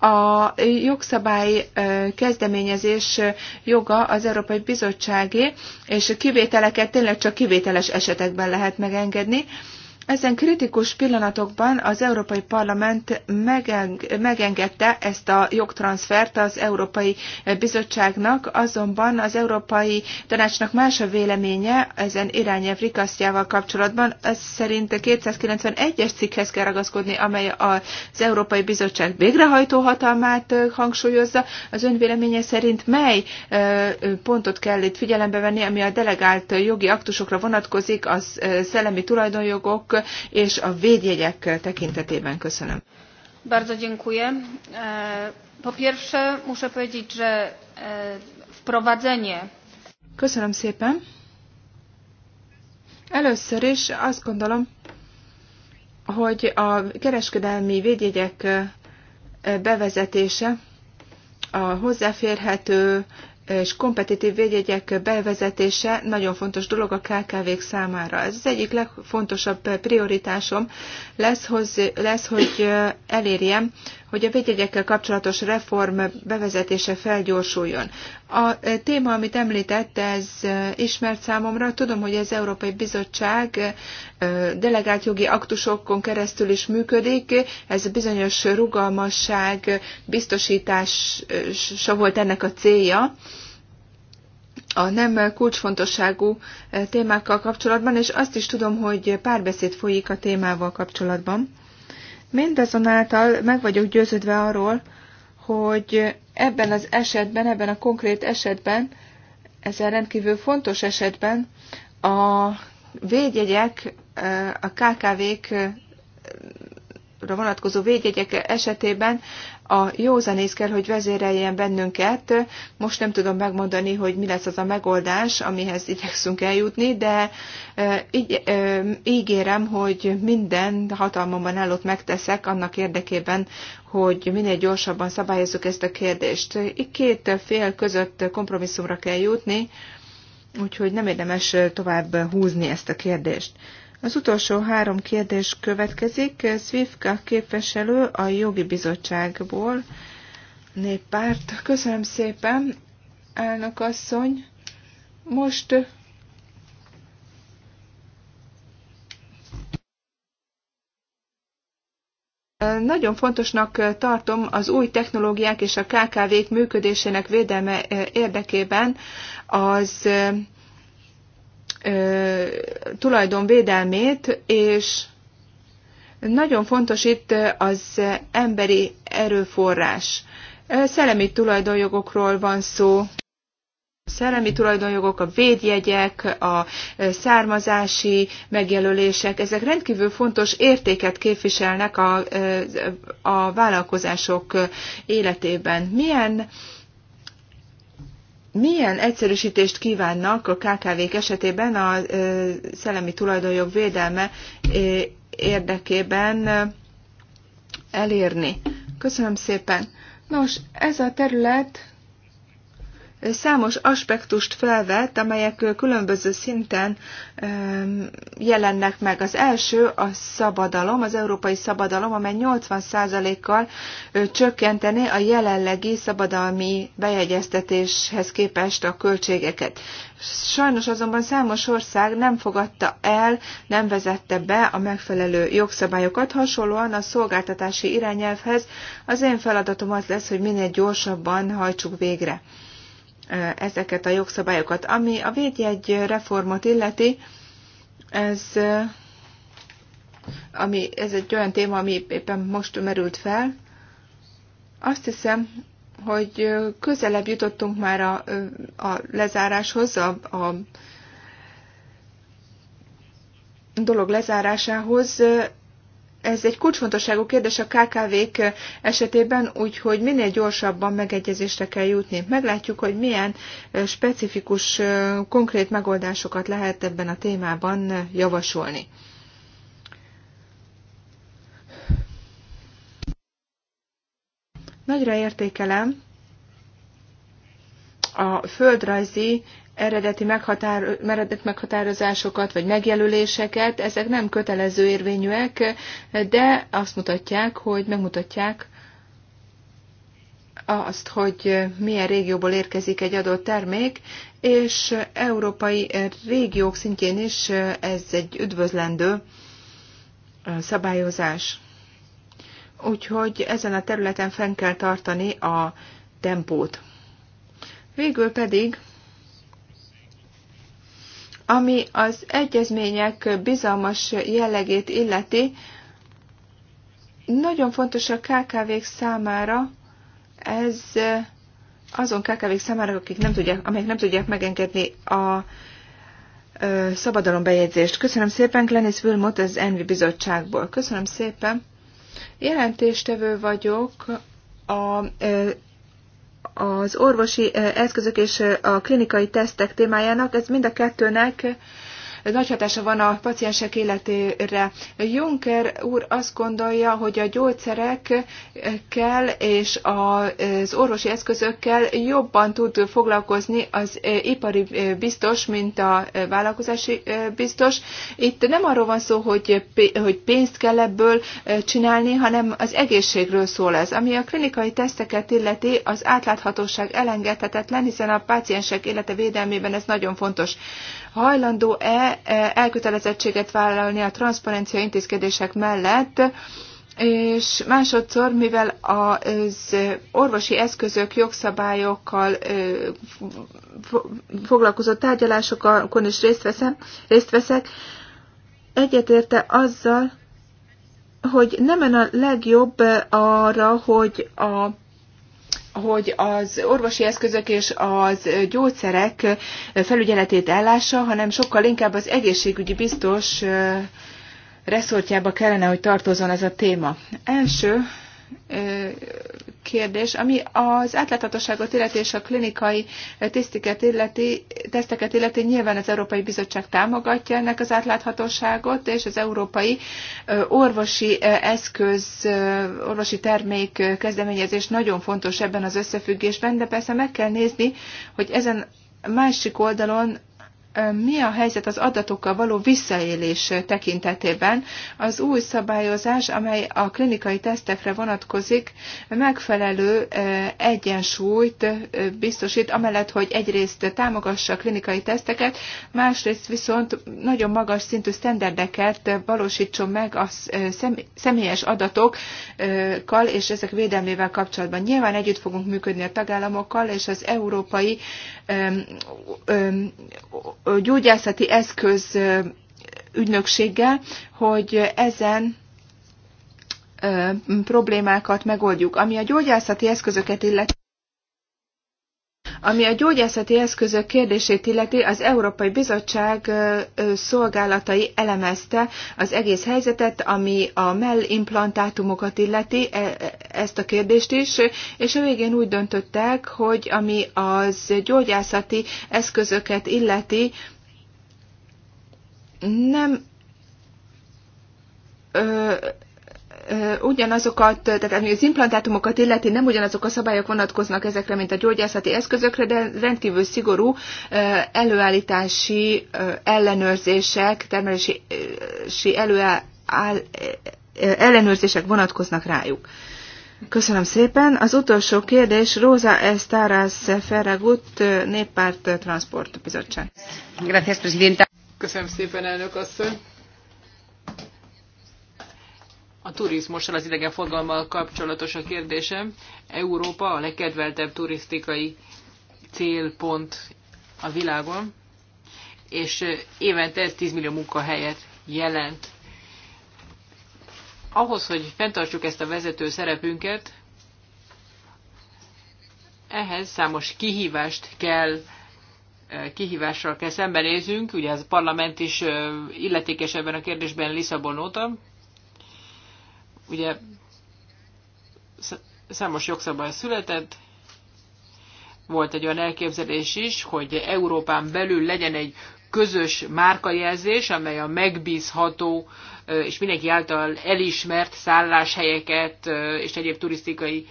A jogszabály kezdeményezés joga az Európai Bizottságé, és kivételeket tényleg csak kivételes esetekben lehet megengedni. Ezen kritikus pillanatokban az Európai Parlament megengedte ezt a jogtranszfert az Európai Bizottságnak, azonban az Európai Tanácsnak más a véleménye ezen irányelv rikasztjával kapcsolatban. Ez szerint 291-es cikkhez kell ragaszkodni, amely az Európai Bizottság végrehajtó hatalmát hangsúlyozza. Az ön véleménye szerint mely pontot kell itt figyelembe venni, ami a delegált jogi aktusokra vonatkozik, az szellemi tulajdonjogok, és a védjegyek tekintetében. Köszönöm. Bardzo dziękuję. E, po pierwsze muszę powiedzieć, że e, wprowadzenie. Köszönöm szépen. Először is azt gondolom, hogy a kereskedelmi védjegyek e, bevezetése a hozzáférhető és kompetitív védjegyek bevezetése nagyon fontos dolog a KKV-k számára. Ez az egyik legfontosabb prioritásom lesz, lesz hogy elérjem hogy a védjegyekkel kapcsolatos reform bevezetése felgyorsuljon. A e, téma, amit említett, ez e, ismert számomra. Tudom, hogy az Európai Bizottság e, delegált jogi aktusokon keresztül is működik. Ez a bizonyos rugalmasság biztosítása volt ennek a célja a nem kulcsfontosságú témákkal kapcsolatban, és azt is tudom, hogy párbeszéd folyik a témával kapcsolatban. Mindazonáltal meg vagyok győződve arról, hogy ebben az esetben, ebben a konkrét esetben, ezen rendkívül fontos esetben a védjegyek, eh, a KKV-k vonatkozó védjegyek esetében a józanész kell, hogy vezéreljen bennünket. Most nem tudom megmondani, hogy mi lesz az a megoldás, amihez igyekszünk eljutni, de így, ígérem, hogy minden hatalmamban állott megteszek annak érdekében, hogy minél gyorsabban szabályozzuk ezt a kérdést. Így két fél között kompromisszumra kell jutni, úgyhogy nem érdemes tovább húzni ezt a kérdést. Az utolsó három kérdés következik. Szvivka képviselő a jogi bizottságból, néppárt. Köszönöm szépen, elnök asszony. Most Nagyon fontosnak tartom az új technológiák és a KKV-k működésének védelme érdekében az tulajdonvédelmét, és nagyon fontos itt az emberi erőforrás. Szellemi tulajdonjogokról van szó, szellemi tulajdonjogok, a védjegyek, a származási megjelölések, ezek rendkívül fontos értéket képviselnek a, a vállalkozások életében. Milyen milyen egyszerűsítést kívánnak a KKV-k esetében a szellemi tulajdonjog védelme érdekében elérni? Köszönöm szépen. Nos, ez a terület számos aspektust felvett, amelyek különböző szinten jelennek meg. Az első a szabadalom, az európai szabadalom, amely 80%-kal csökkenteni a jelenlegi szabadalmi bejegyeztetéshez képest a költségeket. Sajnos azonban számos ország nem fogadta el, nem vezette be a megfelelő jogszabályokat, hasonlóan a szolgáltatási irányelvhez. Az én feladatom az lesz, hogy minél gyorsabban hajtsuk végre ezeket a jogszabályokat. Ami a védjegy reformot illeti, ez, ami, ez egy olyan téma, ami éppen most merült fel. Azt hiszem, hogy közelebb jutottunk már a, a lezáráshoz, a, a dolog lezárásához ez egy kulcsfontosságú kérdés a KKV-k esetében, úgyhogy minél gyorsabban megegyezésre kell jutni. Meglátjuk, hogy milyen specifikus, konkrét megoldásokat lehet ebben a témában javasolni. Nagyra értékelem a földrajzi eredeti meghatár, meghatározásokat vagy megjelöléseket, ezek nem kötelező érvényűek, de azt mutatják, hogy megmutatják azt, hogy milyen régióból érkezik egy adott termék, és európai régiók szintjén is ez egy üdvözlendő szabályozás. Úgyhogy ezen a területen fenn kell tartani a tempót. Végül pedig, ami az egyezmények bizalmas jellegét illeti, nagyon fontos a KKV-k számára, ez azon KKV-k számára, akik nem tudják, amelyek nem tudják megengedni a szabadalom bejegyzést. Köszönöm szépen, Glenis Wilmot az Envi Bizottságból. Köszönöm szépen. Jelentéstevő vagyok a az orvosi eh, eszközök és eh, a klinikai tesztek témájának, ez mind a kettőnek nagy hatása van a paciensek életére. Juncker úr azt gondolja, hogy a gyógyszerekkel és az orvosi eszközökkel jobban tud foglalkozni az e, ipari e, biztos, mint a e, vállalkozási biztos. Itt nem arról van szó, hogy, hogy pénzt kell ebből csinálni, hanem az egészségről szól ez. Ami a klinikai teszteket illeti, az átláthatóság elengedhetetlen, hiszen a páciensek élete védelmében ez nagyon fontos hajlandó-e e, elkötelezettséget vállalni a transzparencia intézkedések mellett, és másodszor, mivel az orvosi eszközök jogszabályokkal e, foglalkozó tárgyalásokon is részt, veszem, részt veszek, egyetérte azzal, hogy nem a legjobb arra, hogy a hogy az orvosi eszközök és az gyógyszerek felügyeletét ellássa, hanem sokkal inkább az egészségügyi biztos reszortjába kellene, hogy tartozon ez a téma. Első kérdés, ami az átláthatóságot illeti és a klinikai eh, tisztiket illeti, teszteket illeti, nyilván az Európai Bizottság támogatja ennek az átláthatóságot, és az Európai eh, Orvosi eh, Eszköz, Orvosi Termék kezdeményezés nagyon fontos ebben az összefüggésben, de persze meg kell nézni, hogy ezen másik oldalon mi a helyzet az adatokkal való visszaélés tekintetében? Az új szabályozás, amely a klinikai tesztekre vonatkozik, megfelelő egyensúlyt biztosít, amellett, hogy egyrészt támogassa a klinikai teszteket, másrészt viszont nagyon magas szintű sztenderdeket valósítson meg a személyes adatokkal és ezek védelmével kapcsolatban. Nyilván együtt fogunk működni a tagállamokkal és az európai gyógyászati eszköz ügynökséggel, hogy ezen problémákat megoldjuk. Ami a gyógyászati eszközöket illeti, ami a gyógyászati eszközök kérdését illeti, az Európai Bizottság szolgálatai elemezte az egész helyzetet, ami a mellimplantátumokat illeti, e, e, ezt a kérdést is, és a végén úgy döntöttek, hogy ami az gyógyászati eszközöket illeti, nem ö, ugyanazokat, tehát ami az implantátumokat illeti, nem ugyanazok a szabályok vonatkoznak ezekre, mint a gyógyászati eszközökre, de rendkívül szigorú előállítási ellenőrzések, termelési előáll, ellenőrzések vonatkoznak rájuk. Köszönöm szépen. Az utolsó kérdés Róza Estaras Ferragut, Néppárt Transport Bizottság. Gracias, Presidenta. Köszönöm szépen, elnök asszony a turizmussal, az idegenforgalommal kapcsolatos a kérdésem. Európa a legkedveltebb turisztikai célpont a világon, és évente ez 10 millió munkahelyet jelent. Ahhoz, hogy fenntartsuk ezt a vezető szerepünket, ehhez számos kihívást kell kihívással kell szembenézünk, ugye ez a parlament is illetékes ebben a kérdésben Lisszabon óta, Ugye számos jogszabály született, volt egy olyan elképzelés is, hogy Európán belül legyen egy közös márkajelzés, amely a megbízható és mindenki által elismert szálláshelyeket és egyéb turisztikai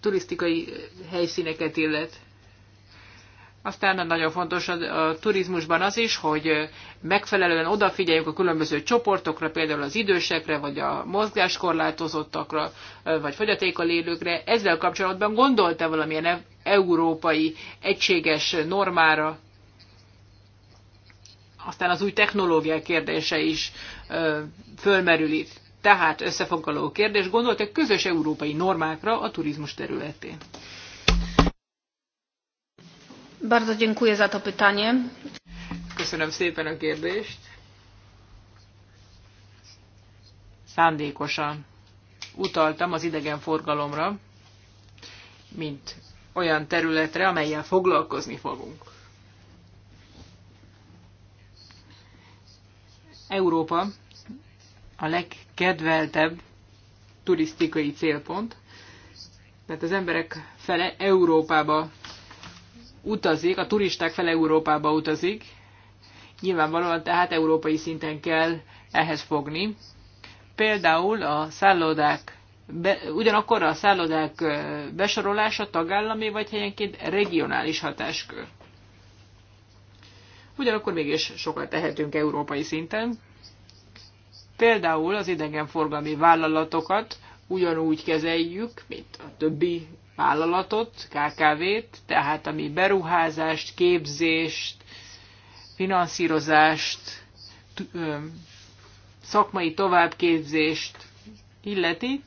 turisztikai helyszíneket illet. Aztán nagyon fontos a, turizmusban az is, hogy megfelelően odafigyeljünk a különböző csoportokra, például az idősekre, vagy a mozgáskorlátozottakra, vagy fogyatékkal élőkre. Ezzel kapcsolatban gondolta valamilyen e- európai egységes normára? Aztán az új technológia kérdése is fölmerül itt. Tehát összefoglaló kérdés, gondolt egy közös európai normákra a turizmus területén. Bardzo dziękuję za to pytanie. Köszönöm szépen a kérdést. Szándékosan utaltam az idegenforgalomra, mint olyan területre, amelyel foglalkozni fogunk. Európa a legkedveltebb turisztikai célpont, mert az emberek fele Európába utazik, a turisták fele Európába utazik. Nyilvánvalóan tehát európai szinten kell ehhez fogni. Például a szállodák be, ugyanakkor a szállodák besorolása tagállami vagy helyenként regionális hatáskör. Ugyanakkor mégis sokat tehetünk európai szinten. Például az idegenforgalmi vállalatokat ugyanúgy kezeljük, mint a többi vállalatot, KKV-t, tehát ami beruházást, képzést, finanszírozást, szakmai továbbképzést illeti,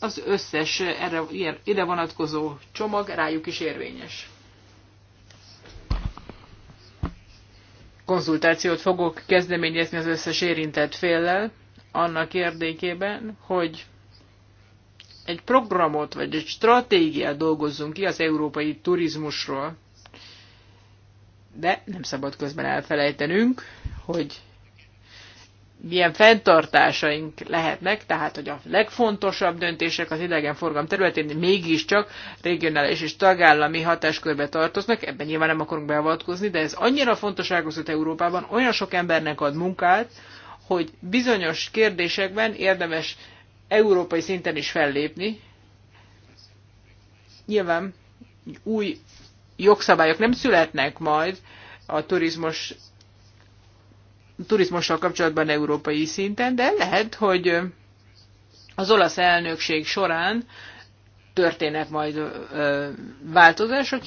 az összes erre, ide vonatkozó csomag rájuk is érvényes. Konzultációt fogok kezdeményezni az összes érintett féllel, annak érdekében, hogy egy programot, vagy egy stratégiát dolgozzunk ki az európai turizmusról. De nem szabad közben elfelejtenünk, hogy milyen fenntartásaink lehetnek, tehát hogy a legfontosabb döntések az idegenforgalom területén mégiscsak regionális és tagállami hatáskörbe tartoznak, ebben nyilván nem akarunk beavatkozni, de ez annyira fontos ágazat Európában, olyan sok embernek ad munkát, hogy bizonyos kérdésekben érdemes európai szinten is fellépni. Nyilván új jogszabályok nem születnek majd a turizmus turizmussal kapcsolatban európai szinten, de lehet, hogy az olasz elnökség során történnek majd változások,